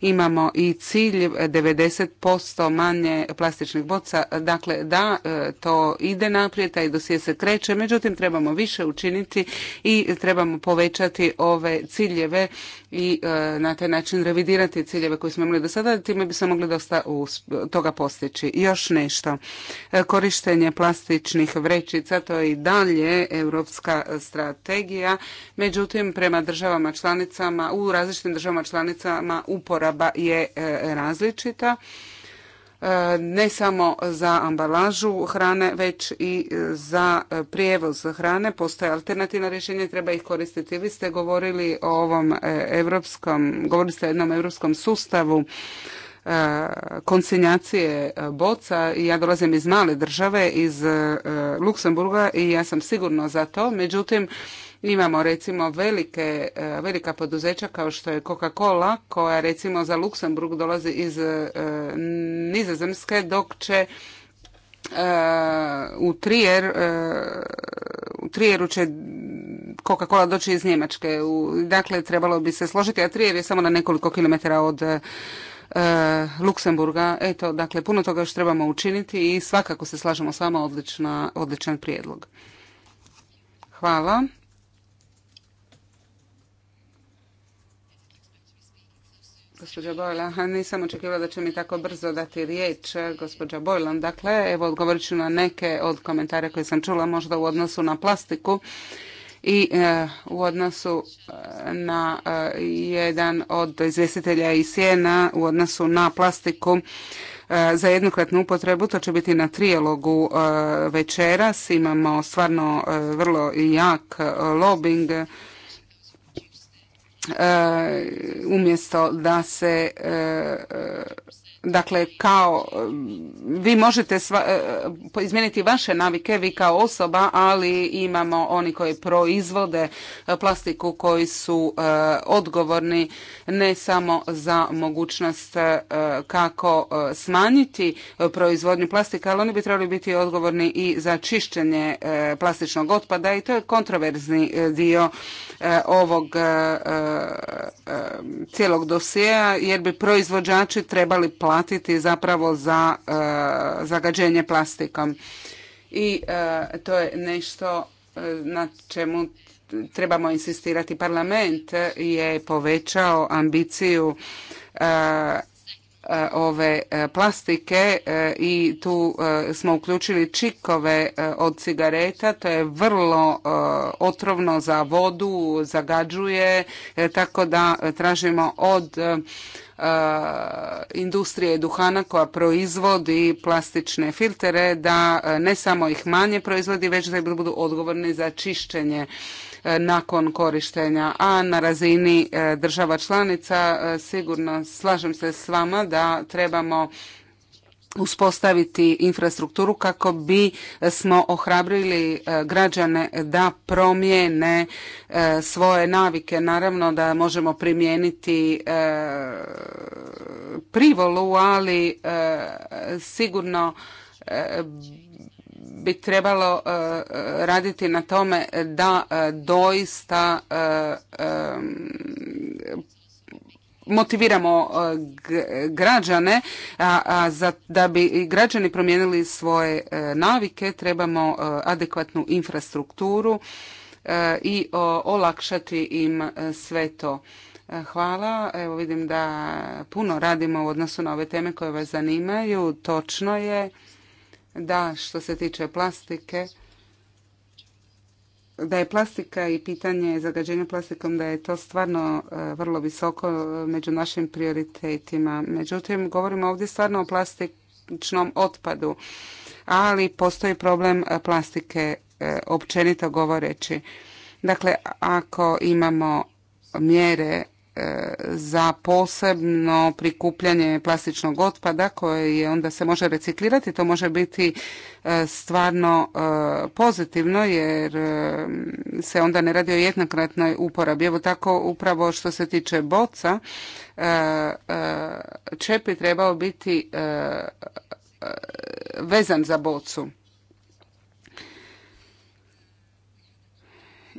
imamo i cilj 90 50% manje plastičnih boca. Dakle, da, e, to ide naprijed, taj dosije se kreće, međutim trebamo više učiniti i trebamo povećati ove ciljeve i e, na taj način revidirati ciljeve koje smo imali do sada, time bi se mogli dosta toga postići. još nešto, e, korištenje plastičnih vrećica, to je i dalje europska strategija, međutim prema državama članicama, u različitim državama članicama uporaba je e, različita. E, ne samo za ambalažu hrane, već i za e, prijevoz hrane. Postoje alternativna rješenja, treba ih koristiti. Vi ste govorili o ovom e, evropskom, govorili ste o jednom europskom sustavu konsinjacije boca i ja dolazim iz male države, iz Luksemburga i ja sam sigurno za to. Međutim, Imamo recimo velike, e, velika poduzeća kao što je Coca-Cola koja recimo za Luksemburg dolazi iz e, Nizozemske dok će e, u Trier u Trieru će Coca-Cola doći iz Njemačke. Dakle, trebalo bi se složiti, a Trier je samo na nekoliko kilometara od Luksemburga. Eto, dakle, puno toga još trebamo učiniti i svakako se slažemo s vama odličan prijedlog. Hvala. gospođa Bojlan, Nisam očekivala da će mi tako brzo dati riječ, e, gospođa Bojlan. Dakle, evo odgovorit ću na neke od komentara koje sam čula, možda u odnosu na plastiku i e, u odnosu e, na jedan od izvjestitelja i sjena u odnosu na plastiku za jednokratnu upotrebu, to će biti na trijelogu večeras. Imamo stvarno vrlo jak lobing E, umjesto da se e, Dakle, kao vi možete sva, e, izmijeniti vaše navike, vi kao osoba, ali imamo oni koji proizvode e, plastiku, koji su e, odgovorni ne samo za mogućnost kako smanjiti proizvodnju plastika, ali oni bi trebali biti odgovorni i za čišćenje plastičnog otpada i to je kontroverzni dio ovog cijelog dosjea jer bi proizvođači trebali platiti zapravo za e, zagađenje plastikom. I e, to je nešto e, na čemu trebamo insistirati. Parlament je povećao ambiciju E, ove e, plastike e, i tu smo uključili čikove od cigareta. To je vrlo otrovno za vodu, zagađuje, tako da tražimo od industrije duhana koja proizvodi plastične filtere da ne samo ih manje proizvodi, već da budu odgovorni za čišćenje E, nakon korištenja. A na razini e, država članica e, sigurno slažem se s vama da trebamo uspostaviti infrastrukturu kako bi smo ohrabrili građane da promijene svoje navike. Naravno da možemo primijeniti privolu, ali sigurno bi trebalo e, raditi na tome da e, doista e, motiviramo građane a da bi građani promijenili svoje navike trebamo adekvatnu infrastrukturu i olakšati im sve to. Hvala. Evo vidim da puno radimo u odnosu na ove teme koje vas zanimaju. Točno je da što se tiče plastike, da je plastika i pitanje zagađenja plastikom da je to stvarno e, vrlo visoko e, među našim prioritetima. Međutim, govorimo ovdje stvarno o plastičnom otpadu, ali postoji problem e, plastike općenito govoreći. Dakle, ako imamo mjere za posebno prikupljanje plastičnog otpada koje je onda se može reciklirati. To može biti e, stvarno e, pozitivno jer e, se onda ne radi o jednokratnoj uporabi. Evo tako upravo što se tiče boca, čep je trebao biti vezan za bocu.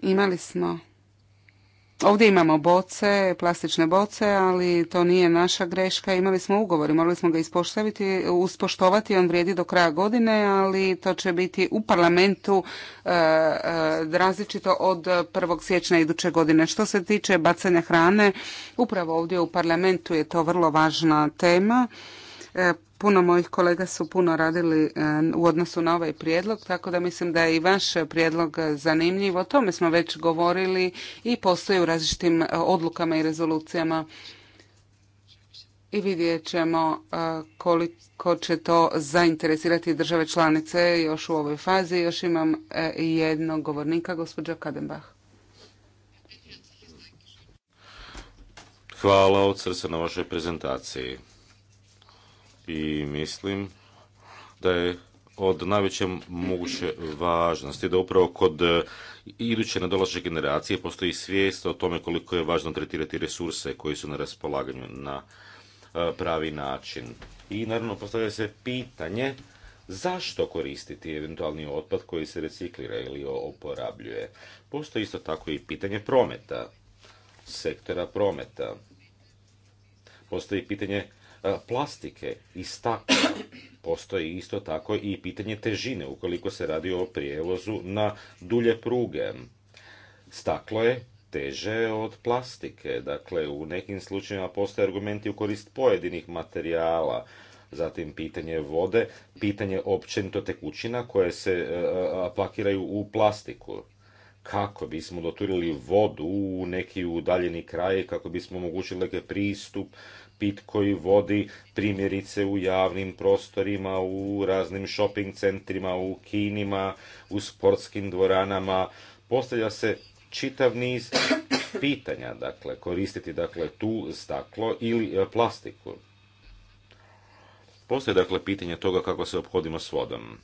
Imali smo Ovdje imamo boce, plastične boce, ali to nije naša greška. Imali smo ugovor i morali smo ga ispoštovati, uspoštovati, on vrijedi do kraja godine, ali to će biti u parlamentu e, e, različito od 1. siječnja iduće godine. Što se tiče bacanja hrane, upravo ovdje u parlamentu je to vrlo važna tema E, puno mojih kolega su puno radili e, u odnosu na ovaj prijedlog, tako da mislim da je i vaš prijedlog zanimljiv. O tome smo već govorili i postoji u različitim e, odlukama i rezolucijama i vidjet ćemo koliko će to zainteresirati države članice još u ovoj fazi. Još imam jednog govornika, gospođa Kadenbach. Hvala od srca na vašoj prezentaciji i mislim da je od najveće moguće važnosti, da upravo kod e, iduće dolaze generacije postoji svijest o tome koliko je važno tretirati resurse koji su na raspolaganju na e, pravi način. I naravno postavlja se pitanje zašto koristiti eventualni otpad koji se reciklira ili oporabljuje. Postoji isto tako i pitanje prometa, sektora prometa. Postoji pitanje E, plastike i stakla. Postoji isto tako i pitanje težine ukoliko se radi o prijevozu na dulje pruge. Staklo je teže od plastike, dakle u nekim slučajevima postoje argumenti u korist pojedinih materijala, zatim pitanje vode, pitanje općenito tekućina koje se e, e, apakiraju u plastiku kako bismo doturili vodu u neki udaljeni kraj, kako bismo omogućili neki pristup pit koji vodi primjerice u javnim prostorima, u raznim shopping centrima, u kinima, u sportskim dvoranama. Postavlja se čitav niz pitanja, dakle, koristiti dakle, tu staklo ili e, plastiku. Postoje dakle pitanje toga kako se obhodimo s vodom.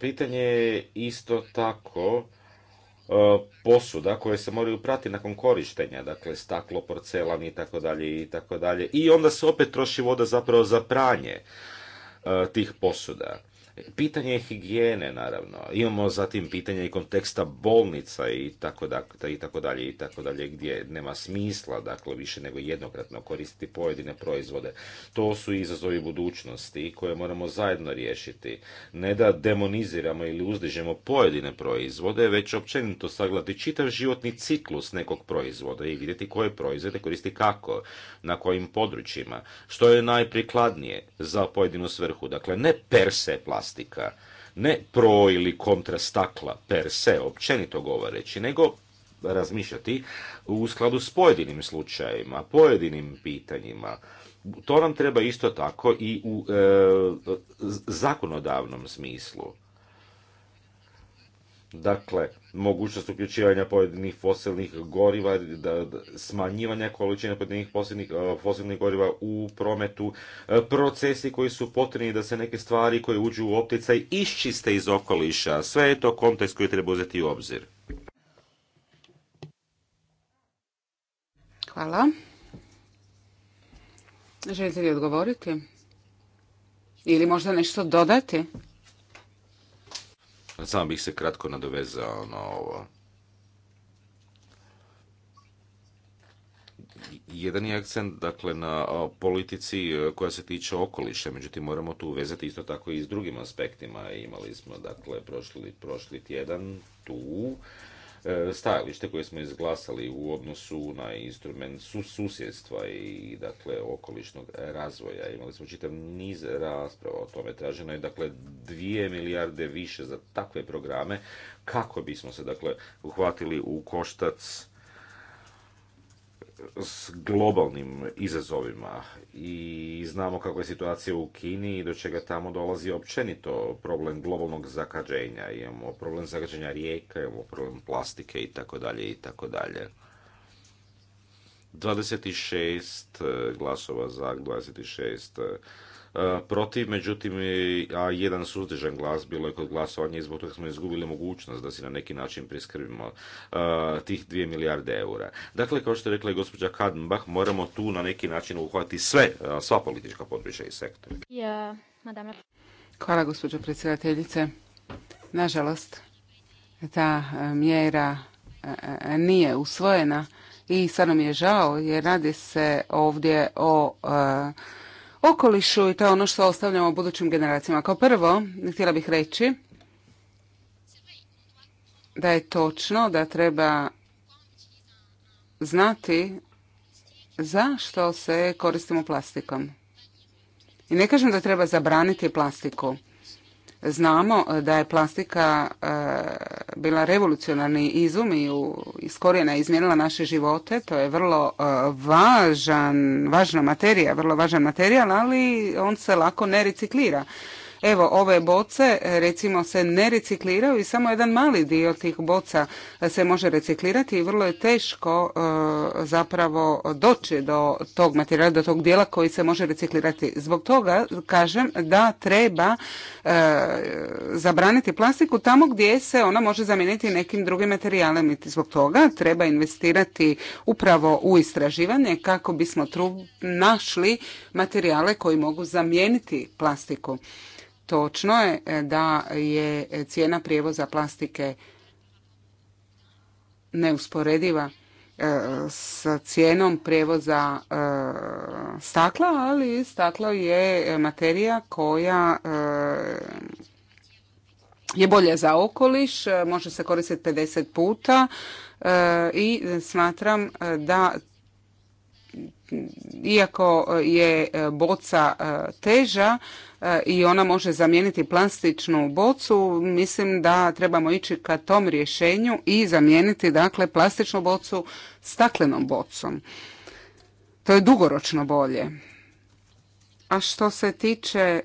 Pitanje je isto tako E, posuda koje se moraju prati nakon korištenja, dakle staklo, porcelan i tako dalje i tako dalje. I onda se opet troši voda zapravo za pranje e, tih posuda. Pitanje je higijene, naravno. Imamo zatim pitanje i konteksta bolnica i tako, da, i tako dalje, i tako dalje, gdje nema smisla, dakle, više nego jednokratno koristiti pojedine proizvode. To su izazovi budućnosti koje moramo zajedno riješiti. Ne da demoniziramo ili uzdižemo pojedine proizvode, već općenito sagledati čitav životni ciklus nekog proizvoda i vidjeti koje proizvode koristi kako, na kojim područjima, što je najprikladnije za pojedinu svrhu. Dakle, ne per se plastika, ne pro ili kontra stakla per se, općenito govoreći, nego razmišljati u skladu s pojedinim slučajevima, pojedinim pitanjima. To nam treba isto tako i u e, zakonodavnom smislu. Dakle, mogućnost uključivanja pojedinih fosilnih goriva, da, smanjivanja količine pojedinih fosilnih, e, goriva u prometu, e, procesi koji su potrebni da se neke stvari koje uđu u opticaj iščiste iz okoliša. Sve je to kontekst koji treba uzeti u obzir. Hvala. Želite li odgovoriti? Ili možda nešto dodati? Samo bih se kratko nadovezao na ovo. Jedan je akcent dakle, na politici e, koja se tiče okoliša, međutim moramo tu vezati isto tako i s drugim aspektima. Imali smo dakle, prošli, prošli tjedan tu E, stajalište koje smo izglasali u odnosu na instrument susjedstva i dakle okolišnog razvoja. Imali smo čitav niz rasprava o tome. Traženo je dakle dvije milijarde više za takve programe kako bismo se dakle uhvatili u koštac s globalnim izazovima i znamo kako je situacija u Kini i do čega tamo dolazi općenito problem globalnog zakađenja. Imamo problem zakađenja rijeka, imamo problem plastike i tako dalje i tako dalje. 26 glasova za, 26 E, protiv, međutim, a jedan suzdržan glas bilo je kod glasovanja i zbog toga smo izgubili mogućnost da si na neki način priskrbimo e, tih dvije milijarde eura. Dakle, kao što je rekla i gospođa Kadenbach, moramo tu na neki način uhvatiti sve, e, sva politička područja i sektor. Hvala, gospođo predsjedateljice. Nažalost, ta mjera nije usvojena i stvarno mi je žao jer radi se ovdje o okolišu i to je ono što ostavljamo budućim generacijama. Kao prvo, htjela bih reći da je točno da treba znati zašto se koristimo plastikom. I ne kažem da treba zabraniti plastiku. Znamo e, da je plastika e, bila revolucionarni izum i iz korijena izmijenila naše živote. To je vrlo e, važan, važna materija, vrlo važan materijal, ali on se lako ne reciklira. Evo, ove boce e, recimo se ne recikliraju i samo jedan mali dio tih boca e, se može reciklirati i vrlo je teško e, zapravo doći do tog materijala, do tog dijela koji se može reciklirati. Zbog toga kažem da treba zabraniti plastiku tamo gdje se ona može zamijeniti nekim drugim materijalom i zbog toga treba investirati upravo u istraživanje kako bismo našli materijale koji mogu zamijeniti plastiku. Točno je e, da je cijena prijevoza plastike neusporediva e, s cijenom prijevoza e, stakla, ali staklo je materija koja je bolje za okoliš, može se koristiti 50 puta i smatram da iako je boca teža, E, i ona može zamijeniti plastičnu bocu, mislim da trebamo ići ka tom rješenju i zamijeniti dakle plastičnu bocu staklenom bocom. To je dugoročno bolje. A što se tiče e,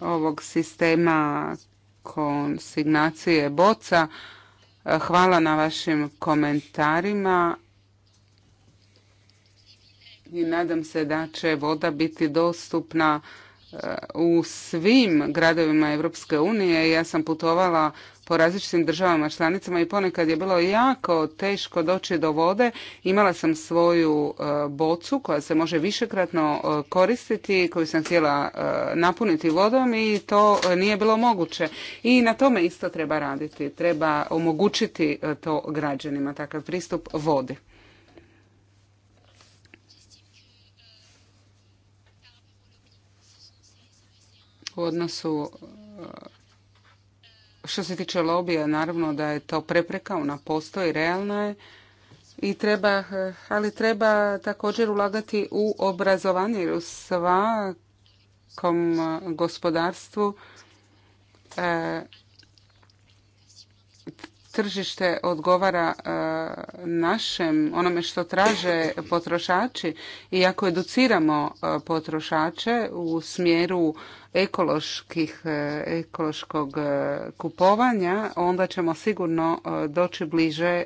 ovog sistema konsignacije boca, e, hvala na vašim komentarima i nadam se da će voda biti dostupna e, u svim gradovima Europske unije. Ja sam putovala po različitim državama članicama i ponekad je bilo jako teško doći do vode. Imala sam svoju e, bocu koja se može višekratno e, koristiti, koju sam htjela napuniti vodom i to nije bilo moguće. I na tome isto treba raditi. Treba omogućiti to građanima, takav pristup vodi. u odnosu e, što se tiče lobija, naravno da je to prepreka, ona postoji, realna je. I treba, ali treba također ulagati u obrazovanje jer u svakom gospodarstvu e, tržište odgovara e, našem, onome što traže potrošači i ako educiramo e, potrošače u smjeru e, ekološkog kupovanja, onda ćemo sigurno doći bliže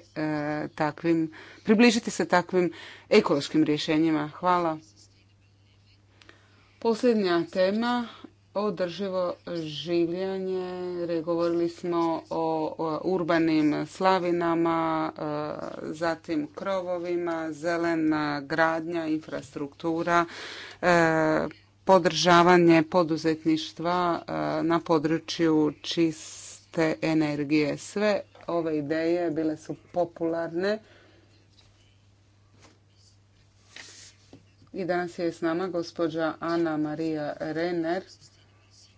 takvim, približiti se takvim ekološkim rješenjima. Hvala. Posljednja tema održivo življenje, govorili smo o urbanim slavinama, e, zatim krovovima, zelena gradnja, infrastruktura, e, podržavanje poduzetništva e, na području čiste energije. Sve ove ideje bile su popularne i danas je s nama gospođa Ana Marija Renner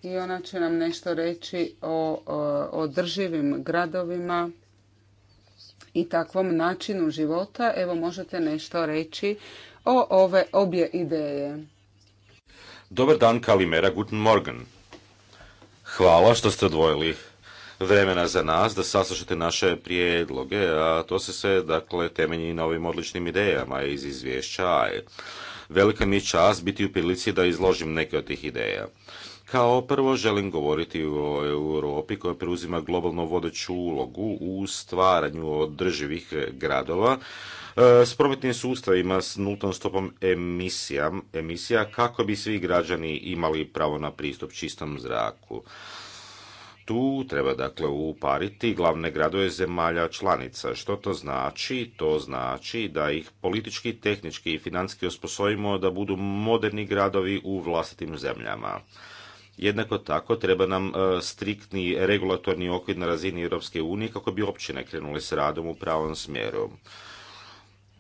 i ona će nam nešto reći o održivim gradovima i takvom načinu života. Evo možete nešto reći o ove obje ideje. Dobar dan Kalimera, guten morgen. Hvala što ste odvojili vremena za nas da saslušate naše prijedloge, a to se sve dakle temelji na ovim odličnim idejama iz izvješća. Velika mi je čast biti u prilici da izložim neke od tih ideja. Kao prvo želim govoriti o Europi koja preuzima globalno vodeću ulogu u stvaranju održivih gradova e, s prometnim sustavima s nultom stopom emisija, emisija kako bi svi građani imali pravo na pristup čistom zraku. Tu treba dakle upariti glavne gradove zemalja članica. Što to znači? To znači da ih politički, tehnički i financijski osposobimo da budu moderni gradovi u vlastitim zemljama. Jednako tako treba nam e, striktni regulatorni okvir na razini Europske unije kako bi općine krenule s radom u pravom smjeru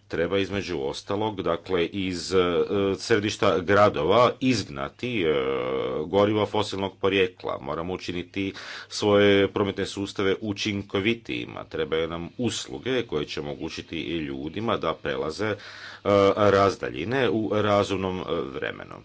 treba između ostalog, dakle iz e, središta gradova izgnati e, goriva fosilnog porijekla. Moramo učiniti svoje prometne sustave učinkovitijima. Trebaju nam usluge koje će omogućiti i ljudima da prelaze razdaljine u razumnom vremenu.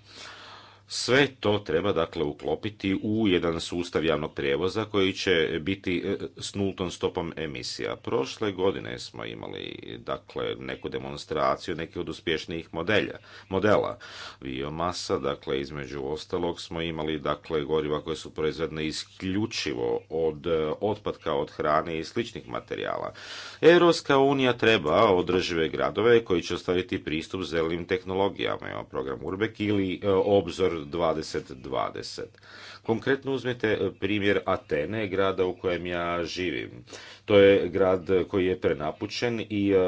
Sve to treba dakle uklopiti u jedan sustav javnog prijevoza koji će biti e, s nultom stopom emisija. Prošle godine smo imali dakle neku demonstraciju nekih od uspješnijih modelja, modela. Biomasa, dakle između ostalog smo imali dakle goriva koje su proizvedne isključivo od e, otpadka od hrane i sličnih materijala. Europska unija treba održive gradove koji će ostaviti pristup zelenim tehnologijama. program Urbek ili e, obzor 2020. Konkretno uzmite e, primjer Atene, grada u kojem ja živim. To je grad koji je prenapućen i e, e,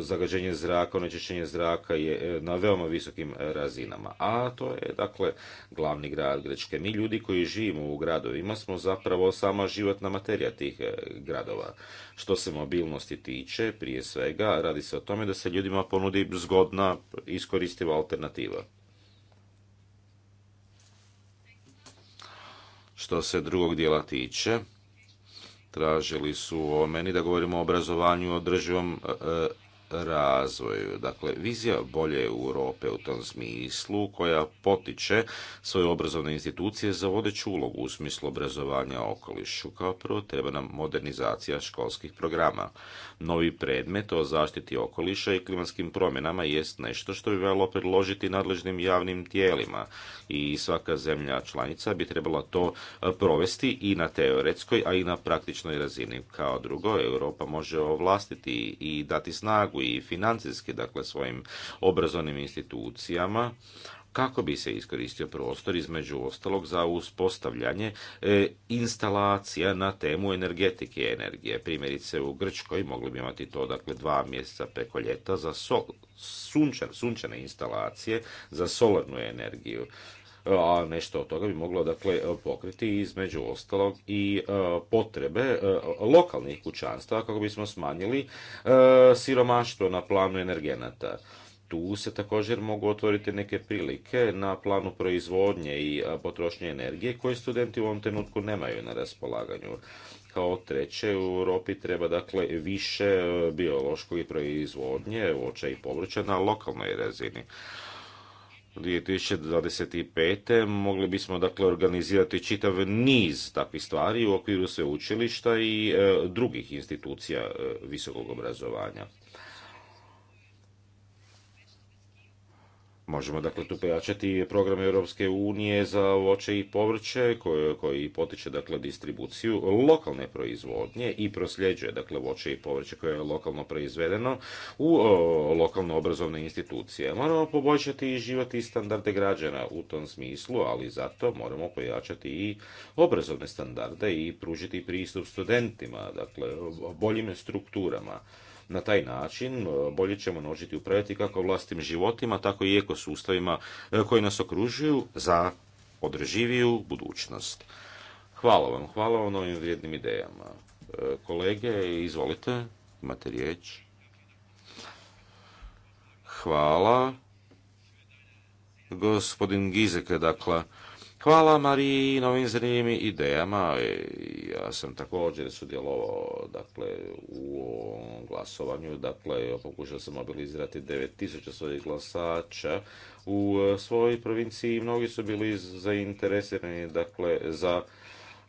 zagađenje zraka, onečišćenje zraka je na veoma visokim razinama. A to je, dakle, glavni grad Grečke. Mi ljudi koji živimo u gradovima smo zapravo sama životna materija tih gradova. Što se mobilnosti tiče, prije svega, radi se o tome da se ljudima ponudi zgodna, iskoristiva alternativa. Što se drugog dijela tiče, tražili su o meni da govorimo o obrazovanju, i održivom e, e, razvoju. Dakle, vizija bolje Europe u tom smislu koja potiče svoje obrazovne institucije za vodeću ulogu u smislu obrazovanja okolišu. Kao prvo treba nam modernizacija školskih programa. Novi predmet o zaštiti okoliša i klimatskim promjenama jest nešto što bi velo predložiti nadležnim javnim tijelima i svaka zemlja članica bi trebala to e, provesti i na teoretskoj, a i na praktičnoj razini. Kao drugo, Europa može ovlastiti i dati snagu i financijski, dakle, svojim obrazovnim institucijama, kako bi se iskoristio prostor između ostalog za uspostavljanje e, instalacija na temu energetike i energije. Primjerice u Grčkoj mogli bi imati to dakle dva mjeseca preko ljeta za sunčan, sunčane instalacije za solarnu energiju a nešto od toga bi moglo dakle pokriti između ostalog i e, potrebe e, lokalnih kućanstva kako bismo smanjili e, siromaštvo na planu energenata. Tu se također mogu otvoriti neke prilike na planu proizvodnje i potrošnje energije koje studenti u ovom trenutku nemaju na raspolaganju. Kao treće, u Europi treba dakle više biološkog proizvodnje voća i povrća na lokalnoj razini. 2025. mogli bismo dakle organizirati čitav niz takvih stvari u okviru sveučilišta i e, drugih institucija e, visokog obrazovanja. Možemo dakle tu pojačati program Europske unije za voće i povrće koji potiče dakle distribuciju lokalne proizvodnje i prosljeđuje dakle voće i povrće koje je lokalno proizvedeno u lokalno obrazovne institucije. Moramo poboljšati i život i standarde građana u tom smislu, ali zato moramo pojačati i obrazovne standarde i pružiti pristup studentima, dakle boljim strukturama na taj način e, bolje ćemo nožiti upraviti kako vlastim životima, tako i ekosustavima e, koji nas okružuju za održiviju budućnost. Hvala vam, hvala vam ovim vrijednim idejama. E, kolege, izvolite, imate riječ. Hvala. Gospodin je dakle, Hvala Mariji na ovim zanimljivim idejama. E, ja sam također sudjelovao dakle, u glasovanju. Dakle, pokušao sam mobilizirati 9000 svojih glasača u e, svojoj provinciji. Mnogi su bili zainteresirani dakle, za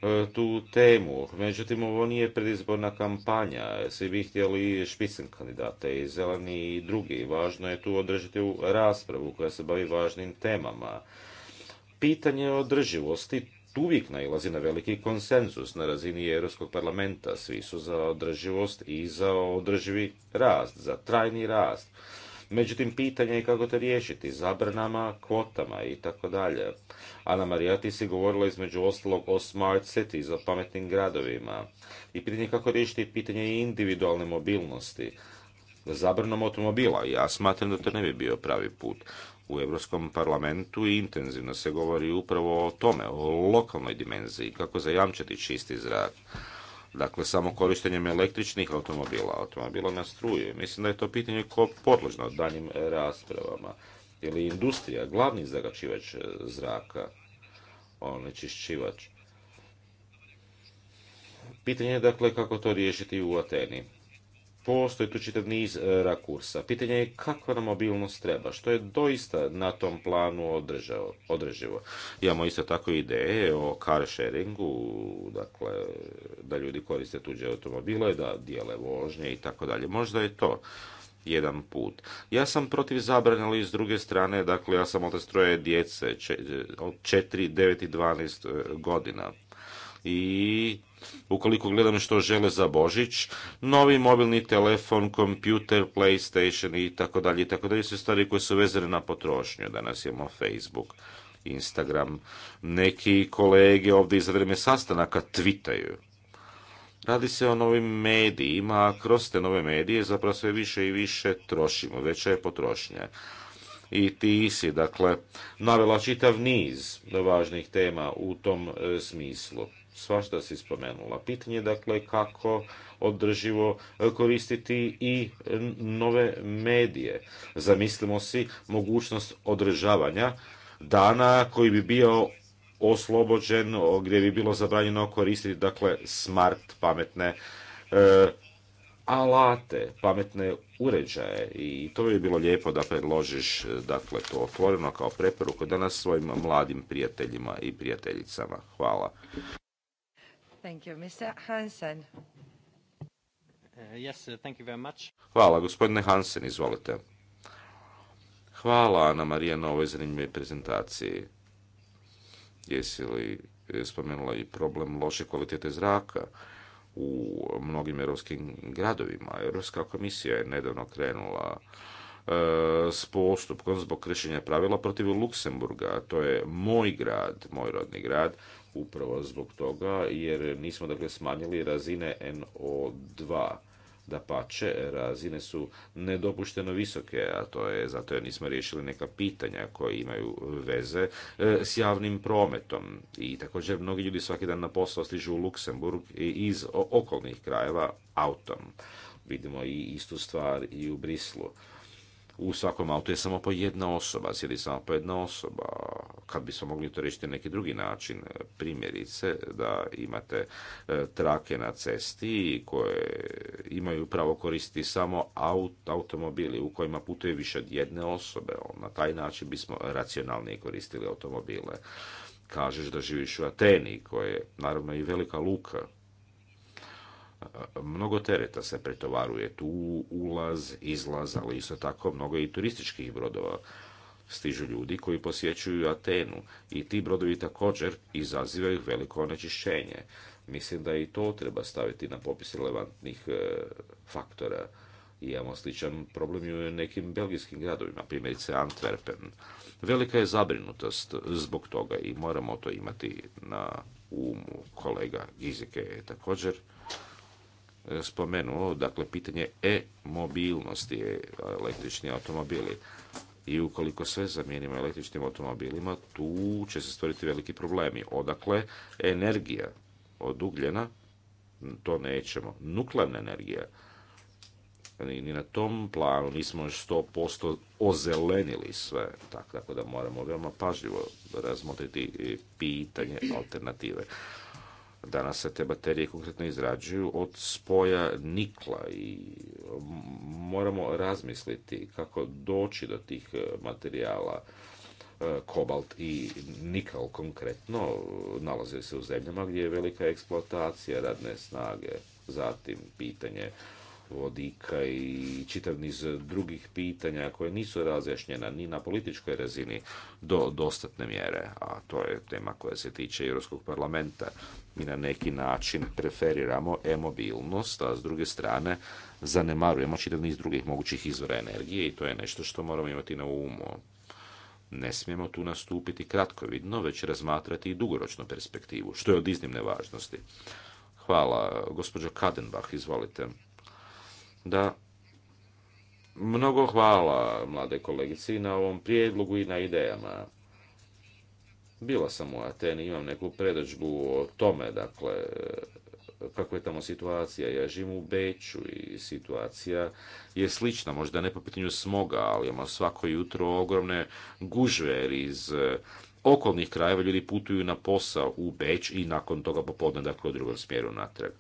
e, tu temu. Međutim, ovo nije predizborna kampanja. Svi bi htjeli špicen kandidate i zeleni i drugi. Važno je tu održati u raspravu koja se bavi važnim temama pitanje održivosti uvijek nailazi na veliki konsenzus na razini Europskog parlamenta. Svi su za održivost i za održivi rast, za trajni rast. Međutim, pitanje je kako to riješiti, zabranama, kvotama i tako dalje. Ana Marijati si govorila između ostalog o smart cities, za pametnim gradovima. I pitanje je kako riješiti pitanje individualne mobilnosti zabranom automobila. Ja smatram da to ne bi bio pravi put u Europskom parlamentu i intenzivno se govori upravo o tome, o lokalnoj dimenziji, kako zajamčiti čisti zrak. Dakle, samo korištenjem električnih automobila, automobila na struju. Mislim da je to pitanje podložno danjim raspravama. Ili industrija glavni zagačivač zraka, onečišćivač? Pitanje je dakle kako to riješiti u Ateni postoji tu čitav niz e, rakursa. Pitanje je kakva nam mobilnost treba, što je doista na tom planu održivo. Imamo isto tako ideje o car sharingu, dakle, da ljudi koriste tuđe automobile, da dijele vožnje i tako dalje. Možda je to jedan put. Ja sam protiv zabrane, ali s druge strane, dakle, ja sam otac troje djece, od 4, 9 i 12 e, godina. I ukoliko gledam što žele za Božić, novi mobilni telefon, kompjuter, Playstation i tako dalje i tako dalje su stvari koje su vezane na potrošnju. Danas imamo Facebook, Instagram, neki kolege ovdje iz vrijeme sastanaka twitaju. Radi se o novim medijima, a kroz te nove medije zapravo sve više i više trošimo, veća je potrošnja. I ti si, dakle, navela čitav niz važnih tema u tom e, smislu svašta si spomenula. Pitanje je dakle kako održivo e, koristiti i nove medije. Zamislimo si mogućnost održavanja dana koji bi bio oslobođen, gdje bi bilo zabranjeno koristiti dakle smart pametne e, alate, pametne uređaje i to bi bilo lijepo da predložiš e, dakle to otvoreno kao preporuku danas svojim mladim prijateljima i prijateljicama. Hvala. Thank uh, Hvala, gospodine Hansen, izvolite. Hvala Ana Marija na ovoj zanimljivoj prezentaciji. Jesi li eh, spomenula i problem loše kvalitete zraka u mnogim europskim gradovima? Europska komisija je nedavno krenula eh, s postupkom zbog kršenja pravila protiv Luksemburga. To je moj grad, moj rodni grad, upravo zbog toga jer nismo dakle smanjili razine NO2 da pače, razine su nedopušteno visoke, a to je zato jer nismo riješili neka pitanja koje imaju veze e, s javnim prometom. I također mnogi ljudi svaki dan na posao stižu u Luksemburg iz okolnih krajeva autom. Vidimo i istu stvar i u Brislu u svakom autu je samo po jedna osoba, sjedi samo po jedna osoba. Kad bismo mogli to riješiti na neki drugi način, primjerice da imate e, trake na cesti koje imaju pravo koristiti samo aut, automobili u kojima putuje više od jedne osobe. Na taj način bismo racionalnije koristili automobile. Kažeš da živiš u Ateni, koje je naravno i velika luka Mnogo tereta se pretovaruje tu, ulaz, izlaz, ali isto tako mnogo i turističkih brodova stižu ljudi koji posjećuju Atenu i ti brodovi također izazivaju veliko onečišćenje. Mislim da i to treba staviti na popis relevantnih e, faktora. Imamo sličan problem i u nekim belgijskim gradovima, primjerice Antwerpen. Velika je zabrinutost zbog toga i moramo to imati na umu. Kolega Gizike također E, spomenuo, dakle pitanje e-mobilnosti, e, električni automobili. I ukoliko sve zamijenimo električnim automobilima, tu će se stvoriti veliki problemi. Odakle, energija od ugljena, to nećemo. Nuklearna energija, ni na tom planu nismo još 100% ozelenili sve, tako da moramo veoma pažljivo razmotriti pitanje alternative. Danas se te baterije konkretno izrađuju od spoja nikla i moramo razmisliti kako doći do tih e, materijala e, kobalt i nikal konkretno nalaze se u zemljama gdje je velika eksploatacija radne snage, zatim pitanje vodika i čitav niz drugih pitanja koje nisu razjašnjena ni na političkoj razini do dostatne mjere, a to je tema koja se tiče Europskog parlamenta mi na neki način preferiramo e-mobilnost, a s druge strane zanemarujemo čitav niz drugih mogućih izvora energije i to je nešto što moramo imati na umu. Ne smijemo tu nastupiti kratkovidno, već razmatrati i dugoročnu perspektivu, što je od iznimne važnosti. Hvala, gospođo Kadenbach, izvolite. Da, mnogo hvala mlade kolegici na ovom prijedlogu i na idejama bila sam u Ateni, imam neku predođbu o tome, dakle, kako je tamo situacija. Ja živim u Beću i situacija je slična, možda ne po pitanju smoga, ali imamo svako jutro ogromne gužve iz e, okolnih krajeva ljudi putuju na posao u Beć i nakon toga popodne, dakle, u drugom smjeru natrag.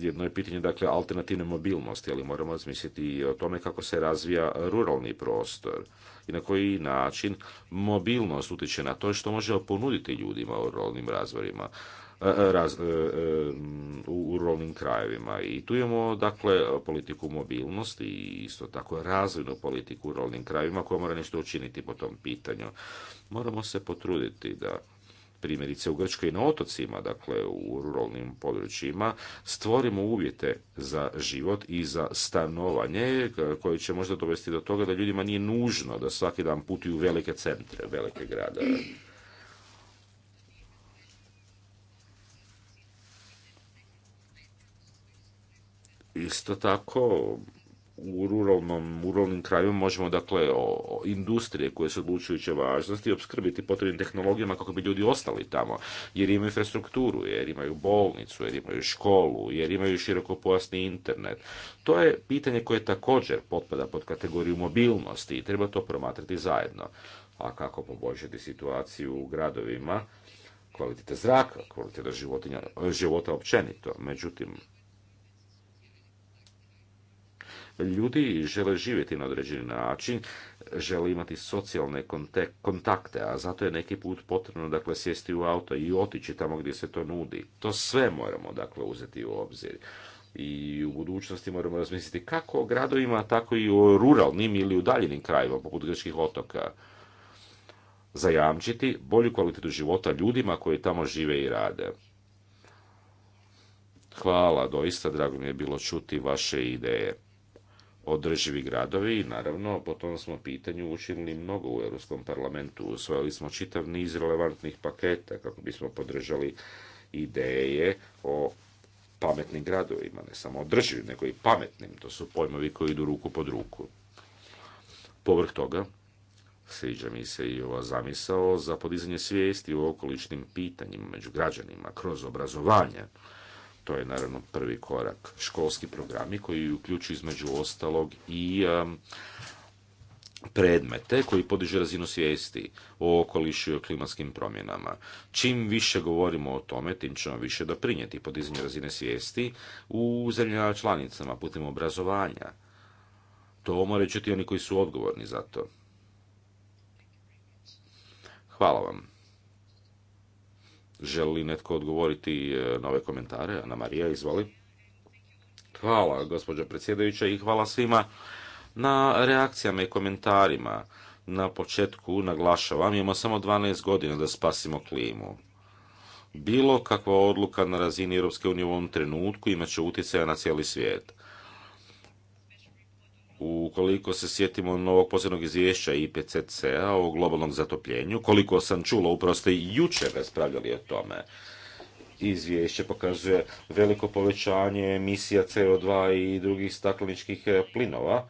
Jedno je pitanje, dakle, alternativne mobilnosti, ali moramo razmisliti i o tome kako se razvija ruralni prostor i na koji način mobilnost utječe na to što možemo ponuditi ljudima u rolnim razvorima. E, e, e, u ruralnim krajevima. I tu imamo dakle politiku mobilnosti i isto tako razvojnu politiku u ruralnim krajevima koja mora nešto učiniti po tom pitanju. Moramo se potruditi da primjerice u Grčkoj i na otocima, dakle u ruralnim područjima, stvorimo uvjete za život i za stanovanje koje će možda dovesti do toga da ljudima nije nužno da svaki dan putuju u velike centre, velike grada. Isto tako, u ruralnom, u ruralnim krajima možemo dakle o industrije koje su odlučujuće važnosti opskrbiti potrebnim tehnologijama kako bi ljudi ostali tamo jer imaju infrastrukturu, jer imaju bolnicu, jer imaju školu, jer imaju širokopojasni internet. To je pitanje koje također potpada pod kategoriju mobilnosti i treba to promatrati zajedno. A kako poboljšati situaciju u gradovima, kvalitete zraka, kvaliteta života općenito. Međutim, Ljudi žele živjeti na određeni način, žele imati socijalne kontakte, a zato je neki put potrebno dakle, sjesti u auto i otići tamo gdje se to nudi. To sve moramo dakle, uzeti u obzir i u budućnosti moramo razmisliti kako o gradovima, tako i o ruralnim ili udaljenim krajima poput grčkih otoka, zajamčiti bolju kvalitetu života ljudima koji tamo žive i rade. Hvala, doista drago mi je bilo čuti vaše ideje održivi gradovi i naravno po tom smo pitanju učinili mnogo u Europskom parlamentu. Usvojili smo čitav niz relevantnih paketa kako bismo podržali ideje o pametnim gradovima, ne samo održivim, nego i pametnim. To su pojmovi koji idu ruku pod ruku. Povrh toga, sviđa mi se i ova zamisao za podizanje svijesti u okoličnim pitanjima među građanima kroz obrazovanje. To je naravno prvi korak. Školski programi koji uključuju između ostalog i um, predmete koji podižu razinu svijesti o okolišu i o klimatskim promjenama. Čim više govorimo o tome, tim ćemo više doprinijeti podizanju razine svijesti u zemljama članicama putem obrazovanja. To moraju čuti oni koji su odgovorni za to. Hvala vam. Želi netko odgovoriti e, na ove komentare? Ana Marija, izvoli. Hvala, gospođo predsjedajuća, i hvala svima na reakcijama i komentarima. Na početku naglašavam, imamo samo 12 godina da spasimo klimu. Bilo kakva odluka na razini Europske unije u ovom trenutku imat će utjecaja na cijeli svijet ukoliko se sjetimo novog posebnog izvješća IPCC-a o globalnom zatopljenju, koliko sam čulo, upravo ste i jučer raspravljali o tome, izvješće pokazuje veliko povećanje emisija CO2 i drugih stakleničkih e, plinova,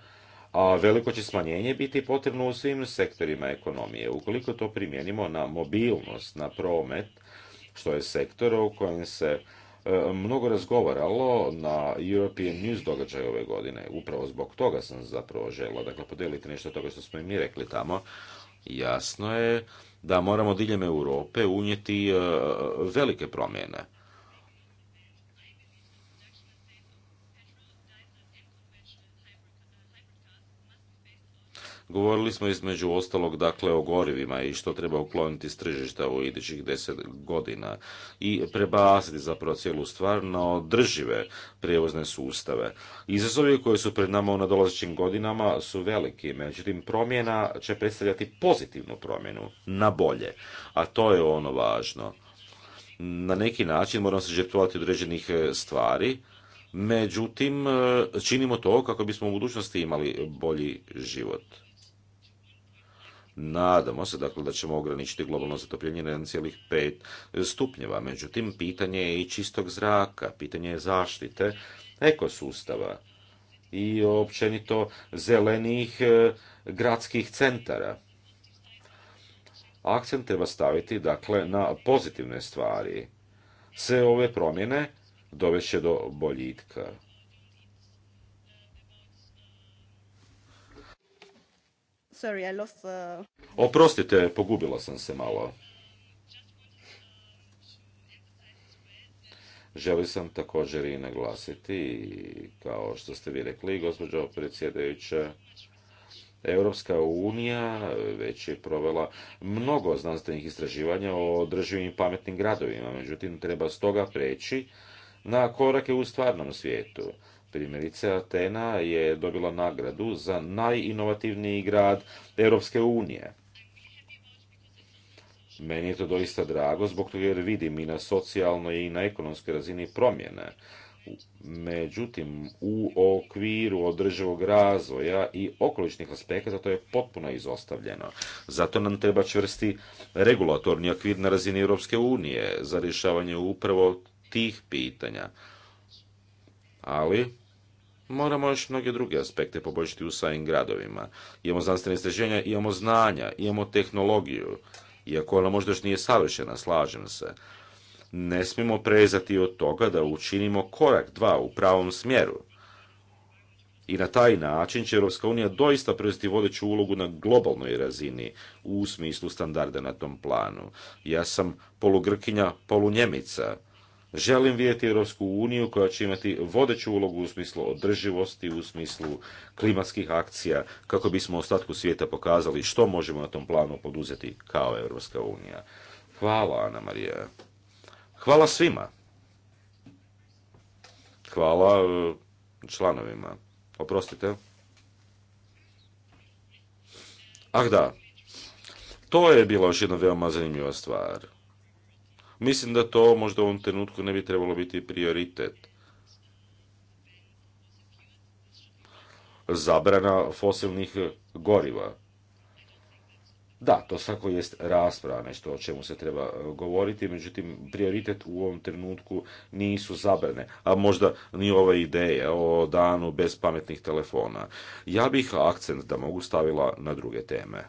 a veliko će smanjenje biti potrebno u svim sektorima ekonomije. Ukoliko to primijenimo na mobilnost, na promet, što je sektor u kojem se E, mnogo razgovaralo na European News događaju ove godine. Upravo zbog toga sam zapravo žela dakle, podeliti nešto toga što smo i mi rekli tamo. Jasno je da moramo diljem Europe unijeti e, velike promjene. Govorili smo između ostalog dakle o gorivima i što treba ukloniti s tržišta u idućih deset godina i prebaciti zapravo cijelu stvar na održive prijevozne sustave. Izazovi koji su pred nama u nadolazećim godinama su veliki, međutim promjena će predstavljati pozitivnu promjenu na bolje, a to je ono važno. Na neki način moramo se žrtvovati određenih e, stvari, međutim e, činimo to kako bismo u budućnosti imali bolji život. Nadamo se dakle da ćemo ograničiti globalno zatopljenje na 1,5 stupnjeva. Međutim, pitanje je i čistog zraka, pitanje je zaštite ekosustava i općenito zelenih e, gradskih centara. Akcent treba staviti dakle na pozitivne stvari. Sve ove promjene doveće do boljitka sorry, I lost... Uh, Oprostite, pogubila sam se malo. Želio sam također i naglasiti, kao što ste vi rekli, gospođo predsjedajuća, Europska unija već je provela mnogo znanstvenih istraživanja o održivim pametnim gradovima, međutim treba stoga preći na korake u stvarnom svijetu. Primjerice, Atena je dobila nagradu za najinovativniji grad Europske unije. Meni je to doista drago zbog toga jer vidim i na socijalnoj i na ekonomskoj razini promjene. Međutim, u okviru održivog razvoja i okoličnih aspekata to je potpuno izostavljeno. Zato nam treba čvrsti regulatorni okvir na razini Europske unije za rješavanje upravo tih pitanja. Ali, moramo još mnoge druge aspekte poboljšati u svojim gradovima. Imamo znanstvene istraženja, imamo znanja, imamo tehnologiju, iako ona možda još nije savršena, slažem se. Ne smijemo prezati od toga da učinimo korak dva u pravom smjeru. I na taj način će Europska unija doista preuzeti vodeću ulogu na globalnoj razini u smislu standarda na tom planu. Ja sam polugrkinja, polunjemica Želim vidjeti Europsku uniju koja će imati vodeću ulogu u smislu održivosti, u smislu klimatskih akcija, kako bismo ostatku svijeta pokazali što možemo na tom planu poduzeti kao Europska unija. Hvala, Ana Marija. Hvala svima. Hvala e, članovima. Oprostite. Ah da, to je bila još jedna veoma zanimljiva stvar. Mislim da to možda u ovom trenutku ne bi trebalo biti prioritet. Zabrana fosilnih goriva. Da, to svako jest rasprava, nešto o čemu se treba e, govoriti, međutim, prioritet u ovom trenutku nisu zabrane, a možda ni ova ideja o danu bez pametnih telefona. Ja bih akcent da mogu stavila na druge teme.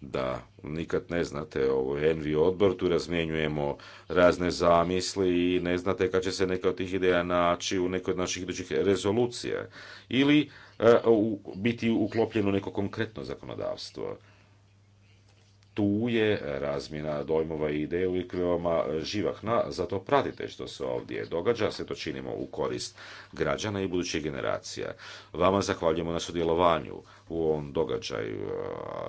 da nikad ne znate ovo je Envi odbor, tu razmjenjujemo razne zamisli i ne znate kad će se neka od tih ideja naći u nekoj od naših idućih rezolucija ili e, biti uklopljeno neko konkretno zakonodavstvo tu je razmjena dojmova i ideja uvijek veoma živahna, zato pratite što se ovdje događa, sve to činimo u korist građana i budućih generacija. Vama zahvaljujemo na sudjelovanju u ovom događaju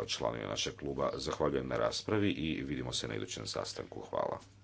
članovi našeg kluba. Zahvaljujem na raspravi i vidimo se na idućem sastanku. Hvala.